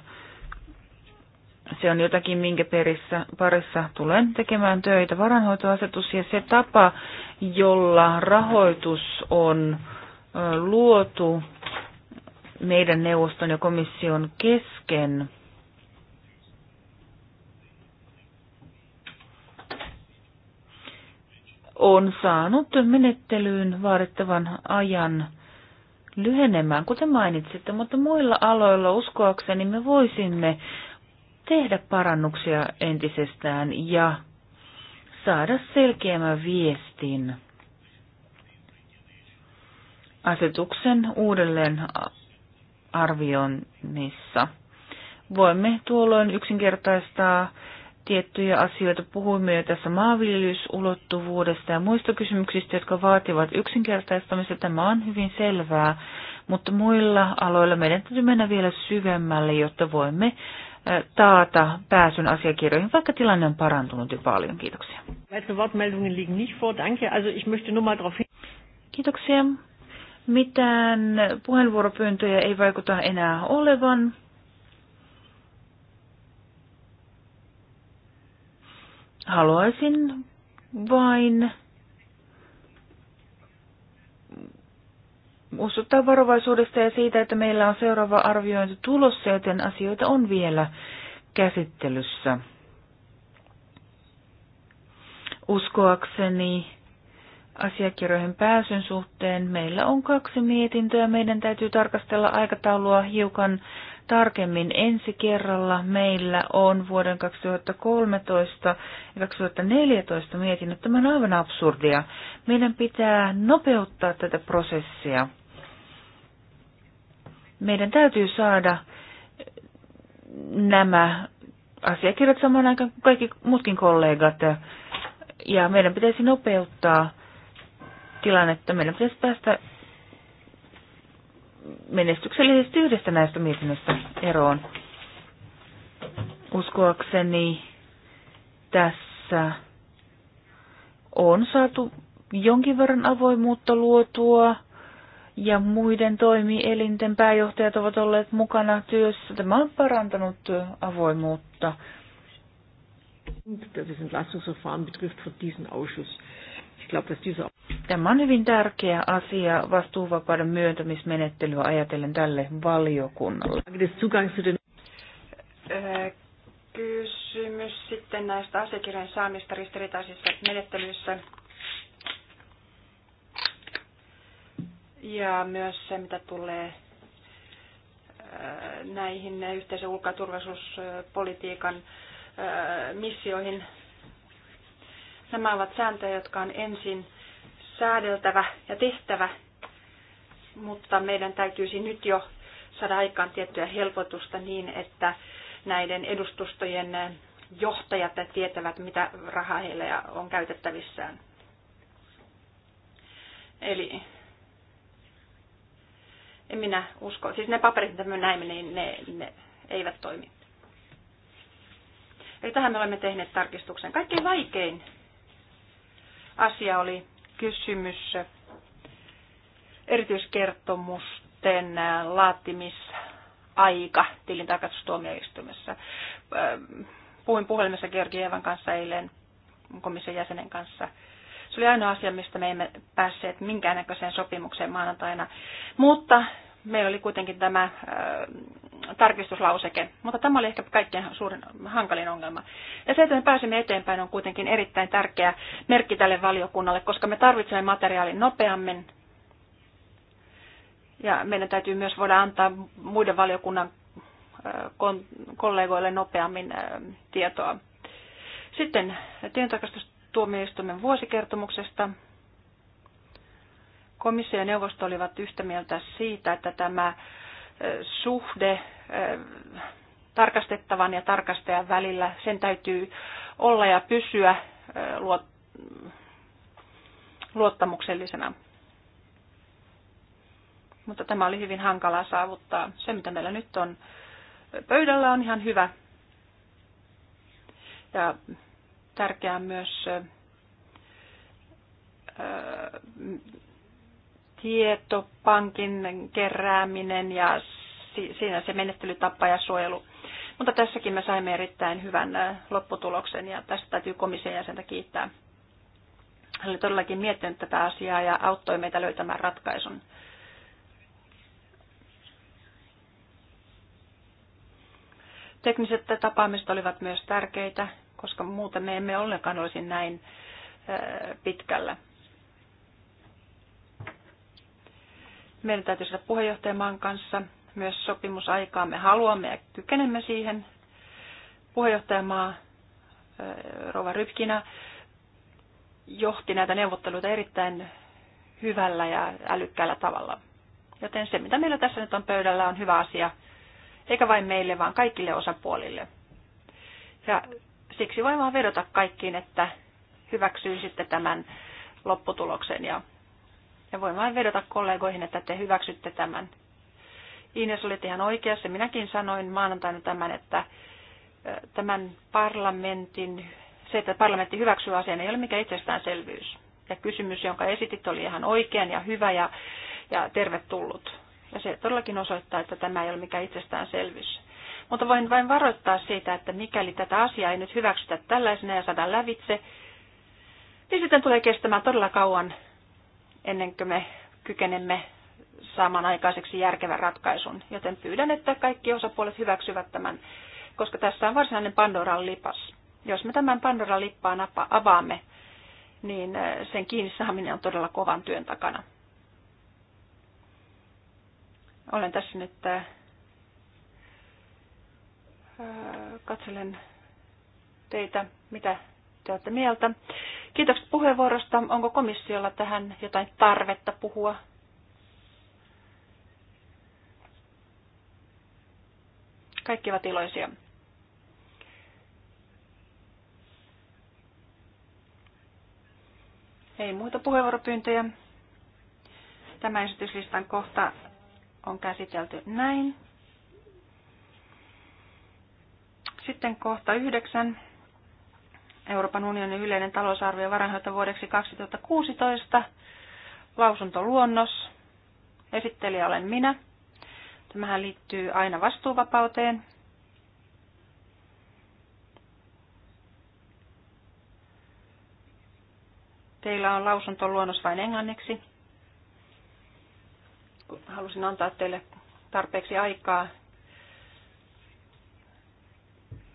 Se on jotakin, minkä perissä, parissa tulen tekemään töitä. Varanhoitoasetus ja se tapa, jolla rahoitus on luotu meidän neuvoston ja komission kesken – on saanut menettelyyn vaadittavan ajan lyhenemään, kuten mainitsitte, mutta muilla aloilla uskoakseni me voisimme tehdä parannuksia entisestään ja saada selkeämmän viestin asetuksen uudelleen arvioinnissa. Voimme tuolloin yksinkertaistaa tiettyjä asioita. Puhuimme jo tässä maanviljelysulottuvuudesta ja muista kysymyksistä, jotka vaativat yksinkertaistamista. Tämä on hyvin selvää, mutta muilla aloilla meidän täytyy mennä vielä syvemmälle, jotta voimme taata pääsyn asiakirjoihin, vaikka tilanne on parantunut jo paljon. Kiitoksia. Kiitoksia. Mitään puheenvuoropyyntöjä ei vaikuta enää olevan. Haluaisin vain muistuttaa varovaisuudesta ja siitä, että meillä on seuraava arviointi tulossa, joten asioita on vielä käsittelyssä. Uskoakseni asiakirjoihin pääsyn suhteen meillä on kaksi mietintöä. Meidän täytyy tarkastella aikataulua hiukan tarkemmin. Ensi kerralla meillä on vuoden 2013 ja 2014 mietinnöt. Tämä on aivan absurdia. Meidän pitää nopeuttaa tätä prosessia. Meidän täytyy saada nämä asiakirjat samaan aikaan kuin kaikki muutkin kollegat. Ja meidän pitäisi nopeuttaa tilannetta. Meidän pitäisi päästä menestyksellisesti yhdestä näistä mietinnöstä eroon. Uskoakseni tässä on saatu jonkin verran avoimuutta luotua ja muiden toimielinten pääjohtajat ovat olleet mukana työssä. Tämä on parantanut avoimuutta. Das Entlassungsverfahren betrifft von diesem Ausschuss. Tämä on hyvin tärkeä asia vastuuvapauden myöntämismenettelyä ajatellen tälle valiokunnalle. Äh, kysymys sitten näistä asiakirjojen saamista ristiriitaisissa menettelyissä. Ja myös se, mitä tulee äh, näihin yhteisen ulko- ja turvallisuuspolitiikan äh, missioihin Nämä ovat sääntöjä, jotka on ensin säädeltävä ja tehtävä, mutta meidän täytyisi nyt jo saada aikaan tiettyä helpotusta niin, että näiden edustustojen johtajat tietävät, mitä rahaa heillä on käytettävissään. Eli en minä usko. Siis ne paperit, mitä me näimme, niin ne, ne eivät toimi. Eli tähän me olemme tehneet tarkistuksen. Kaikkein vaikein asia oli kysymys erityiskertomusten laatimisaika tilintarkastustuomioistuimessa. Puhuin puhelimessa Georgievan kanssa eilen komission jäsenen kanssa. Se oli ainoa asia, mistä me emme päässeet minkäännäköiseen sopimukseen maanantaina. Mutta meillä oli kuitenkin tämä äh, tarkistuslauseke, mutta tämä oli ehkä kaikkein suurin hankalin ongelma. Ja se, että me pääsemme eteenpäin, on kuitenkin erittäin tärkeä merkki tälle valiokunnalle, koska me tarvitsemme materiaalin nopeammin. Ja meidän täytyy myös voida antaa muiden valiokunnan äh, kollegoille nopeammin äh, tietoa. Sitten tilintarkastustuomioistuimen vuosikertomuksesta komissio ja neuvosto olivat yhtä mieltä siitä, että tämä suhde tarkastettavan ja tarkastajan välillä, sen täytyy olla ja pysyä luottamuksellisena. Mutta tämä oli hyvin hankalaa saavuttaa. Se, mitä meillä nyt on pöydällä, on ihan hyvä. Ja tärkeää myös tietopankin kerääminen ja siinä se menettelytapa ja suojelu. Mutta tässäkin me saimme erittäin hyvän lopputuloksen ja tästä täytyy komission jäsentä kiittää. Hän oli todellakin miettinyt tätä asiaa ja auttoi meitä löytämään ratkaisun. Tekniset tapaamiset olivat myös tärkeitä, koska muuten me emme ollenkaan olisi näin pitkällä. Meidän täytyy saada puheenjohtajamaan kanssa myös sopimusaikaa. Me haluamme ja kykenemme siihen. Puheenjohtajamaa äh, Rova rybkina johti näitä neuvotteluita erittäin hyvällä ja älykkäällä tavalla. Joten se, mitä meillä tässä nyt on pöydällä, on hyvä asia, eikä vain meille, vaan kaikille osapuolille. Ja siksi voin vaan vedota kaikkiin, että hyväksyisitte tämän lopputuloksen ja ja voin vain vedota kollegoihin, että te hyväksytte tämän. Ines oli ihan oikeassa. Minäkin sanoin maanantaina tämän, että tämän parlamentin, se, että parlamentti hyväksyy asian, ei ole mikään itsestäänselvyys. Ja kysymys, jonka esitit, oli ihan oikean ja hyvä ja, ja tervetullut. Ja se todellakin osoittaa, että tämä ei ole mikään itsestäänselvyys. Mutta voin vain varoittaa siitä, että mikäli tätä asiaa ei nyt hyväksytä tällaisena ja saada lävitse, niin sitten tulee kestämään todella kauan ennen kuin me kykenemme aikaiseksi järkevän ratkaisun. Joten pyydän, että kaikki osapuolet hyväksyvät tämän, koska tässä on varsinainen Pandoran lipas. Jos me tämän Pandoran lippaan avaamme, niin äh, sen kiinni saaminen on todella kovan työn takana. Olen tässä nyt, äh, äh katselen teitä, mitä te olette mieltä. Kiitokset puheenvuorosta. Onko komissiolla tähän jotain tarvetta puhua? Kaikki ovat iloisia. Ei muita puheenvuoropyyntöjä. Tämä esityslistan kohta on käsitelty näin. Sitten kohta yhdeksän. Euroopan unionin yleinen talousarvio vuodeksi 2016, lausuntoluonnos, esittelijä olen minä. Tämähän liittyy aina vastuuvapauteen. Teillä on lausuntoluonnos vain englanniksi. Halusin antaa teille tarpeeksi aikaa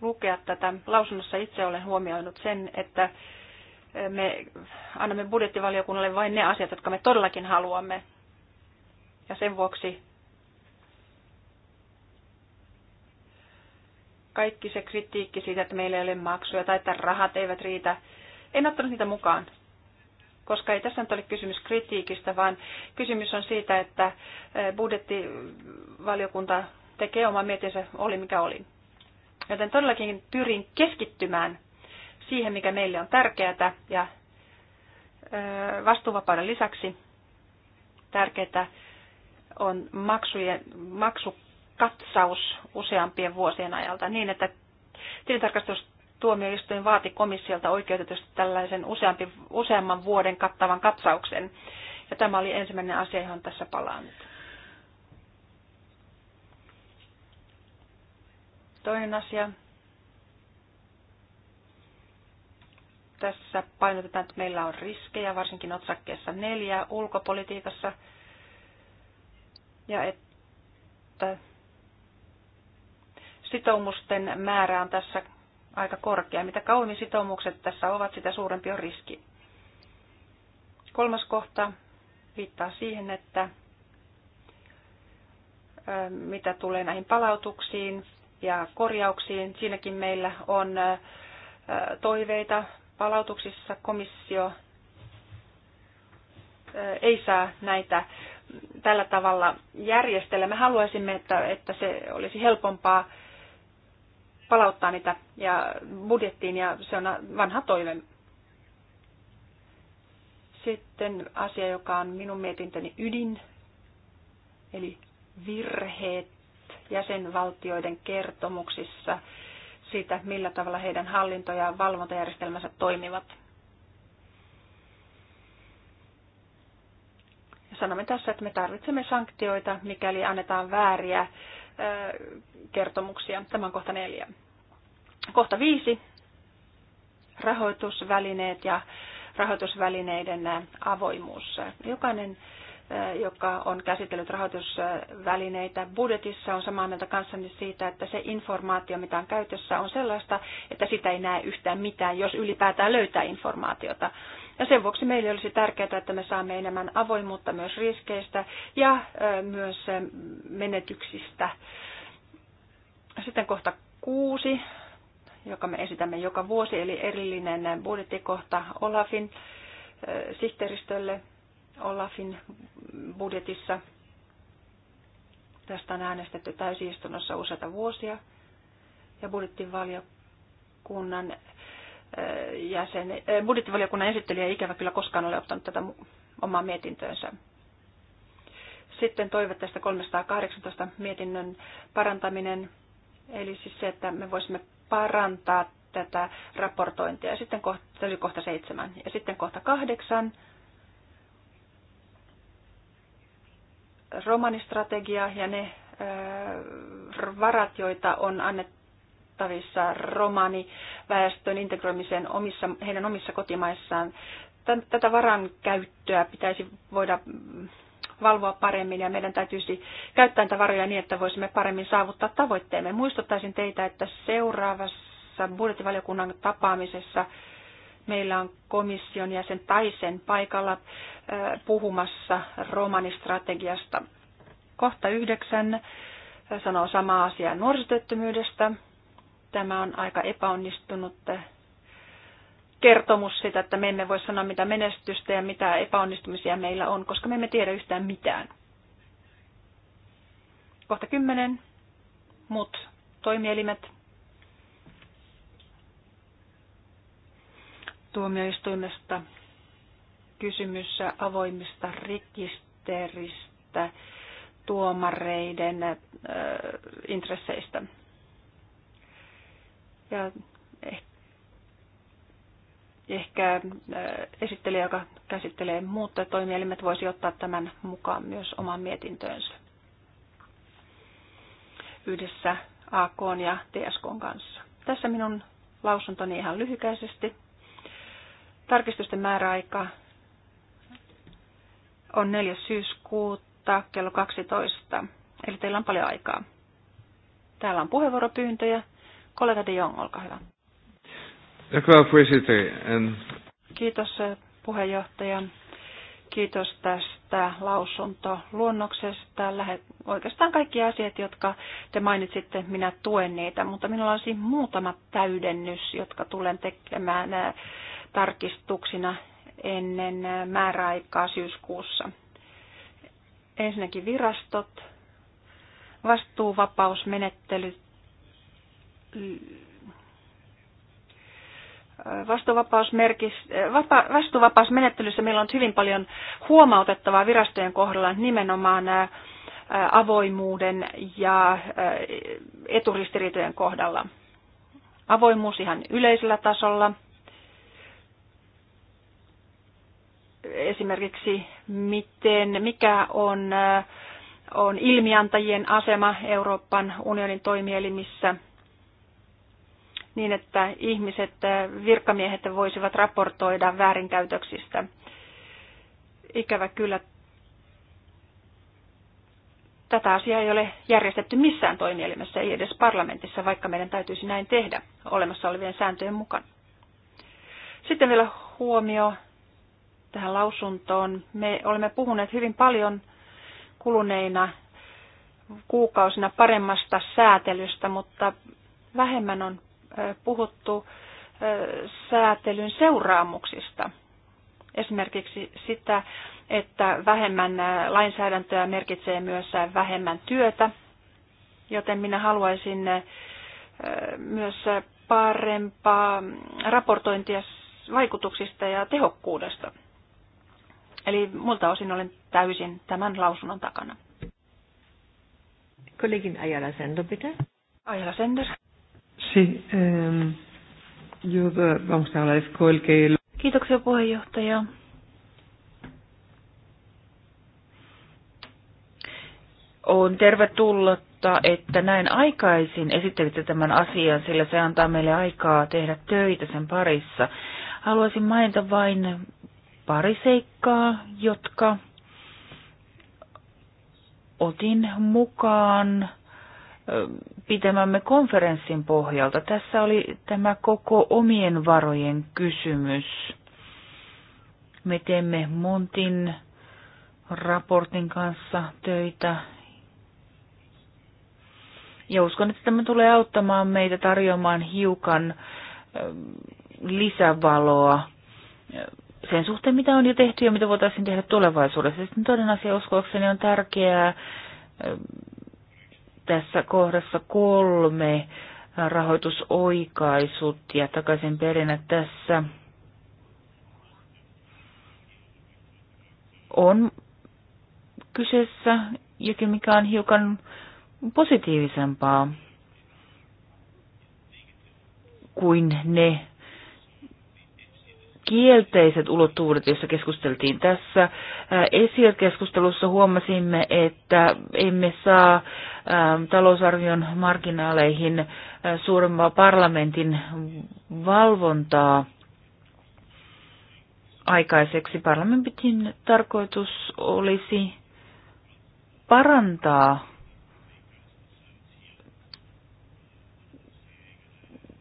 lukea tätä. Lausunnossa itse olen huomioinut sen, että me annamme budjettivaliokunnalle vain ne asiat, jotka me todellakin haluamme. Ja sen vuoksi kaikki se kritiikki siitä, että meillä ei ole maksuja tai että rahat eivät riitä, en ottanut niitä mukaan. Koska ei tässä nyt ole kysymys kritiikistä, vaan kysymys on siitä, että budjettivaliokunta tekee oma mietinsä oli mikä oli. Joten todellakin pyrin keskittymään siihen, mikä meille on tärkeää ja vastuuvapauden lisäksi tärkeää on maksujen, maksukatsaus useampien vuosien ajalta niin, että tilintarkastustuomioistuin vaati komissiolta oikeutetusti tällaisen useampi, useamman vuoden kattavan katsauksen. Ja tämä oli ensimmäinen asia, johon tässä palaan nyt. Toinen asia. Tässä painotetaan, että meillä on riskejä, varsinkin otsakkeessa neljä ulkopolitiikassa. Ja että sitoumusten määrä on tässä aika korkea. Mitä kauemmin sitoumukset tässä ovat, sitä suurempi on riski. Kolmas kohta viittaa siihen, että mitä tulee näihin palautuksiin, ja korjauksiin. Siinäkin meillä on toiveita. Palautuksissa komissio ei saa näitä tällä tavalla järjestellä. Me haluaisimme, että, että se olisi helpompaa palauttaa niitä ja budjettiin ja se on vanha toive. Sitten asia, joka on minun mietintäni ydin, eli virheet jäsenvaltioiden kertomuksissa siitä, millä tavalla heidän hallinto- ja valvontajärjestelmänsä toimivat. Sanomme tässä, että me tarvitsemme sanktioita, mikäli annetaan vääriä kertomuksia. Tämä on kohta neljä. Kohta viisi. Rahoitusvälineet ja rahoitusvälineiden avoimuus. Jokainen Eh, joka on käsitellyt rahoitusvälineitä budjetissa, on samaa mieltä kanssani siitä, että se informaatio, mitä on käytössä, on sellaista, että sitä ei näe yhtään mitään, jos ylipäätään löytää informaatiota. Ja sen vuoksi meille olisi tärkeää, että me saamme enemmän avoimuutta myös riskeistä ja eh, myös eh, menetyksistä. Sitten kohta kuusi, joka me esitämme joka vuosi, eli erillinen budjettikohta Olafin sihteeristölle Olafin budjetissa. Tästä on äänestetty täysistunnossa useita vuosia ja budjettivaliokunnan eh, jäsen, eh, budjettivaliokunnan esittelijä ei ikävä kyllä koskaan ole ottanut tätä omaa mietintöönsä. Sitten toive tästä 318 mietinnön parantaminen, eli siis se, että me voisimme parantaa tätä raportointia. Sitten kohta, kohta seitsemän. Ja sitten kohta kahdeksan romanistrategia ja ne äh, varat, joita on annettavissa romaniväestön integroimiseen omissa, heidän omissa kotimaissaan. Tätä varan käyttöä pitäisi voida mm, valvoa paremmin ja meidän täytyisi käyttää näitä varoja niin, että voisimme paremmin saavuttaa tavoitteemme. Muistuttaisin teitä, että seuraavassa budjettivaliokunnan tapaamisessa Meillä on komission jäsen Taisen paikalla puhumassa romanistrategiasta. Kohta yhdeksän sanoo sama asia nuorisotyöttömyydestä. Tämä on aika epäonnistunut kertomus siitä, että me emme voi sanoa mitä menestystä ja mitä epäonnistumisia meillä on, koska me emme tiedä yhtään mitään. Kohta kymmenen. Mut toimielimet tuomioistuimesta kysymys avoimista rekisteristä tuomareiden äh, intresseistä. Ja eh-, ehkä äh, esittelijä, joka käsittelee muutta toimielimet, voisi ottaa tämän mukaan myös omaan mietintöönsä yhdessä AK ja TSK kanssa. Tässä minun lausuntoni ihan lyhykäisesti. Tarkistusten määräaika on 4. syyskuuta kello 12, eli teillä on paljon aikaa. Täällä on puheenvuoropyyntöjä. Kollega de Jong, olkaa hyvä. Kiitos eh, puheenjohtaja. Kiitos tästä lausuntoluonnoksesta. Lähet, oikeastaan kaikki asiat, jotka te mainitsitte, minä tuen niitä, mutta minulla on siinä muutama täydennys, jotka tulen tekemään eh, tarkistuksina ennen määräaikaa syyskuussa. Ensinnäkin virastot, vastuuvapausmenettely, vastuuvapausmenettelyssä meillä on hyvin paljon huomautettavaa virastojen kohdalla nimenomaan avoimuuden ja eturistiriitojen kohdalla. Avoimuus ihan yleisellä tasolla – esimerkiksi miten, mikä on, äh, on ilmiantajien asema Euroopan unionin toimielimissä niin, että ihmiset, äh, virkamiehet voisivat raportoida väärinkäytöksistä. Ikävä kyllä tätä asiaa ei ole järjestetty missään toimielimessä, ei edes parlamentissa, vaikka meidän täytyisi näin tehdä olemassa olevien sääntöjen mukaan. Sitten vielä huomio tähän lausuntoon. Me olemme puhuneet hyvin paljon kuluneina kuukausina paremmasta säätelystä, mutta vähemmän on puhuttu säätelyn seuraamuksista. Esimerkiksi sitä, että vähemmän lainsäädäntöä merkitsee myös vähemmän työtä, joten minä haluaisin myös parempaa raportointia vaikutuksista ja tehokkuudesta. Eli multa osin olen täysin tämän lausunnon takana. Kollegin Ajala Sender, bitte. Ajala Sender. Si, ähm, yo vamos a agradezco el que... Kiitoksia puheenjohtaja. On tervetullutta, että näin aikaisin esittelitte tämän asian, sillä se antaa meille aikaa tehdä töitä sen parissa. Haluaisin mainita vain pari seikkaa, jotka otin mukaan pitämämme konferenssin pohjalta. Tässä oli tämä koko omien varojen kysymys. Me teemme Montin raportin kanssa töitä. Ja uskon, että tämä tulee auttamaan meitä tarjoamaan hiukan lisävaloa sen suhteen, mitä on jo tehty ja mitä voitaisiin tehdä tulevaisuudessa. Sitten toinen asia uskoakseni on tärkeää tässä kohdassa kolme rahoitusoikaisut ja takaisin perinä tässä on kyseessä jokin, mikä on hiukan positiivisempaa kuin ne kielteiset ulottuvuudet, joissa keskusteltiin tässä. Esir-keskustelussa huomasimme, että emme saa talousarvion marginaaleihin suurempaa parlamentin valvontaa aikaiseksi. Parlamentin tarkoitus olisi parantaa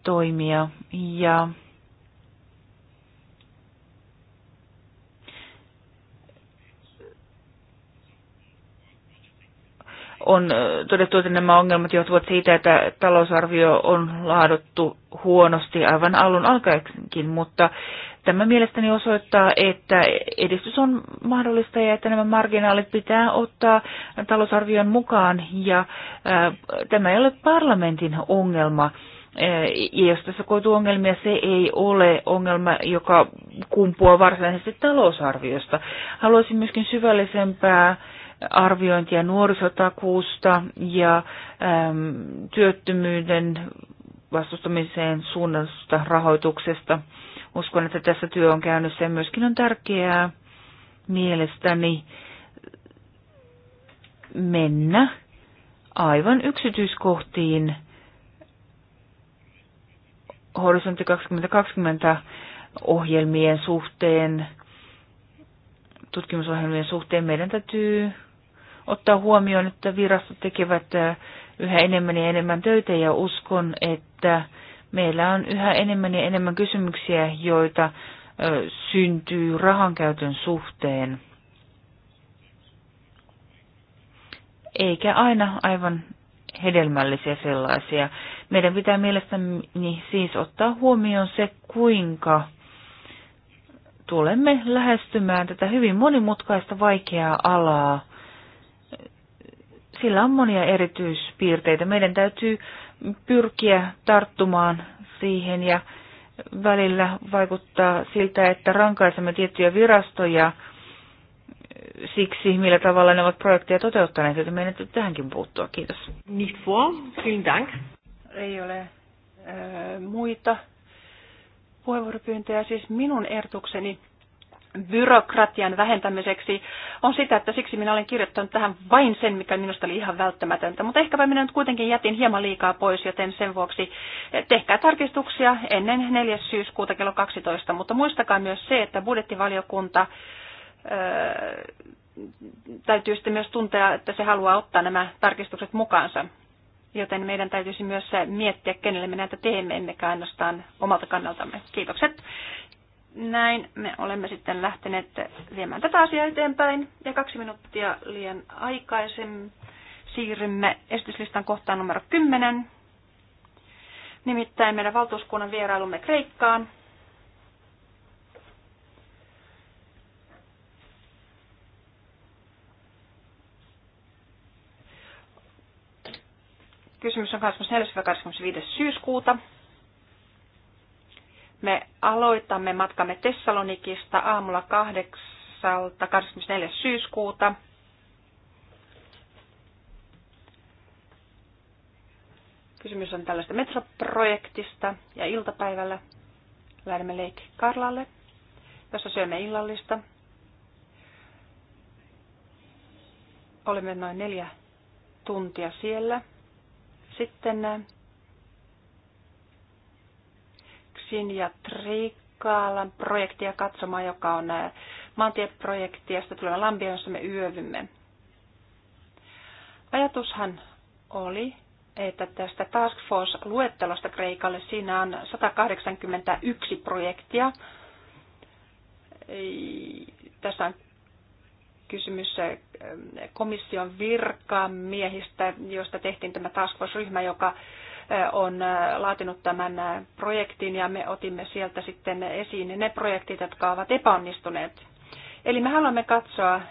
toimia ja on todettu, että nämä ongelmat johtuvat siitä, että talousarvio on laaduttu huonosti aivan alun alkaenkin, mutta tämä mielestäni osoittaa, että edistys on mahdollista ja että nämä marginaalit pitää ottaa talousarvion mukaan ja ää, tämä ei ole parlamentin ongelma. Ja jos tässä koituu ongelmia, se ei ole ongelma, joka kumpuaa varsinaisesti talousarviosta. Haluaisin myöskin syvällisempää arviointia nuorisotakuusta ja äm, työttömyyden vastustamiseen suunnatusta rahoituksesta. Uskon, että tässä työ on käynnissä ja myöskin on tärkeää mielestäni mennä aivan yksityiskohtiin Horisontti 2020 ohjelmien suhteen, tutkimusohjelmien suhteen meidän täytyy ottaa huomioon, että virastot tekevät yhä enemmän ja enemmän töitä ja uskon, että meillä on yhä enemmän ja enemmän kysymyksiä, joita syntyy rahankäytön suhteen. Eikä aina aivan hedelmällisiä sellaisia. Meidän pitää mielestäni siis ottaa huomioon se, kuinka tulemme lähestymään tätä hyvin monimutkaista vaikeaa alaa sillä on monia erityispiirteitä. Meidän täytyy pyrkiä tarttumaan siihen ja välillä vaikuttaa siltä, että rankaisemme tiettyjä virastoja siksi, millä tavalla ne ovat projekteja toteuttaneet, joten meidän täytyy tähänkin puuttua. Kiitos. Nicht vor. Vielen Dank. Ei ole äh, muita puheenvuoropyyntöjä. Siis minun ertukseni byrokratian vähentämiseksi on sitä, että siksi minä olen kirjoittanut tähän vain sen, mikä minusta oli ihan välttämätöntä. Mutta ehkäpä minä nyt kuitenkin jätin hieman liikaa pois, joten sen vuoksi eh, tehkää tarkistuksia ennen 4. syyskuuta kello 12. Mutta muistakaa myös se, että budjettivaliokunta öö, täytyy sitten myös tuntea, että se haluaa ottaa nämä tarkistukset mukaansa. Joten meidän täytyisi myös miettiä, kenelle me näitä teemme, emmekä ainoastaan omalta kannaltamme. Kiitokset näin me olemme sitten lähteneet viemään tätä asiaa eteenpäin. Ja kaksi minuuttia liian aikaisen siirrymme esityslistan kohtaan numero 10. Nimittäin meidän valtuuskunnan vierailumme Kreikkaan. Kysymys on 24-25. syyskuuta me aloitamme matkamme Tessalonikista aamulla 8. 24. syyskuuta. Kysymys on tällaista metroprojektista ja iltapäivällä lähdemme Lake Karlalle, jossa syömme illallista. Olemme noin neljä tuntia siellä. Sitten Sinja Triikaalan projektia katsomaan, joka on eh, maantieprojekti, ja sitten tulemme Lampia, jossa me yövymme. Ajatushan oli, että tästä Task Force-luettelosta Kreikalle siinä on 181 projektia. Tässä on kysymys eh, komission virkamiehistä, josta tehtiin tämä Task Force-ryhmä, joka on laatinut tämän projektin ja me otimme sieltä sitten esiin ne projektit, jotka ovat epäonnistuneet. Eli me haluamme katsoa,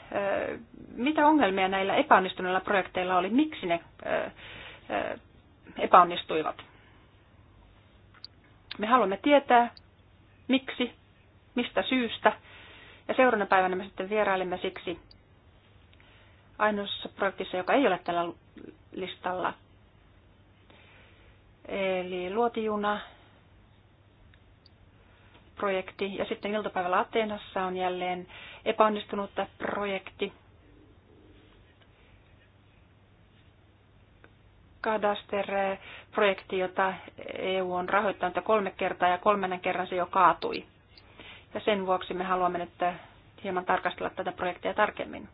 mitä ongelmia näillä epäonnistuneilla projekteilla oli, miksi ne epäonnistuivat. Me haluamme tietää, miksi, mistä syystä. Ja seuraavana päivänä me sitten vierailimme siksi ainoassa projektissa, joka ei ole tällä listalla, eli luotijuna projekti. Ja sitten iltapäivällä Ateenassa on jälleen epäonnistunut projekti. Kadaster-projekti, jota EU on rahoittanut kolme kertaa ja kolmannen kerran se jo kaatui. Ja sen vuoksi me haluamme nyt hieman tarkastella tätä projektia tarkemmin.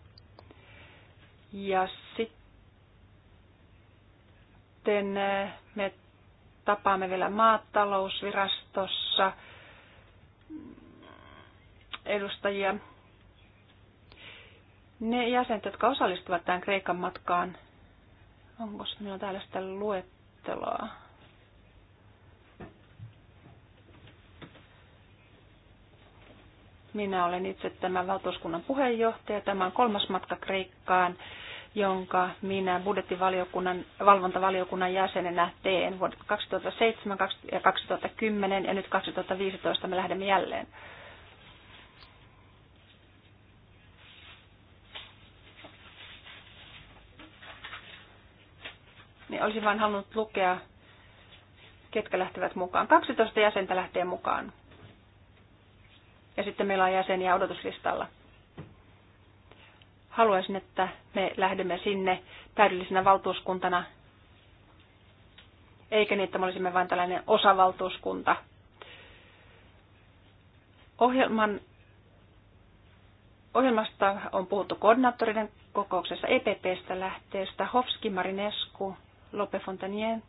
Ja sitten me tapaamme vielä maatalousvirastossa edustajia. Ne jäsenet, jotka osallistuvat tämän Kreikan matkaan, onko minulla täällä sitä luetteloa? Minä olen itse tämän valtuuskunnan puheenjohtaja. Tämä on kolmas matka Kreikkaan jonka minä budjettivaliokunnan, valvontavaliokunnan jäsenenä teen vuodet 2007 ja 2010 ja nyt 2015 me lähdemme jälleen. Niin olisin vain halunnut lukea, ketkä lähtevät mukaan. 12 jäsentä lähtee mukaan. Ja sitten meillä on jäseniä odotuslistalla haluaisin, että me lähdemme sinne täydellisenä valtuuskuntana, eikä niin, että me olisimme vain tällainen osavaltuuskunta. Ohjelman, ohjelmasta on puhuttu koordinaattoriden kokouksessa EPPstä lähteestä Hofski, Marinescu, Lope Fontanien,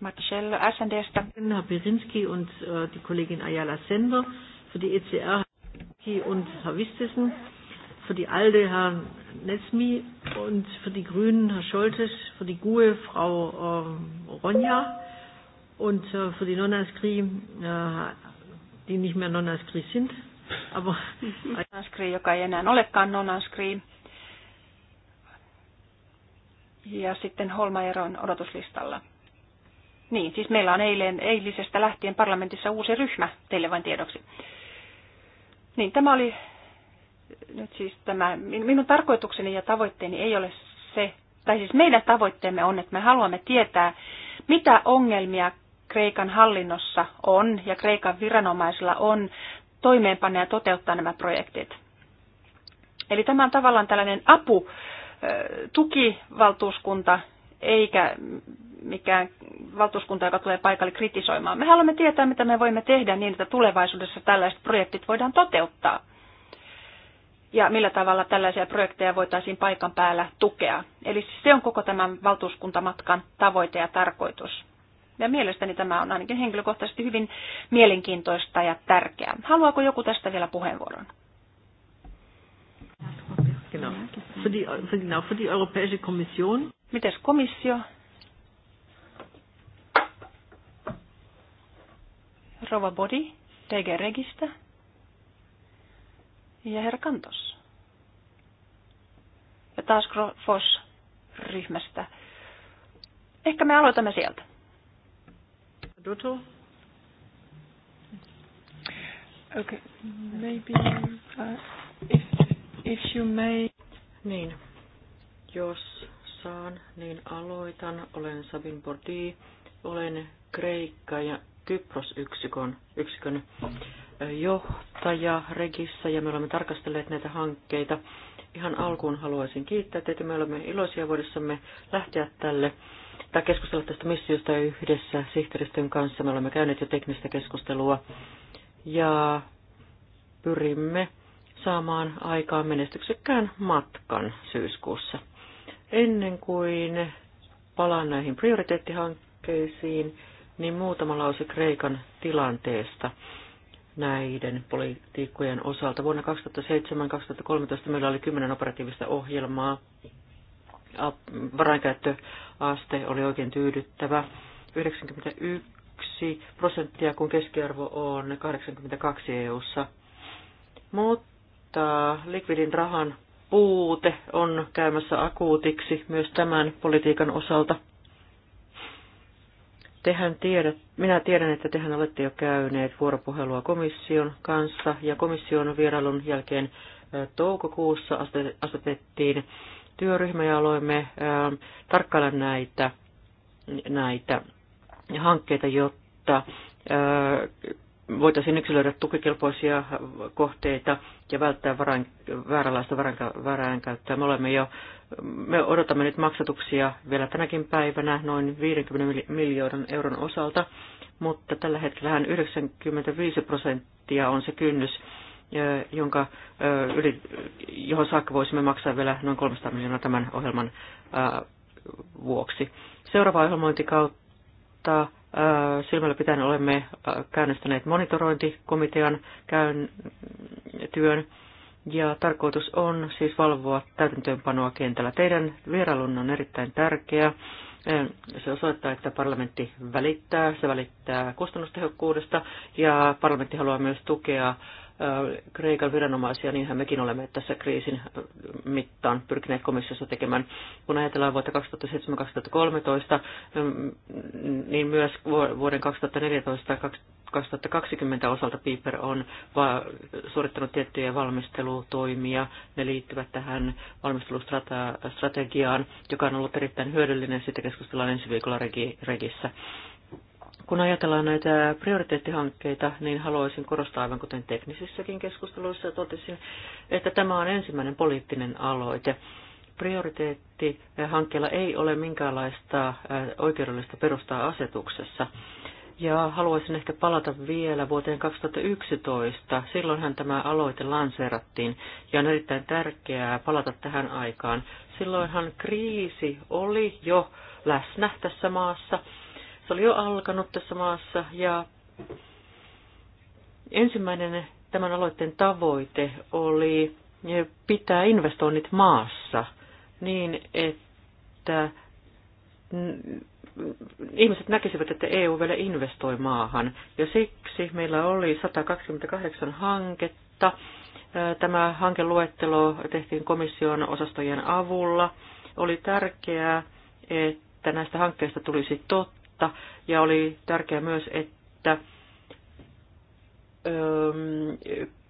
Marcel SNDstä. Herr Pirinski und äh, die Kollegin Ayala Sender für die ECR und Herr Vistisen für die ALDE herr Nesmi und für die Grünen Herr Scholtes, für die GUE Frau äh, Ronja und äh, für die Nonaskri, äh, die nicht mehr Nonaskri sind, aber <laughs> Nonaskri, joka ei enää olekaan Nonaskri. Ja sitten Holmaer on odotuslistalla. Niin, siis meillä on eilen, eilisestä lähtien parlamentissa uusi ryhmä, teille vain tiedoksi. Niin, tämä oli nyt siis tämä, minun tarkoitukseni ja tavoitteeni ei ole se, tai siis meidän tavoitteemme on, että me haluamme tietää, mitä ongelmia Kreikan hallinnossa on ja Kreikan viranomaisilla on toimeenpanna ja toteuttaa nämä projektit. Eli tämä on tavallaan tällainen apu, tukivaltuuskunta, eikä mikään valtuuskunta, joka tulee paikalle kritisoimaan. Me haluamme tietää, mitä me voimme tehdä niin, että tulevaisuudessa tällaiset projektit voidaan toteuttaa ja millä tavalla tällaisia projekteja voitaisiin paikan päällä tukea. Eli se on koko tämän valtuuskuntamatkan tavoite ja tarkoitus. Ja mielestäni tämä on ainakin henkilökohtaisesti hyvin mielenkiintoista ja tärkeää. Haluaako joku tästä vielä puheenvuoron? Genau. Für die, für, genau, für die Europäische Kommission. Mites komissio? Rova Bodi, TG Registä ja herra Kantos. Ja taas Fos ryhmästä. Ehkä me aloitamme sieltä. Dudu. Okay, maybe uh, if, if you may... Niin, jos saan, niin aloitan. Olen Sabin Bordi, olen Kreikka ja Kypros-yksikön yksikön johtaja Regissa ja me olemme tarkastelleet näitä hankkeita. Ihan alkuun haluaisin kiittää teitä. Me olemme iloisia voidessamme lähteä tälle tai keskustella tästä missiosta yhdessä sihteeristön kanssa. Me olemme käyneet jo teknistä keskustelua ja pyrimme saamaan aikaan menestyksekkään matkan syyskuussa. Ennen kuin palaan näihin prioriteettihankkeisiin, niin muutama lause Kreikan tilanteesta näiden politiikkojen osalta. Vuonna 2007-2013 meillä oli 10 operatiivista ohjelmaa. Varainkäyttöaste oli oikein tyydyttävä. 91 prosenttia, kun keskiarvo on 82 EU-ssa. Mutta likvidin rahan puute on käymässä akuutiksi myös tämän politiikan osalta – Tehän tiedät, minä tiedän, että tehän olette jo käyneet vuoropuhelua komission kanssa ja komission vierailun jälkeen toukokuussa asetettiin työryhmä ja aloimme tarkkailla näitä, näitä hankkeita, jotta voitaisiin yksilöidä tukikelpoisia kohteita ja välttää varain, vääränlaista väärinkäyttöä. Me, olemme jo, me odotamme nyt maksatuksia vielä tänäkin päivänä noin 50 miljoonan euron osalta, mutta tällä hetkellä 95 prosenttia on se kynnys, jonka, yli, johon saakka voisimme maksaa vielä noin 300 miljoonaa tämän ohjelman vuoksi. Seuraava ohjelmointikautta Äh, silmällä pitäen olemme äh, käynnistäneet monitorointikomitean käyn, työn. Ja tarkoitus on siis valvoa täytäntöönpanoa kentällä. Teidän vierailun on erittäin tärkeä. Äh, se osoittaa, että parlamentti välittää, se välittää kustannustehokkuudesta ja parlamentti haluaa myös tukea Äh, Kreikan viranomaisia, niinhän mekin olemme tässä kriisin äh, mittaan pyrkineet komissiossa tekemään. Kun ajatellaan vuotta 2007-2013, ähm, niin myös vuoden 2014-2020 osalta Piper on suorittanut tiettyjä valmistelutoimia. Ne liittyvät tähän valmistelustrategiaan, joka on ollut erittäin hyödyllinen. Sitten keskustellaan ensi viikolla Regissä. Kun ajatellaan näitä prioriteettihankkeita, niin haluaisin korostaa, aivan kuten teknisissäkin keskusteluissa totesin, että tämä on ensimmäinen poliittinen aloite. Prioriteettihankkeella ei ole minkäänlaista oikeudellista perustaa asetuksessa. Ja haluaisin ehkä palata vielä vuoteen 2011. Silloinhan tämä aloite lanseerattiin ja on erittäin tärkeää palata tähän aikaan. Silloinhan kriisi oli jo läsnä tässä maassa se oli jo alkanut tässä maassa ja ensimmäinen tämän aloitteen tavoite oli pitää investoinnit maassa niin, että ihmiset näkisivät, että EU vielä investoi maahan. Ja siksi meillä oli 128 hanketta. Tämä hankeluettelo tehtiin komission osastojen avulla. Oli tärkeää, että näistä hankkeista tulisi totta kautta. Ja oli tärkeää myös, että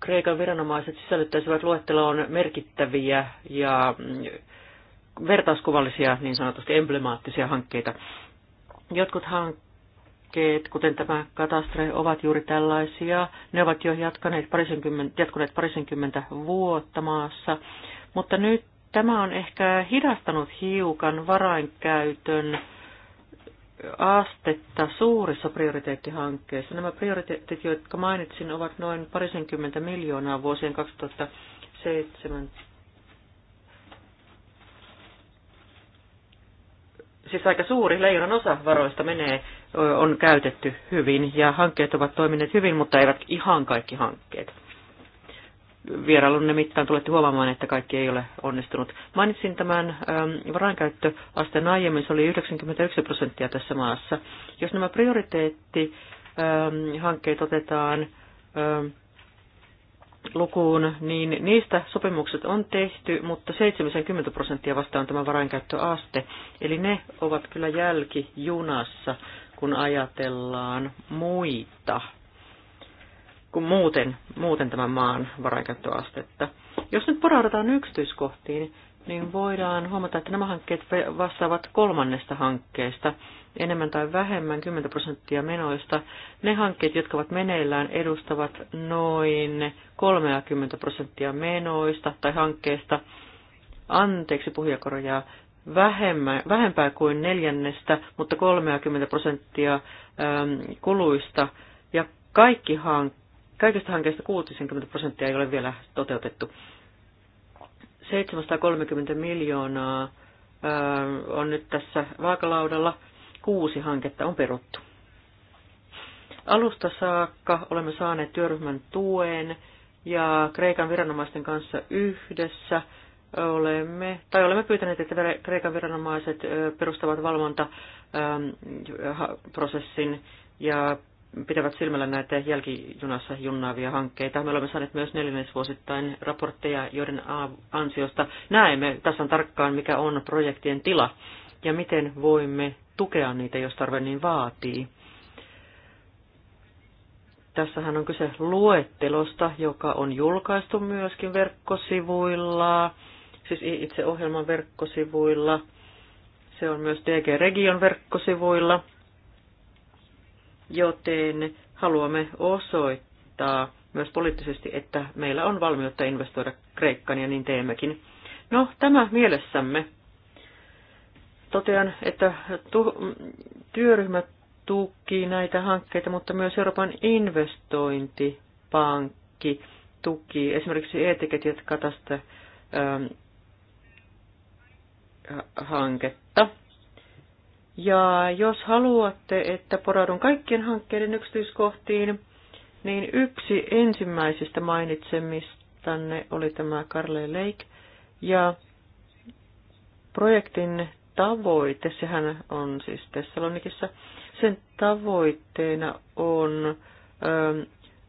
Kreikan viranomaiset sisällyttäisivät luetteloon merkittäviä ja mm, vertauskuvallisia, niin sanotusti emblemaattisia hankkeita. Jotkut hankkeet, kuten tämä katastre, ovat juuri tällaisia. Ne ovat jo jatkaneet parisenkymmentä, jatkuneet parisenkymmentä vuotta maassa, mutta nyt tämä on ehkä hidastanut hiukan varainkäytön astetta suurissa prioriteettihankkeissa. Nämä prioriteetit, jotka mainitsin, ovat noin parisenkymmentä miljoonaa vuosien 2007. Siis aika suuri leijonan osa varoista menee, on käytetty hyvin ja hankkeet ovat toimineet hyvin, mutta eivät ihan kaikki hankkeet vierailun nimittäin tulette huomaamaan, että kaikki ei ole onnistunut. Mainitsin tämän ähm, varainkäyttöasteen aiemmin, se oli 91 prosenttia tässä maassa. Jos nämä prioriteettihankkeet ähm, otetaan ähm, lukuun, niin niistä sopimukset on tehty, mutta 70 prosenttia vastaan tämä varainkäyttöaste. Eli ne ovat kyllä jälkijunassa, kun ajatellaan muita kuin muuten, muuten tämän maan varainkäyttöastetta. Jos nyt poraudutaan yksityiskohtiin, niin voidaan huomata, että nämä hankkeet vastaavat kolmannesta hankkeesta enemmän tai vähemmän 10 prosenttia menoista. Ne hankkeet, jotka ovat meneillään, edustavat noin 30 prosenttia menoista tai hankkeesta anteeksi puhujakorjaa, vähemmän, vähempää kuin neljännestä, mutta 30 prosenttia äm, kuluista. Ja kaikki hankkeet, Kaikista hankkeista 60 prosenttia ei ole vielä toteutettu. 730 miljoonaa on nyt tässä vaakalaudalla. Kuusi hanketta on peruttu. Alusta saakka olemme saaneet työryhmän tuen ja Kreikan viranomaisten kanssa yhdessä olemme, tai olemme pyytäneet, että Kreikan viranomaiset perustavat valvontaprosessin ja pitävät silmällä näitä jälkijunassa junnaavia hankkeita. Me olemme saaneet myös neljännesvuosittain raportteja, joiden ansiosta näemme tasan tarkkaan, mikä on projektien tila ja miten voimme tukea niitä, jos tarve niin vaatii. Tässähän on kyse luettelosta, joka on julkaistu myöskin verkkosivuilla, siis itse ohjelman verkkosivuilla. Se on myös DG Region verkkosivuilla joten haluamme osoittaa myös poliittisesti, että meillä on valmiutta investoida Kreikkaan ja niin teemmekin. No, tämä mielessämme. Totean, että tu- työryhmä tuki näitä hankkeita, mutta myös Euroopan investointipankki tuki, esimerkiksi etiketit katasta ähm, hanketta ja jos haluatte, että poraudun kaikkien hankkeiden yksityiskohtiin, niin yksi ensimmäisistä mainitsemistanne oli tämä Carle Lake. Ja projektin tavoite, sehän on siis Thessalonikissa, sen tavoitteena on ö, ähm,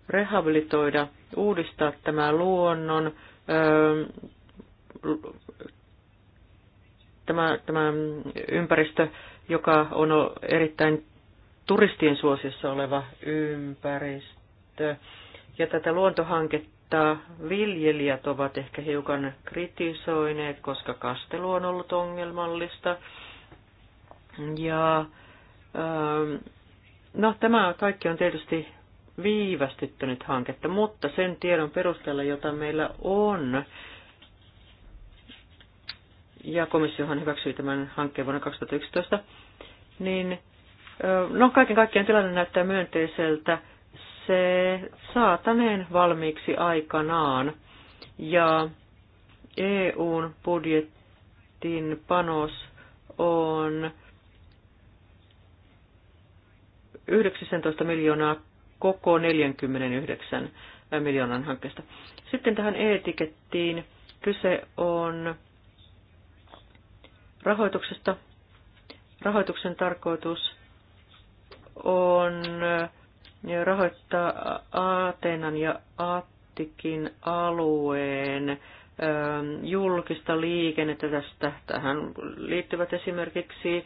rehabilitoida, uudistaa tämä luonnon, ö, ähm, tämä, tämä ympäristö joka on erittäin turistien suosiossa oleva ympäristö. Ja tätä luontohanketta viljelijät ovat ehkä hiukan kritisoineet, koska kastelu on ollut ongelmallista. Ja ähm, no, tämä kaikki on tietysti viivästyttänyt hanketta, mutta sen tiedon perusteella, jota meillä on, ja komissiohan hyväksyi tämän hankkeen vuonna 2011, niin no kaiken kaikkiaan tilanne näyttää myönteiseltä. Se saa valmiiksi aikanaan ja EUn budjetin panos on 19 miljoonaa koko 49 miljoonan hankkeesta. Sitten tähän e-tikettiin. Kyse on rahoituksesta. Rahoituksen tarkoitus on rahoittaa Ateenan ja Attikin alueen julkista liikennettä tästä. Tähän liittyvät esimerkiksi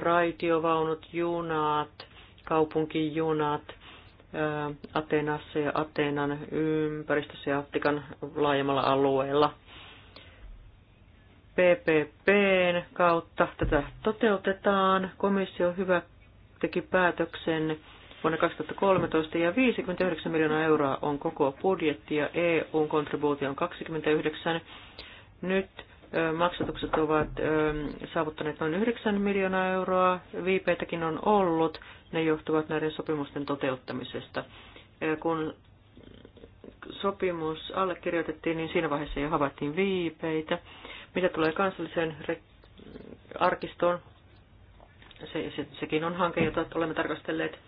raitiovaunut, junat, kaupunkijunat Atenassa ja Atenan ympäristössä ja Attikan laajemmalla alueella. PPPn kautta tätä toteutetaan. Komissio hyvä teki päätöksen vuonna 2013 ja 59 miljoonaa euroa on koko budjetti ja EUn kontribuutio on 29. Nyt maksatukset ovat saavuttaneet noin 9 miljoonaa euroa. Viipeitäkin on ollut. Ne johtuvat näiden sopimusten toteuttamisesta. Kun sopimus allekirjoitettiin, niin siinä vaiheessa jo havaittiin viipeitä. Mitä tulee kansalliseen arkistoon, se, se, sekin on hanke, jota olemme tarkastelleet,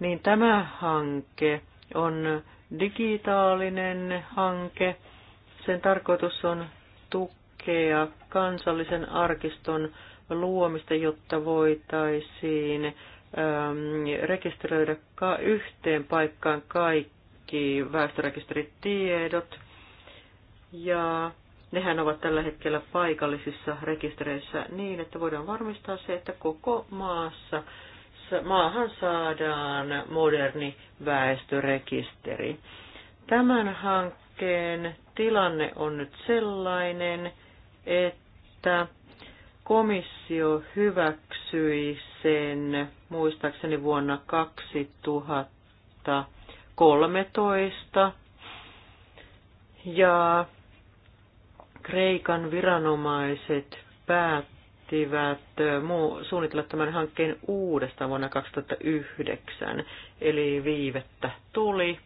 niin tämä hanke on digitaalinen hanke. Sen tarkoitus on tukea kansallisen arkiston luomista, jotta voitaisiin ähm, rekisteröidä ka- yhteen paikkaan kaikki väestörekisteritiedot. Ja Nehän ovat tällä hetkellä paikallisissa rekistereissä niin, että voidaan varmistaa se, että koko maassa maahan saadaan moderni väestörekisteri. Tämän hankkeen tilanne on nyt sellainen, että komissio hyväksyi sen muistaakseni vuonna 2013 ja Kreikan viranomaiset päättivät muu, suunnitella tämän hankkeen uudestaan vuonna 2009, eli viivettä tuli.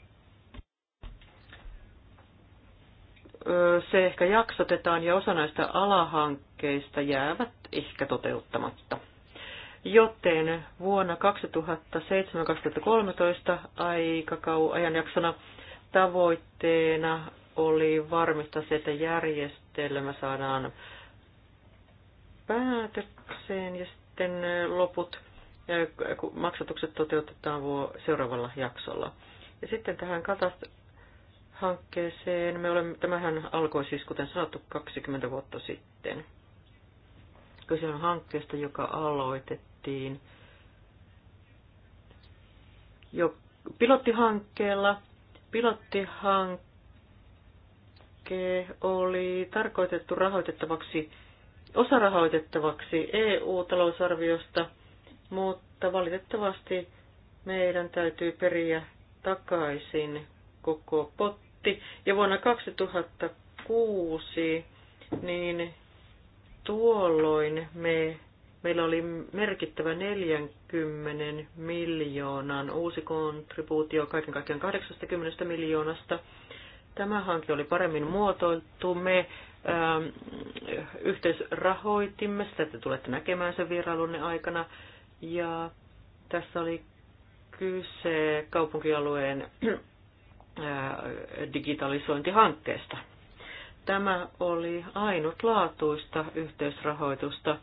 Se ehkä jaksotetaan ja osa näistä alahankkeista jäävät ehkä toteuttamatta. Joten vuonna 2007-2013 aikakau ajanjaksona tavoitteena oli varmistaa se, että järjestö menetelmä saadaan päätökseen ja sitten loput maksatukset toteutetaan seuraavalla jaksolla. Ja sitten tähän katast-hankkeeseen, me olemme, tämähän alkoi siis kuten sanottu 20 vuotta sitten. Kyse on hankkeesta, joka aloitettiin jo pilottihankkeella. Pilottihanke hanke oli tarkoitettu rahoitettavaksi, osarahoitettavaksi EU-talousarviosta, mutta valitettavasti meidän täytyy periä takaisin koko potti. Ja vuonna 2006, niin tuolloin me, meillä oli merkittävä 40 miljoonan uusi kontribuutio kaiken kaikkiaan 80 miljoonasta. Tämä hanke oli paremmin muotoiltu. Me ähm, yhteisrahoitimme sitä, että tulette näkemään sen vierailunne aikana. Ja tässä oli kyse kaupunkialueen äh, digitalisointihankkeesta. Tämä oli ainutlaatuista yhteisrahoitusta.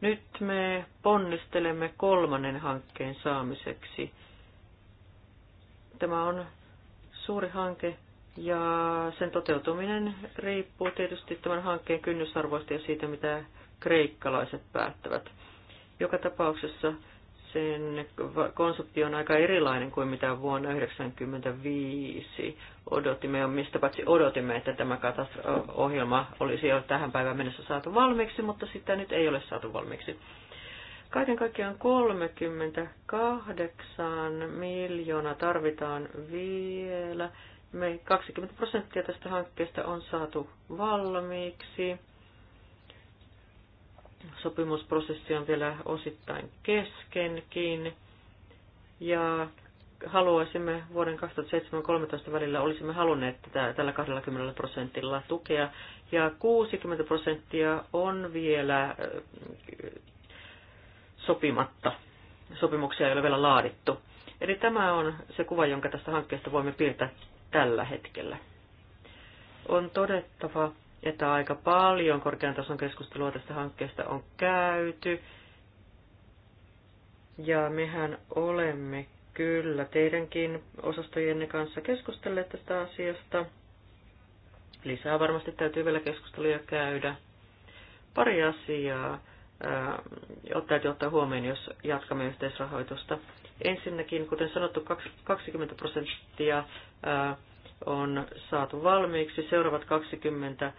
Nyt me ponnistelemme kolmannen hankkeen saamiseksi. Tämä on suuri hanke, ja sen toteutuminen riippuu tietysti tämän hankkeen kynnysarvoista ja siitä, mitä kreikkalaiset päättävät. Joka tapauksessa sen konsepti on aika erilainen kuin mitä vuonna 1995 odotimme, mistä paitsi odotimme, että tämä ohjelma olisi jo tähän päivään mennessä saatu valmiiksi, mutta sitä nyt ei ole saatu valmiiksi. Kaiken kaikkiaan 38 miljoonaa tarvitaan vielä me 20 prosenttia tästä hankkeesta on saatu valmiiksi. Sopimusprosessi on vielä osittain keskenkin. Ja haluaisimme vuoden 2007-2013 välillä olisimme halunneet tätä, tällä 20 prosentilla tukea. Ja 60 prosenttia on vielä sopimatta. Sopimuksia ei ole vielä laadittu. Eli tämä on se kuva, jonka tästä hankkeesta voimme piirtää tällä hetkellä. On todettava, että aika paljon korkean tason keskustelua tästä hankkeesta on käyty. Ja mehän olemme kyllä teidänkin osastojenne kanssa keskustelleet tästä asiasta. Lisää varmasti täytyy vielä keskusteluja käydä. Pari asiaa ää, täytyy ottaa huomioon, jos jatkamme yhteisrahoitusta. Ensinnäkin, kuten sanottu, 20 prosenttia on saatu valmiiksi. Seuraavat 20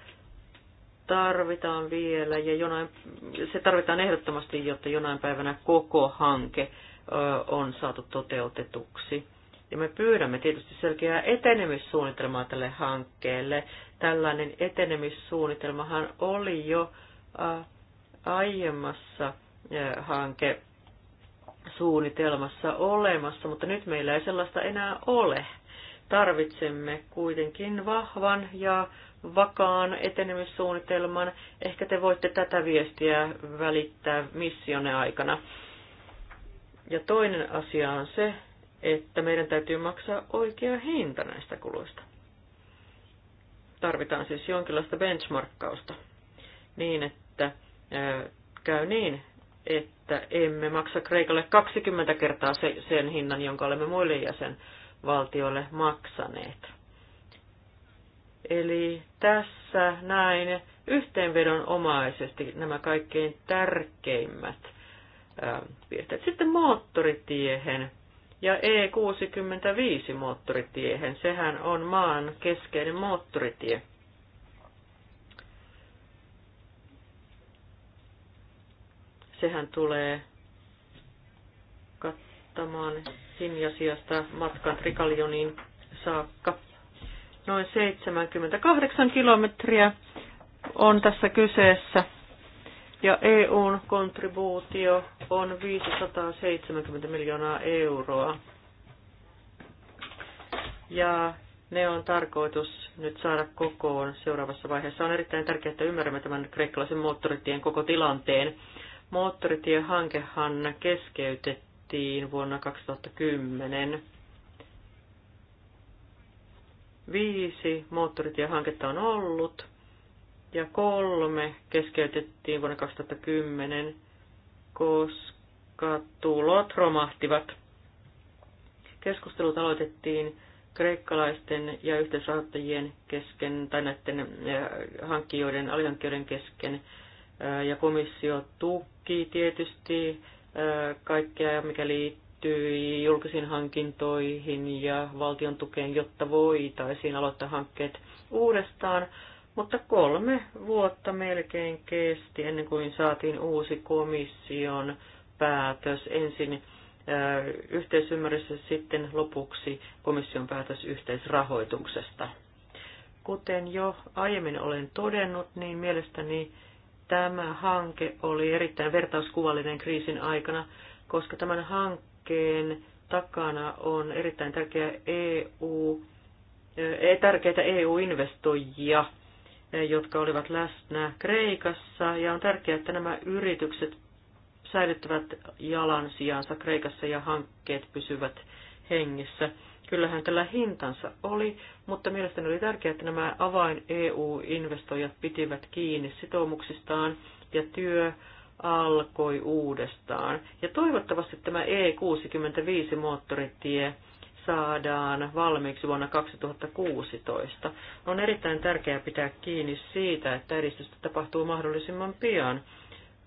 tarvitaan vielä ja jonain, se tarvitaan ehdottomasti, jotta jonain päivänä koko hanke on saatu toteutetuksi. Ja me pyydämme tietysti selkeää etenemissuunnitelmaa tälle hankkeelle. Tällainen etenemissuunnitelmahan oli jo aiemmassa hanke suunnitelmassa olemassa, mutta nyt meillä ei sellaista enää ole. Tarvitsemme kuitenkin vahvan ja vakaan etenemissuunnitelman. Ehkä te voitte tätä viestiä välittää missionne aikana. Ja toinen asia on se, että meidän täytyy maksaa oikea hinta näistä kuluista. Tarvitaan siis jonkinlaista benchmarkkausta niin, että käy niin, että että emme maksa Kreikalle 20 kertaa sen hinnan, jonka olemme muille jäsenvaltioille maksaneet. Eli tässä näin yhteenvedonomaisesti nämä kaikkein tärkeimmät piirteet. Sitten moottoritiehen ja E65 moottoritiehen. Sehän on maan keskeinen moottoritie. Sehän tulee kattamaan Sinjasiasta matkan Trikaljoniin saakka. Noin 78 kilometriä on tässä kyseessä ja EUn kontribuutio on 570 miljoonaa euroa. Ja ne on tarkoitus nyt saada kokoon seuraavassa vaiheessa. On erittäin tärkeää, että ymmärrämme tämän kreikkalaisen moottoritien koko tilanteen. Moottoritiehankehan keskeytettiin vuonna 2010. Viisi moottoritiehanketta on ollut ja kolme keskeytettiin vuonna 2010, koska tulot romahtivat. Keskustelut aloitettiin kreikkalaisten ja yhteisrahoittajien kesken tai näiden äh, hankkijoiden, alihankkijoiden kesken ja komissio tukki tietysti kaikkea, mikä liittyy julkisiin hankintoihin ja valtion tukeen, jotta voitaisiin aloittaa hankkeet uudestaan. Mutta kolme vuotta melkein kesti ennen kuin saatiin uusi komission päätös. Ensin yhteisymmärrys ja sitten lopuksi komission päätös yhteisrahoituksesta. Kuten jo aiemmin olen todennut, niin mielestäni Tämä hanke oli erittäin vertauskuvallinen kriisin aikana, koska tämän hankkeen takana on erittäin tärkeä EU, e, tärkeitä EU-investoijia, e, jotka olivat läsnä Kreikassa, ja on tärkeää, että nämä yritykset säilyttävät jalansijansa Kreikassa ja hankkeet pysyvät hengissä. Kyllähän tällä hintansa oli, mutta mielestäni oli tärkeää, että nämä avain EU-investoijat pitivät kiinni sitoumuksistaan ja työ alkoi uudestaan. Ja toivottavasti tämä E65-moottoritie saadaan valmiiksi vuonna 2016. On erittäin tärkeää pitää kiinni siitä, että edistystä tapahtuu mahdollisimman pian,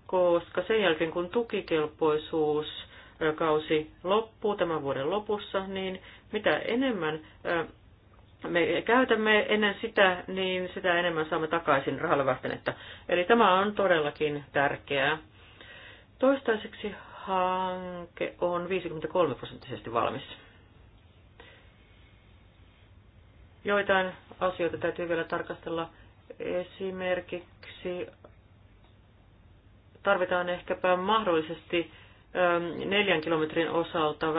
koska sen jälkeen kun tukikelpoisuus kausi loppuu tämän vuoden lopussa, niin mitä enemmän me käytämme ennen sitä, niin sitä enemmän saamme takaisin rahalle vastinetta. Eli tämä on todellakin tärkeää. Toistaiseksi hanke on 53 prosenttisesti valmis. Joitain asioita täytyy vielä tarkastella. Esimerkiksi tarvitaan ehkäpä mahdollisesti neljän kilometrin osalta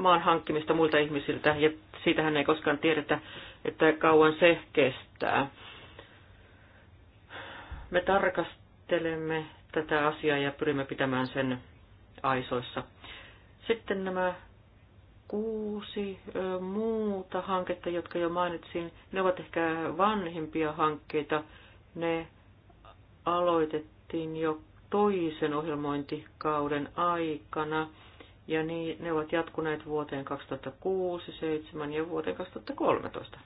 maan hankkimista muilta ihmisiltä, ja siitähän ei koskaan tiedetä, että kauan se kestää. Me tarkastelemme tätä asiaa ja pyrimme pitämään sen aisoissa. Sitten nämä kuusi muuta hanketta, jotka jo mainitsin, ne ovat ehkä vanhimpia hankkeita. Ne aloitettiin jo toisen ohjelmointikauden aikana ja niin, ne ovat jatkuneet vuoteen 2006, 2007 ja vuoteen 2013.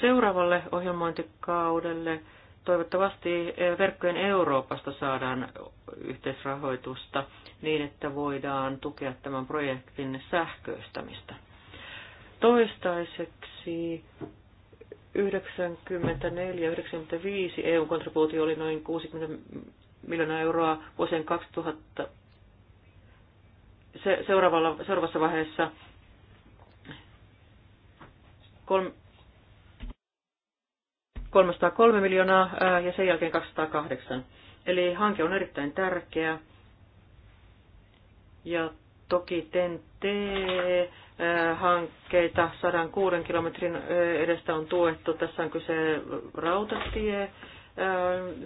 Seuraavalle ohjelmointikaudelle toivottavasti eh, verkkojen Euroopasta saadaan yhteisrahoitusta niin, että voidaan tukea tämän projektin sähköistämistä. Toistaiseksi 94-95 EU-kontribuutio oli noin 60 miljoonaa euroa vuosien 2000 se, seuraavalla, seuraavassa vaiheessa kolme, 303 miljoonaa ja sen jälkeen 208. Eli hanke on erittäin tärkeä. Ja toki TEN-T-hankkeita 106 kilometrin edestä on tuettu. Tässä on kyse rautatie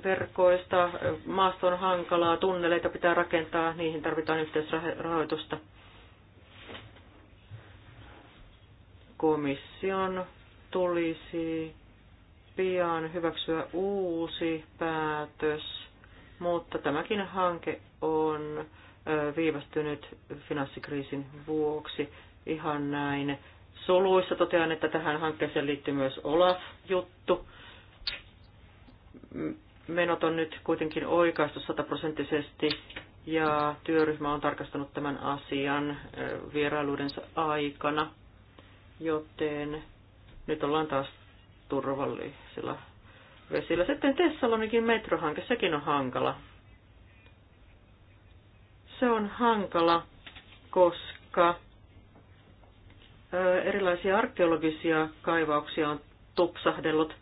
verkoista, maasto on hankalaa, tunneleita pitää rakentaa, niihin tarvitaan yhteisrahoitusta. Komission tulisi pian hyväksyä uusi päätös, mutta tämäkin hanke on viivästynyt finanssikriisin vuoksi ihan näin. Soluissa totean, että tähän hankkeeseen liittyy myös Olaf-juttu menot on nyt kuitenkin oikaistu sataprosenttisesti ja työryhmä on tarkastanut tämän asian vierailuidensa aikana, joten nyt ollaan taas turvallisilla vesillä. Sitten Tessalonikin metrohanke, sekin on hankala. Se on hankala, koska erilaisia arkeologisia kaivauksia on tupsahdellut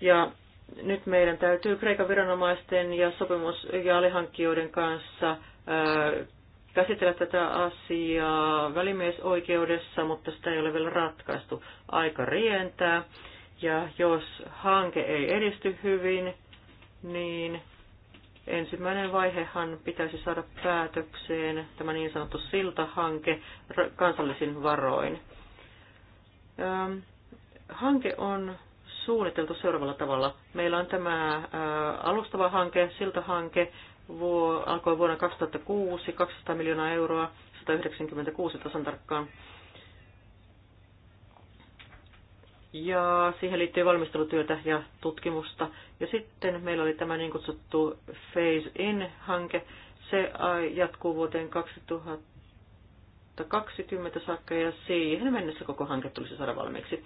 ja nyt meidän täytyy Kreikan viranomaisten ja sopimus- ja alihankkijoiden kanssa käsitellä tätä asiaa välimiesoikeudessa, mutta sitä ei ole vielä ratkaistu. Aika rientää. Ja jos hanke ei edisty hyvin, niin ensimmäinen vaihehan pitäisi saada päätökseen, tämä niin sanottu siltahanke, kansallisin varoin. Hanke on suunniteltu seuraavalla tavalla. Meillä on tämä alustava hanke, siltahanke, vuo, alkoi vuonna 2006, 200 miljoonaa euroa, 196 tasan tarkkaan. Ja siihen liittyy valmistelutyötä ja tutkimusta. Ja sitten meillä oli tämä niin kutsuttu Phase In-hanke. Se jatkuu vuoteen 2020 saakka ja siihen mennessä koko hanke tulisi saada valmiiksi.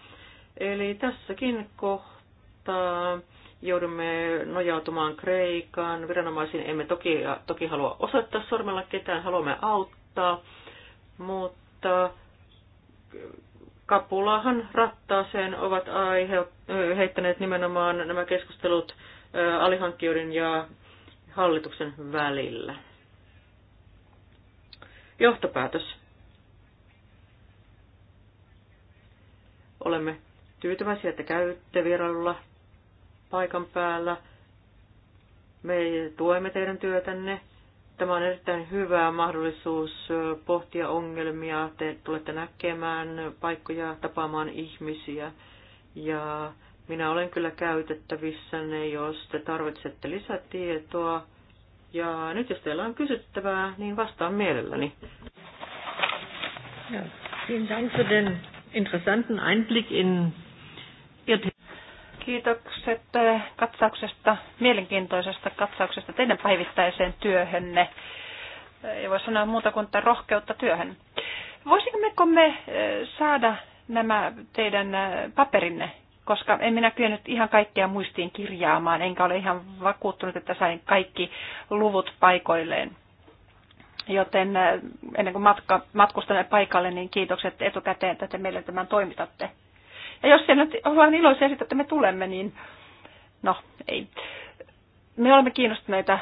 Eli tässäkin kohtaa joudumme nojautumaan Kreikan viranomaisiin. Emme toki, toki halua osoittaa sormella ketään, haluamme auttaa, mutta kapulahan rattaaseen ovat aihe, heittäneet nimenomaan nämä keskustelut alihankkijoiden ja hallituksen välillä. Johtopäätös. Olemme tyytyväisiä, että käytte vierailulla paikan päällä. Me tuemme teidän työtänne. Tämä on erittäin hyvä mahdollisuus pohtia ongelmia. Te tulette näkemään paikkoja, tapaamaan ihmisiä. Ja minä olen kyllä käytettävissänne, jos te tarvitsette lisätietoa. Ja nyt jos teillä on kysyttävää, niin vastaan mielelläni. Ja, vielen Dank für den interessanten Einblick in kiitokset eh, katsauksesta, mielenkiintoisesta katsauksesta teidän päivittäiseen työhönne. Eh, ei voi sanoa muuta kuin rohkeutta työhön. Voisimmeko me eh, saada nämä teidän paperinne, koska en minä kyennyt ihan kaikkea muistiin kirjaamaan, enkä ole ihan vakuuttunut, että sain kaikki luvut paikoilleen. Joten ennen kuin matka, matkustamme paikalle, niin kiitokset etukäteen, että te meille tämän toimitatte. Ja jos siellä nyt ollaan iloisia siitä, että me tulemme, niin no ei. Me olemme kiinnostuneita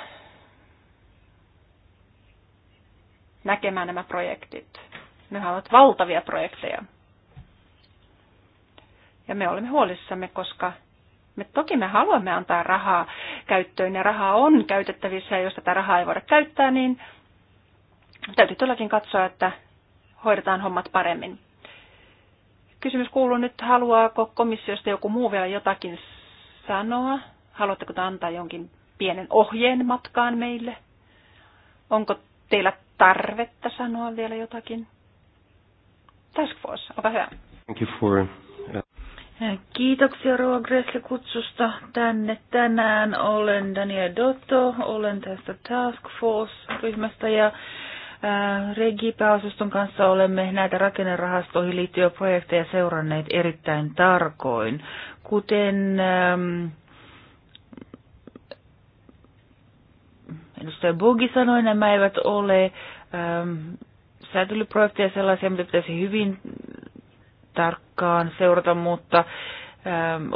näkemään nämä projektit. Nehän ovat valtavia projekteja. Ja me olemme huolissamme, koska me toki me haluamme antaa rahaa käyttöön ja rahaa on käytettävissä ja jos tätä rahaa ei voida käyttää, niin täytyy todellakin katsoa, että hoidetaan hommat paremmin. Kysymys kuuluu nyt, haluaako komissiosta joku muu vielä jotakin sanoa? Haluatteko te antaa jonkin pienen ohjeen matkaan meille? Onko teillä tarvetta sanoa vielä jotakin? Task Force, olkaa hyvä. Thank you for, uh, Kiitoksia Roa Gressle kutsusta tänne tänään. Olen Daniel Dotto, olen tästä Task Force-ryhmästä ja Regi-pääosaston kanssa olemme näitä rakennerahastoihin liittyviä projekteja seuranneet erittäin tarkoin. Kuten edustaja Bogi sanoi, nämä eivät ole säätelyprojekteja sellaisia, mitä pitäisi hyvin tarkkaan seurata, mutta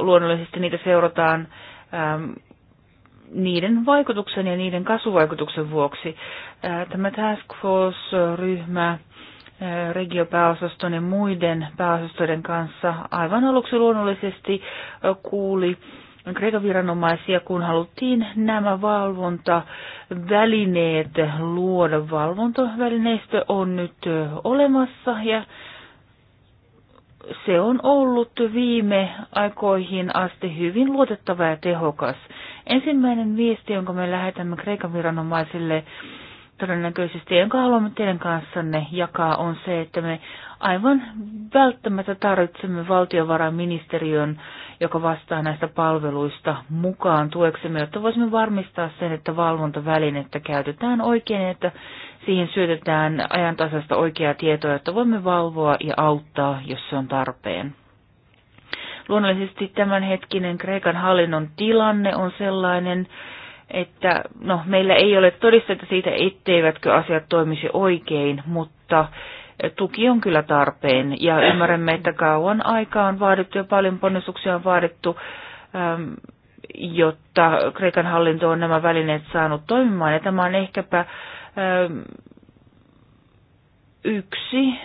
luonnollisesti niitä seurataan niiden vaikutuksen ja niiden kasvuvaikutuksen vuoksi. Tämä Task Force-ryhmä regiopääosaston ja muiden pääosastojen kanssa aivan aluksi luonnollisesti kuuli Kreikan viranomaisia, kun haluttiin nämä valvontavälineet luoda. Valvontavälineistö on nyt olemassa ja se on ollut viime aikoihin asti hyvin luotettava ja tehokas. Ensimmäinen viesti, jonka me lähetämme Kreikan viranomaisille todennäköisesti, jonka haluamme teidän kanssanne jakaa, on se, että me aivan välttämättä tarvitsemme valtiovarainministeriön, joka vastaa näistä palveluista mukaan tueksemme, jotta voisimme varmistaa sen, että valvontavälinettä käytetään oikein, että siihen syötetään ajantasasta oikeaa tietoa, jotta voimme valvoa ja auttaa, jos se on tarpeen. Luonnollisesti tämänhetkinen Kreikan hallinnon tilanne on sellainen, että no, meillä ei ole todisteita siitä, etteivätkö asiat toimisi oikein, mutta tuki on kyllä tarpeen ja ymmärrämme, että kauan aikaa on vaadittu ja paljon ponnistuksia on vaadittu, ähm, jotta Kreikan hallinto on nämä välineet saanut toimimaan ja tämä on ehkäpä ähm, yksi äh,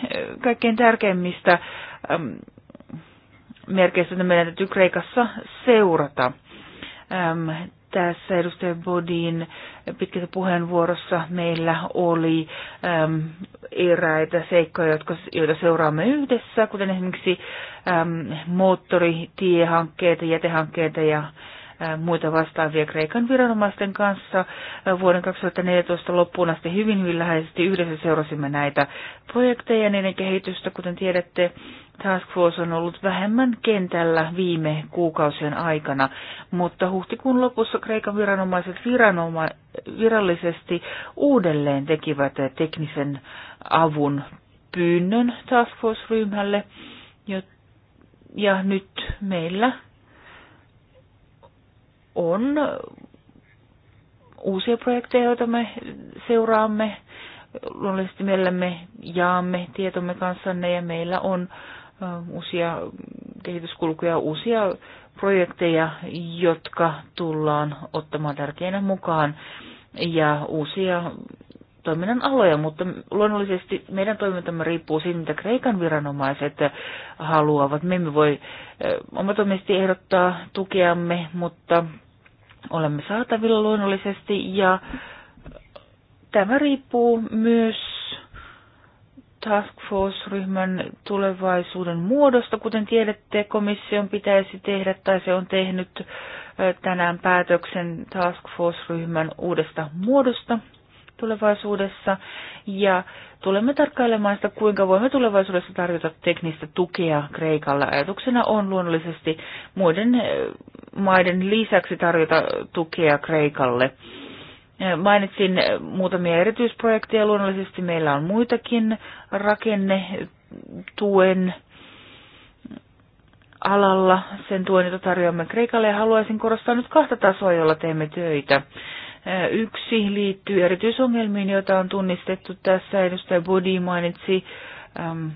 kaikkein tärkeimmistä ähm, merkeissä, että meidän täytyy Kreikassa seurata. Äm, tässä edustaja Bodin pitkässä puheenvuorossa meillä oli äm, eräitä seikkoja, jotka, joita seuraamme yhdessä, kuten esimerkiksi äm, moottoritiehankkeita, jätehankkeita ja muita vastaavia Kreikan viranomaisten kanssa. Vuoden 2014 loppuun asti hyvin, hyvin läheisesti yhdessä seurasimme näitä projekteja ja niiden kehitystä. Kuten tiedätte, Task Force on ollut vähemmän kentällä viime kuukausien aikana, mutta huhtikuun lopussa Kreikan viranomaiset viranoma- virallisesti uudelleen tekivät teknisen avun pyynnön Task Force-ryhmälle, ja nyt meillä on uusia projekteja, joita me seuraamme luonnollisesti mielellämme jaamme tietomme kanssanne ja meillä on Äh, uusia kehityskulkuja, uusia projekteja, jotka tullaan ottamaan tärkeinä mukaan ja uusia toiminnan aloja, mutta luonnollisesti meidän toimintamme riippuu siitä, mitä Kreikan viranomaiset haluavat. Me emme voi äh, omatoimisesti ehdottaa tukeamme, mutta olemme saatavilla luonnollisesti ja tämä riippuu myös Task Force-ryhmän tulevaisuuden muodosta. Kuten tiedätte, komission pitäisi tehdä, tai se on tehnyt tänään päätöksen Task Force-ryhmän uudesta muodosta tulevaisuudessa. Ja tulemme tarkkailemaan sitä, kuinka voimme tulevaisuudessa tarjota teknistä tukea Kreikalle. Ajatuksena on luonnollisesti muiden maiden lisäksi tarjota tukea Kreikalle Mainitsin muutamia erityisprojekteja. Luonnollisesti meillä on muitakin rakennetuen alalla sen tuen, jota tarjoamme Kreikalle. Ja haluaisin korostaa nyt kahta tasoa, jolla teemme töitä. Yksi liittyy erityisongelmiin, joita on tunnistettu tässä. Edustaja Bodi mainitsi ähm,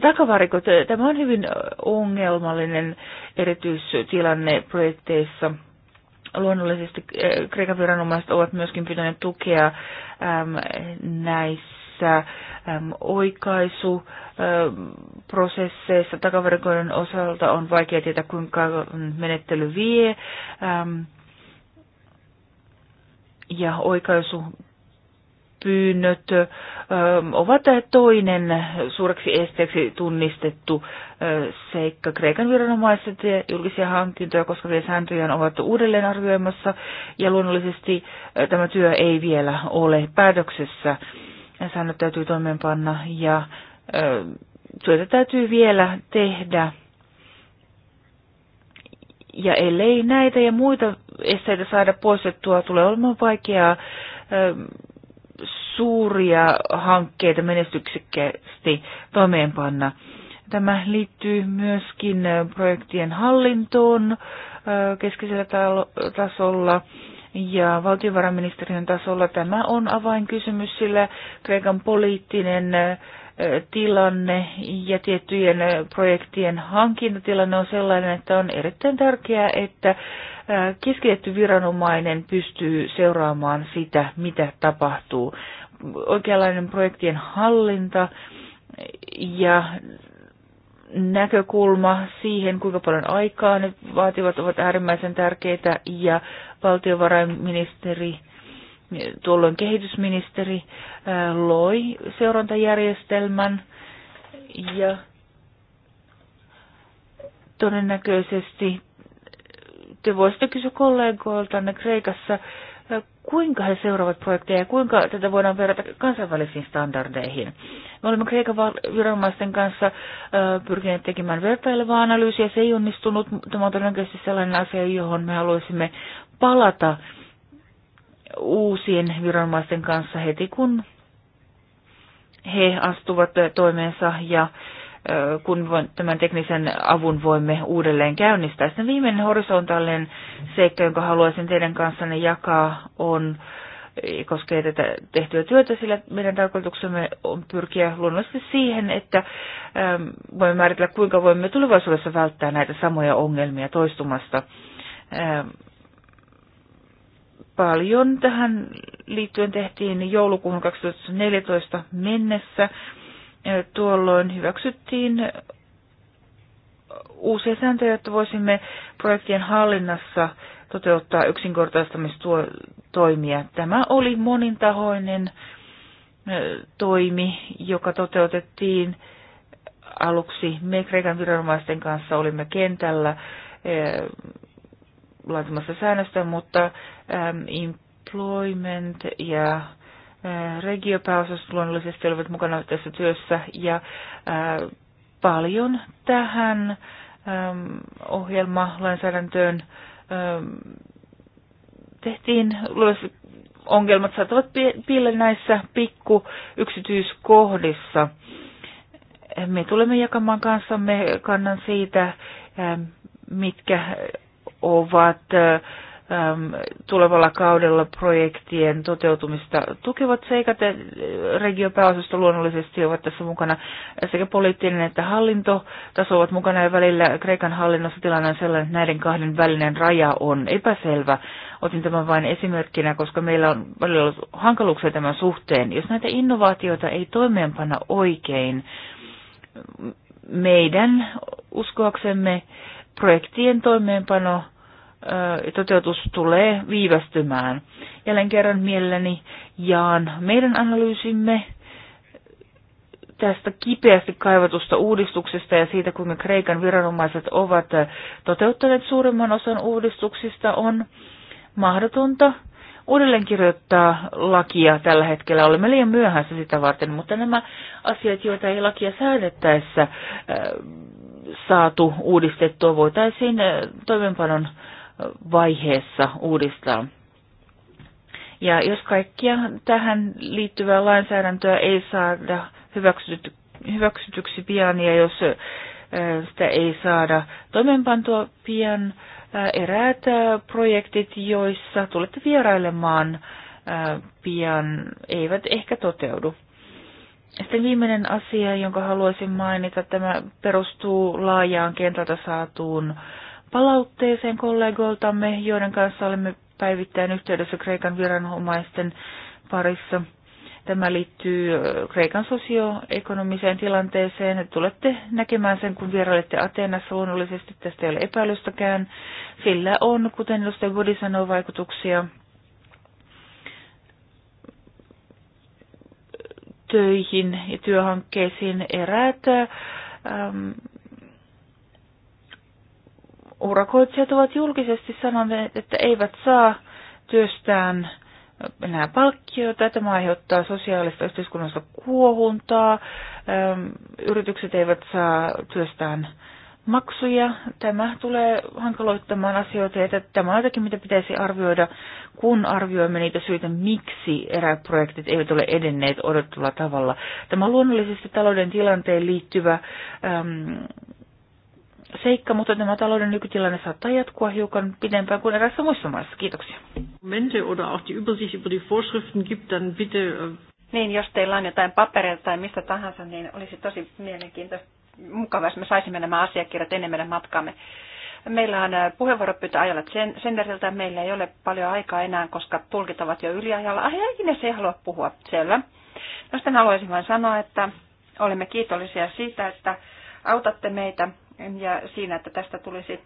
takavarikot. Tämä on hyvin ongelmallinen erityistilanne projekteissa. Luonnollisesti eh, Kreikan viranomaiset ovat myöskin pitäneet tukea äm, näissä äm, oikaisuprosesseissa. Takavarikoiden osalta on vaikea tietää, kuinka menettely vie. Äm, ja oikaisu pyynnöt ovat toinen suureksi esteeksi tunnistettu seikka. Kreikan viranomaiset ja julkisia hankintoja koskevia sääntöjä ovat uudelleen arvioimassa ja luonnollisesti tämä työ ei vielä ole päätöksessä. Säännöt täytyy toimeenpanna ja työtä täytyy vielä tehdä. Ja ellei näitä ja muita esteitä saada poistettua, tulee olemaan vaikeaa suuria hankkeita menestyksekkäästi toimeenpanna. Tämä liittyy myöskin projektien hallintoon keskisellä tasolla ja valtiovarainministeriön tasolla. Tämä on avainkysymys, sillä Kreikan poliittinen tilanne ja tiettyjen projektien hankintatilanne on sellainen, että on erittäin tärkeää, että keskitetty viranomainen pystyy seuraamaan sitä, mitä tapahtuu oikeanlainen projektien hallinta ja näkökulma siihen, kuinka paljon aikaa ne vaativat, ovat äärimmäisen tärkeitä ja valtiovarainministeri tuolloin kehitysministeri loi seurantajärjestelmän ja todennäköisesti te voisitte kysyä kollegoiltanne Kreikassa, kuinka he seuraavat projekteja ja kuinka tätä voidaan verrata kansainvälisiin standardeihin. Me olemme Kreikan viranomaisten kanssa pyrkineet tekemään vertailevaa analyysiä. Se ei onnistunut. Tämä on todennäköisesti sellainen asia, johon me haluaisimme palata uusien viranomaisten kanssa heti, kun he astuvat toimeensa ja äh, kun tämän teknisen avun voimme uudelleen käynnistää. Sitten viimeinen horisontaalinen seikka, jonka haluaisin teidän kanssanne jakaa, on e, koskee tätä tehtyä työtä, sillä meidän tarkoituksemme on pyrkiä luonnollisesti siihen, että voimme määritellä, kuinka voimme tulevaisuudessa välttää näitä samoja ongelmia toistumasta. Paljon tähän liittyen tehtiin joulukuun 2014 mennessä tuolloin hyväksyttiin uusia sääntöjä, että voisimme projektien hallinnassa toteuttaa yksinkertaistamistoimia. Tämä oli monintahoinen toimi, joka toteutettiin aluksi. Me Kreikan viranomaisten kanssa olimme kentällä laitamassa säännöstä, mutta employment ja regiopääosassa luonnollisesti olivat mukana tässä työssä ja paljon tähän ohjelmalainsäädäntöön tehtiin. Luonnollisesti ongelmat saattavat piillä näissä pikku yksityiskohdissa. Me tulemme jakamaan kanssamme kannan siitä, mitkä ovat Ähm, tulevalla kaudella projektien toteutumista tukevat seikat. Äh, regiopääosasto luonnollisesti ovat tässä mukana sekä poliittinen että hallintotaso ovat mukana ja välillä Kreikan hallinnossa tilanne on sellainen, että näiden kahden välinen raja on epäselvä. Otin tämän vain esimerkkinä, koska meillä on välillä ollut hankaluuksia tämän suhteen. Jos näitä innovaatioita ei toimeenpanna oikein, meidän uskoaksemme projektien toimeenpano – toteutus tulee viivästymään. Jälleen kerran mielelläni jaan meidän analyysimme tästä kipeästi kaivatusta uudistuksesta ja siitä, kuinka Kreikan viranomaiset ovat toteuttaneet suurimman osan uudistuksista, on mahdotonta uudelleenkirjoittaa lakia tällä hetkellä. Olemme liian myöhässä sitä varten, mutta nämä asiat, joita ei lakia säädettäessä saatu uudistettua, voitaisiin toimenpanon vaiheessa uudistaa. Ja jos kaikkia tähän liittyvää lainsäädäntöä ei saada hyväksytty, hyväksytyksi pian ja jos sitä ei saada toimeenpantua pian, eräät projektit, joissa tulette vierailemaan pian, eivät ehkä toteudu. Sitten viimeinen asia, jonka haluaisin mainita, tämä perustuu laajaan kentältä saatuun palautteeseen kollegoiltamme, joiden kanssa olemme päivittäin yhteydessä Kreikan viranomaisten parissa. Tämä liittyy Kreikan sosioekonomiseen tilanteeseen. Tulette näkemään sen, kun vierailette Ateenassa luonnollisesti. Tästä ei ole epäilystäkään. Sillä on, kuten edustaja Budi sanoo, vaikutuksia töihin ja työhankkeisiin eräät ähm, urakoitsijat ovat julkisesti sanoneet, että eivät saa työstään enää palkkioita. Tämä aiheuttaa sosiaalista yhteiskunnallista kuohuntaa. Yritykset eivät saa työstään maksuja. Tämä tulee hankaloittamaan asioita että tämä on jotakin, mitä pitäisi arvioida, kun arvioimme niitä syitä, miksi eräät projektit eivät ole edenneet odotetulla tavalla. Tämä on luonnollisesti talouden tilanteen liittyvä äm, seikka, mutta tämä talouden nykytilanne saattaa jatkua hiukan pidempään kuin eräissä muissa maissa. Kiitoksia. Oder auch die Übersicht über die Vorschriften gibt, dann bitte... Äh, niin, jos teillä on jotain papereita tai mistä tahansa, niin olisi tosi mielenkiintoista, mukavaa, jos me saisimme nämä asiakirjat ennen meidän matkaamme. Meillä on äh, puheenvuoropyyntö ajalla sen, että meillä ei ole paljon aikaa enää, koska tulkit ovat jo yliajalla. Ai, ne se ei halua puhua, siellä. No sitten haluaisin vain sanoa, että olemme kiitollisia siitä, että autatte meitä ja siinä, että tästä tulisi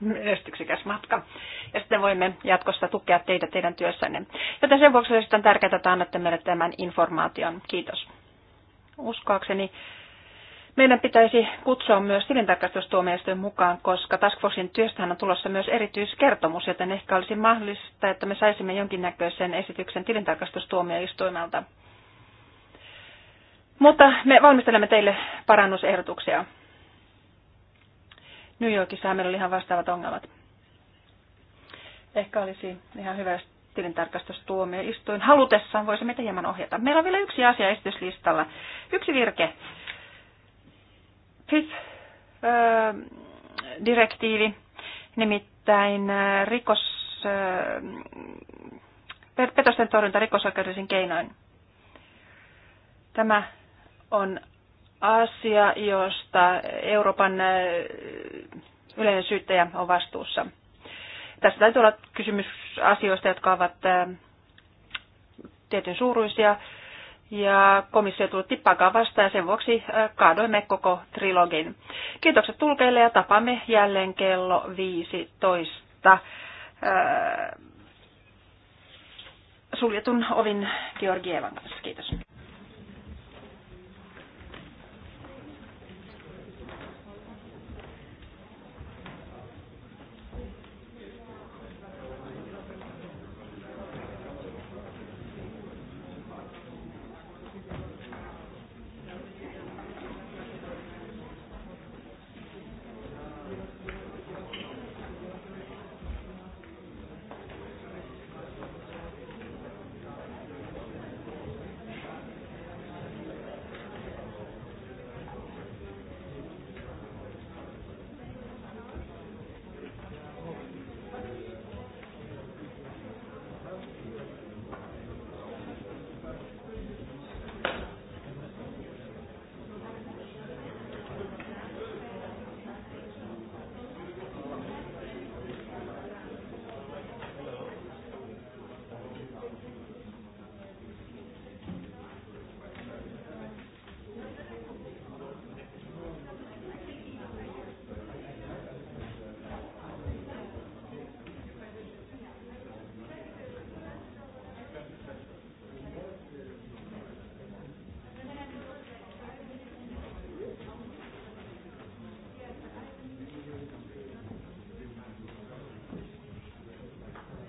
menestyksikäs matka. Ja sitten voimme jatkossa tukea teitä teidän työssänne. Joten sen vuoksi olisi on tärkeää, että annatte meille tämän informaation. Kiitos. Uskoakseni meidän pitäisi kutsua myös tilintarkastustuomioistuin mukaan, koska Task Forcein työstähän on tulossa myös erityiskertomus, joten ehkä olisi mahdollista, että me saisimme jonkinnäköisen esityksen tilintarkastustuomioistuimelta. Mutta me valmistelemme teille parannusehdotuksia. New Yorkissa meillä oli ihan vastaavat ongelmat. Ehkä olisi ihan hyvä, jos istuin halutessaan voisi meitä hieman ohjata. Meillä on vielä yksi asia esityslistalla. Yksi virke. Siis öö, direktiivi, nimittäin rikos, petosten torjunta rikosoikeudellisin keinoin. Tämä on asia, josta Euroopan äh, yleinen syyttäjä on vastuussa. Tässä täytyy olla kysymys asioista, jotka ovat äh, tietyn suuruisia, ja komissio tuli tippaakaan vastaan, ja sen vuoksi äh, kaadoimme koko trilogin. Kiitokset tulkeille, ja tapaamme jälleen kello 15 suljetun ovin Georgievan kanssa. Kiitos.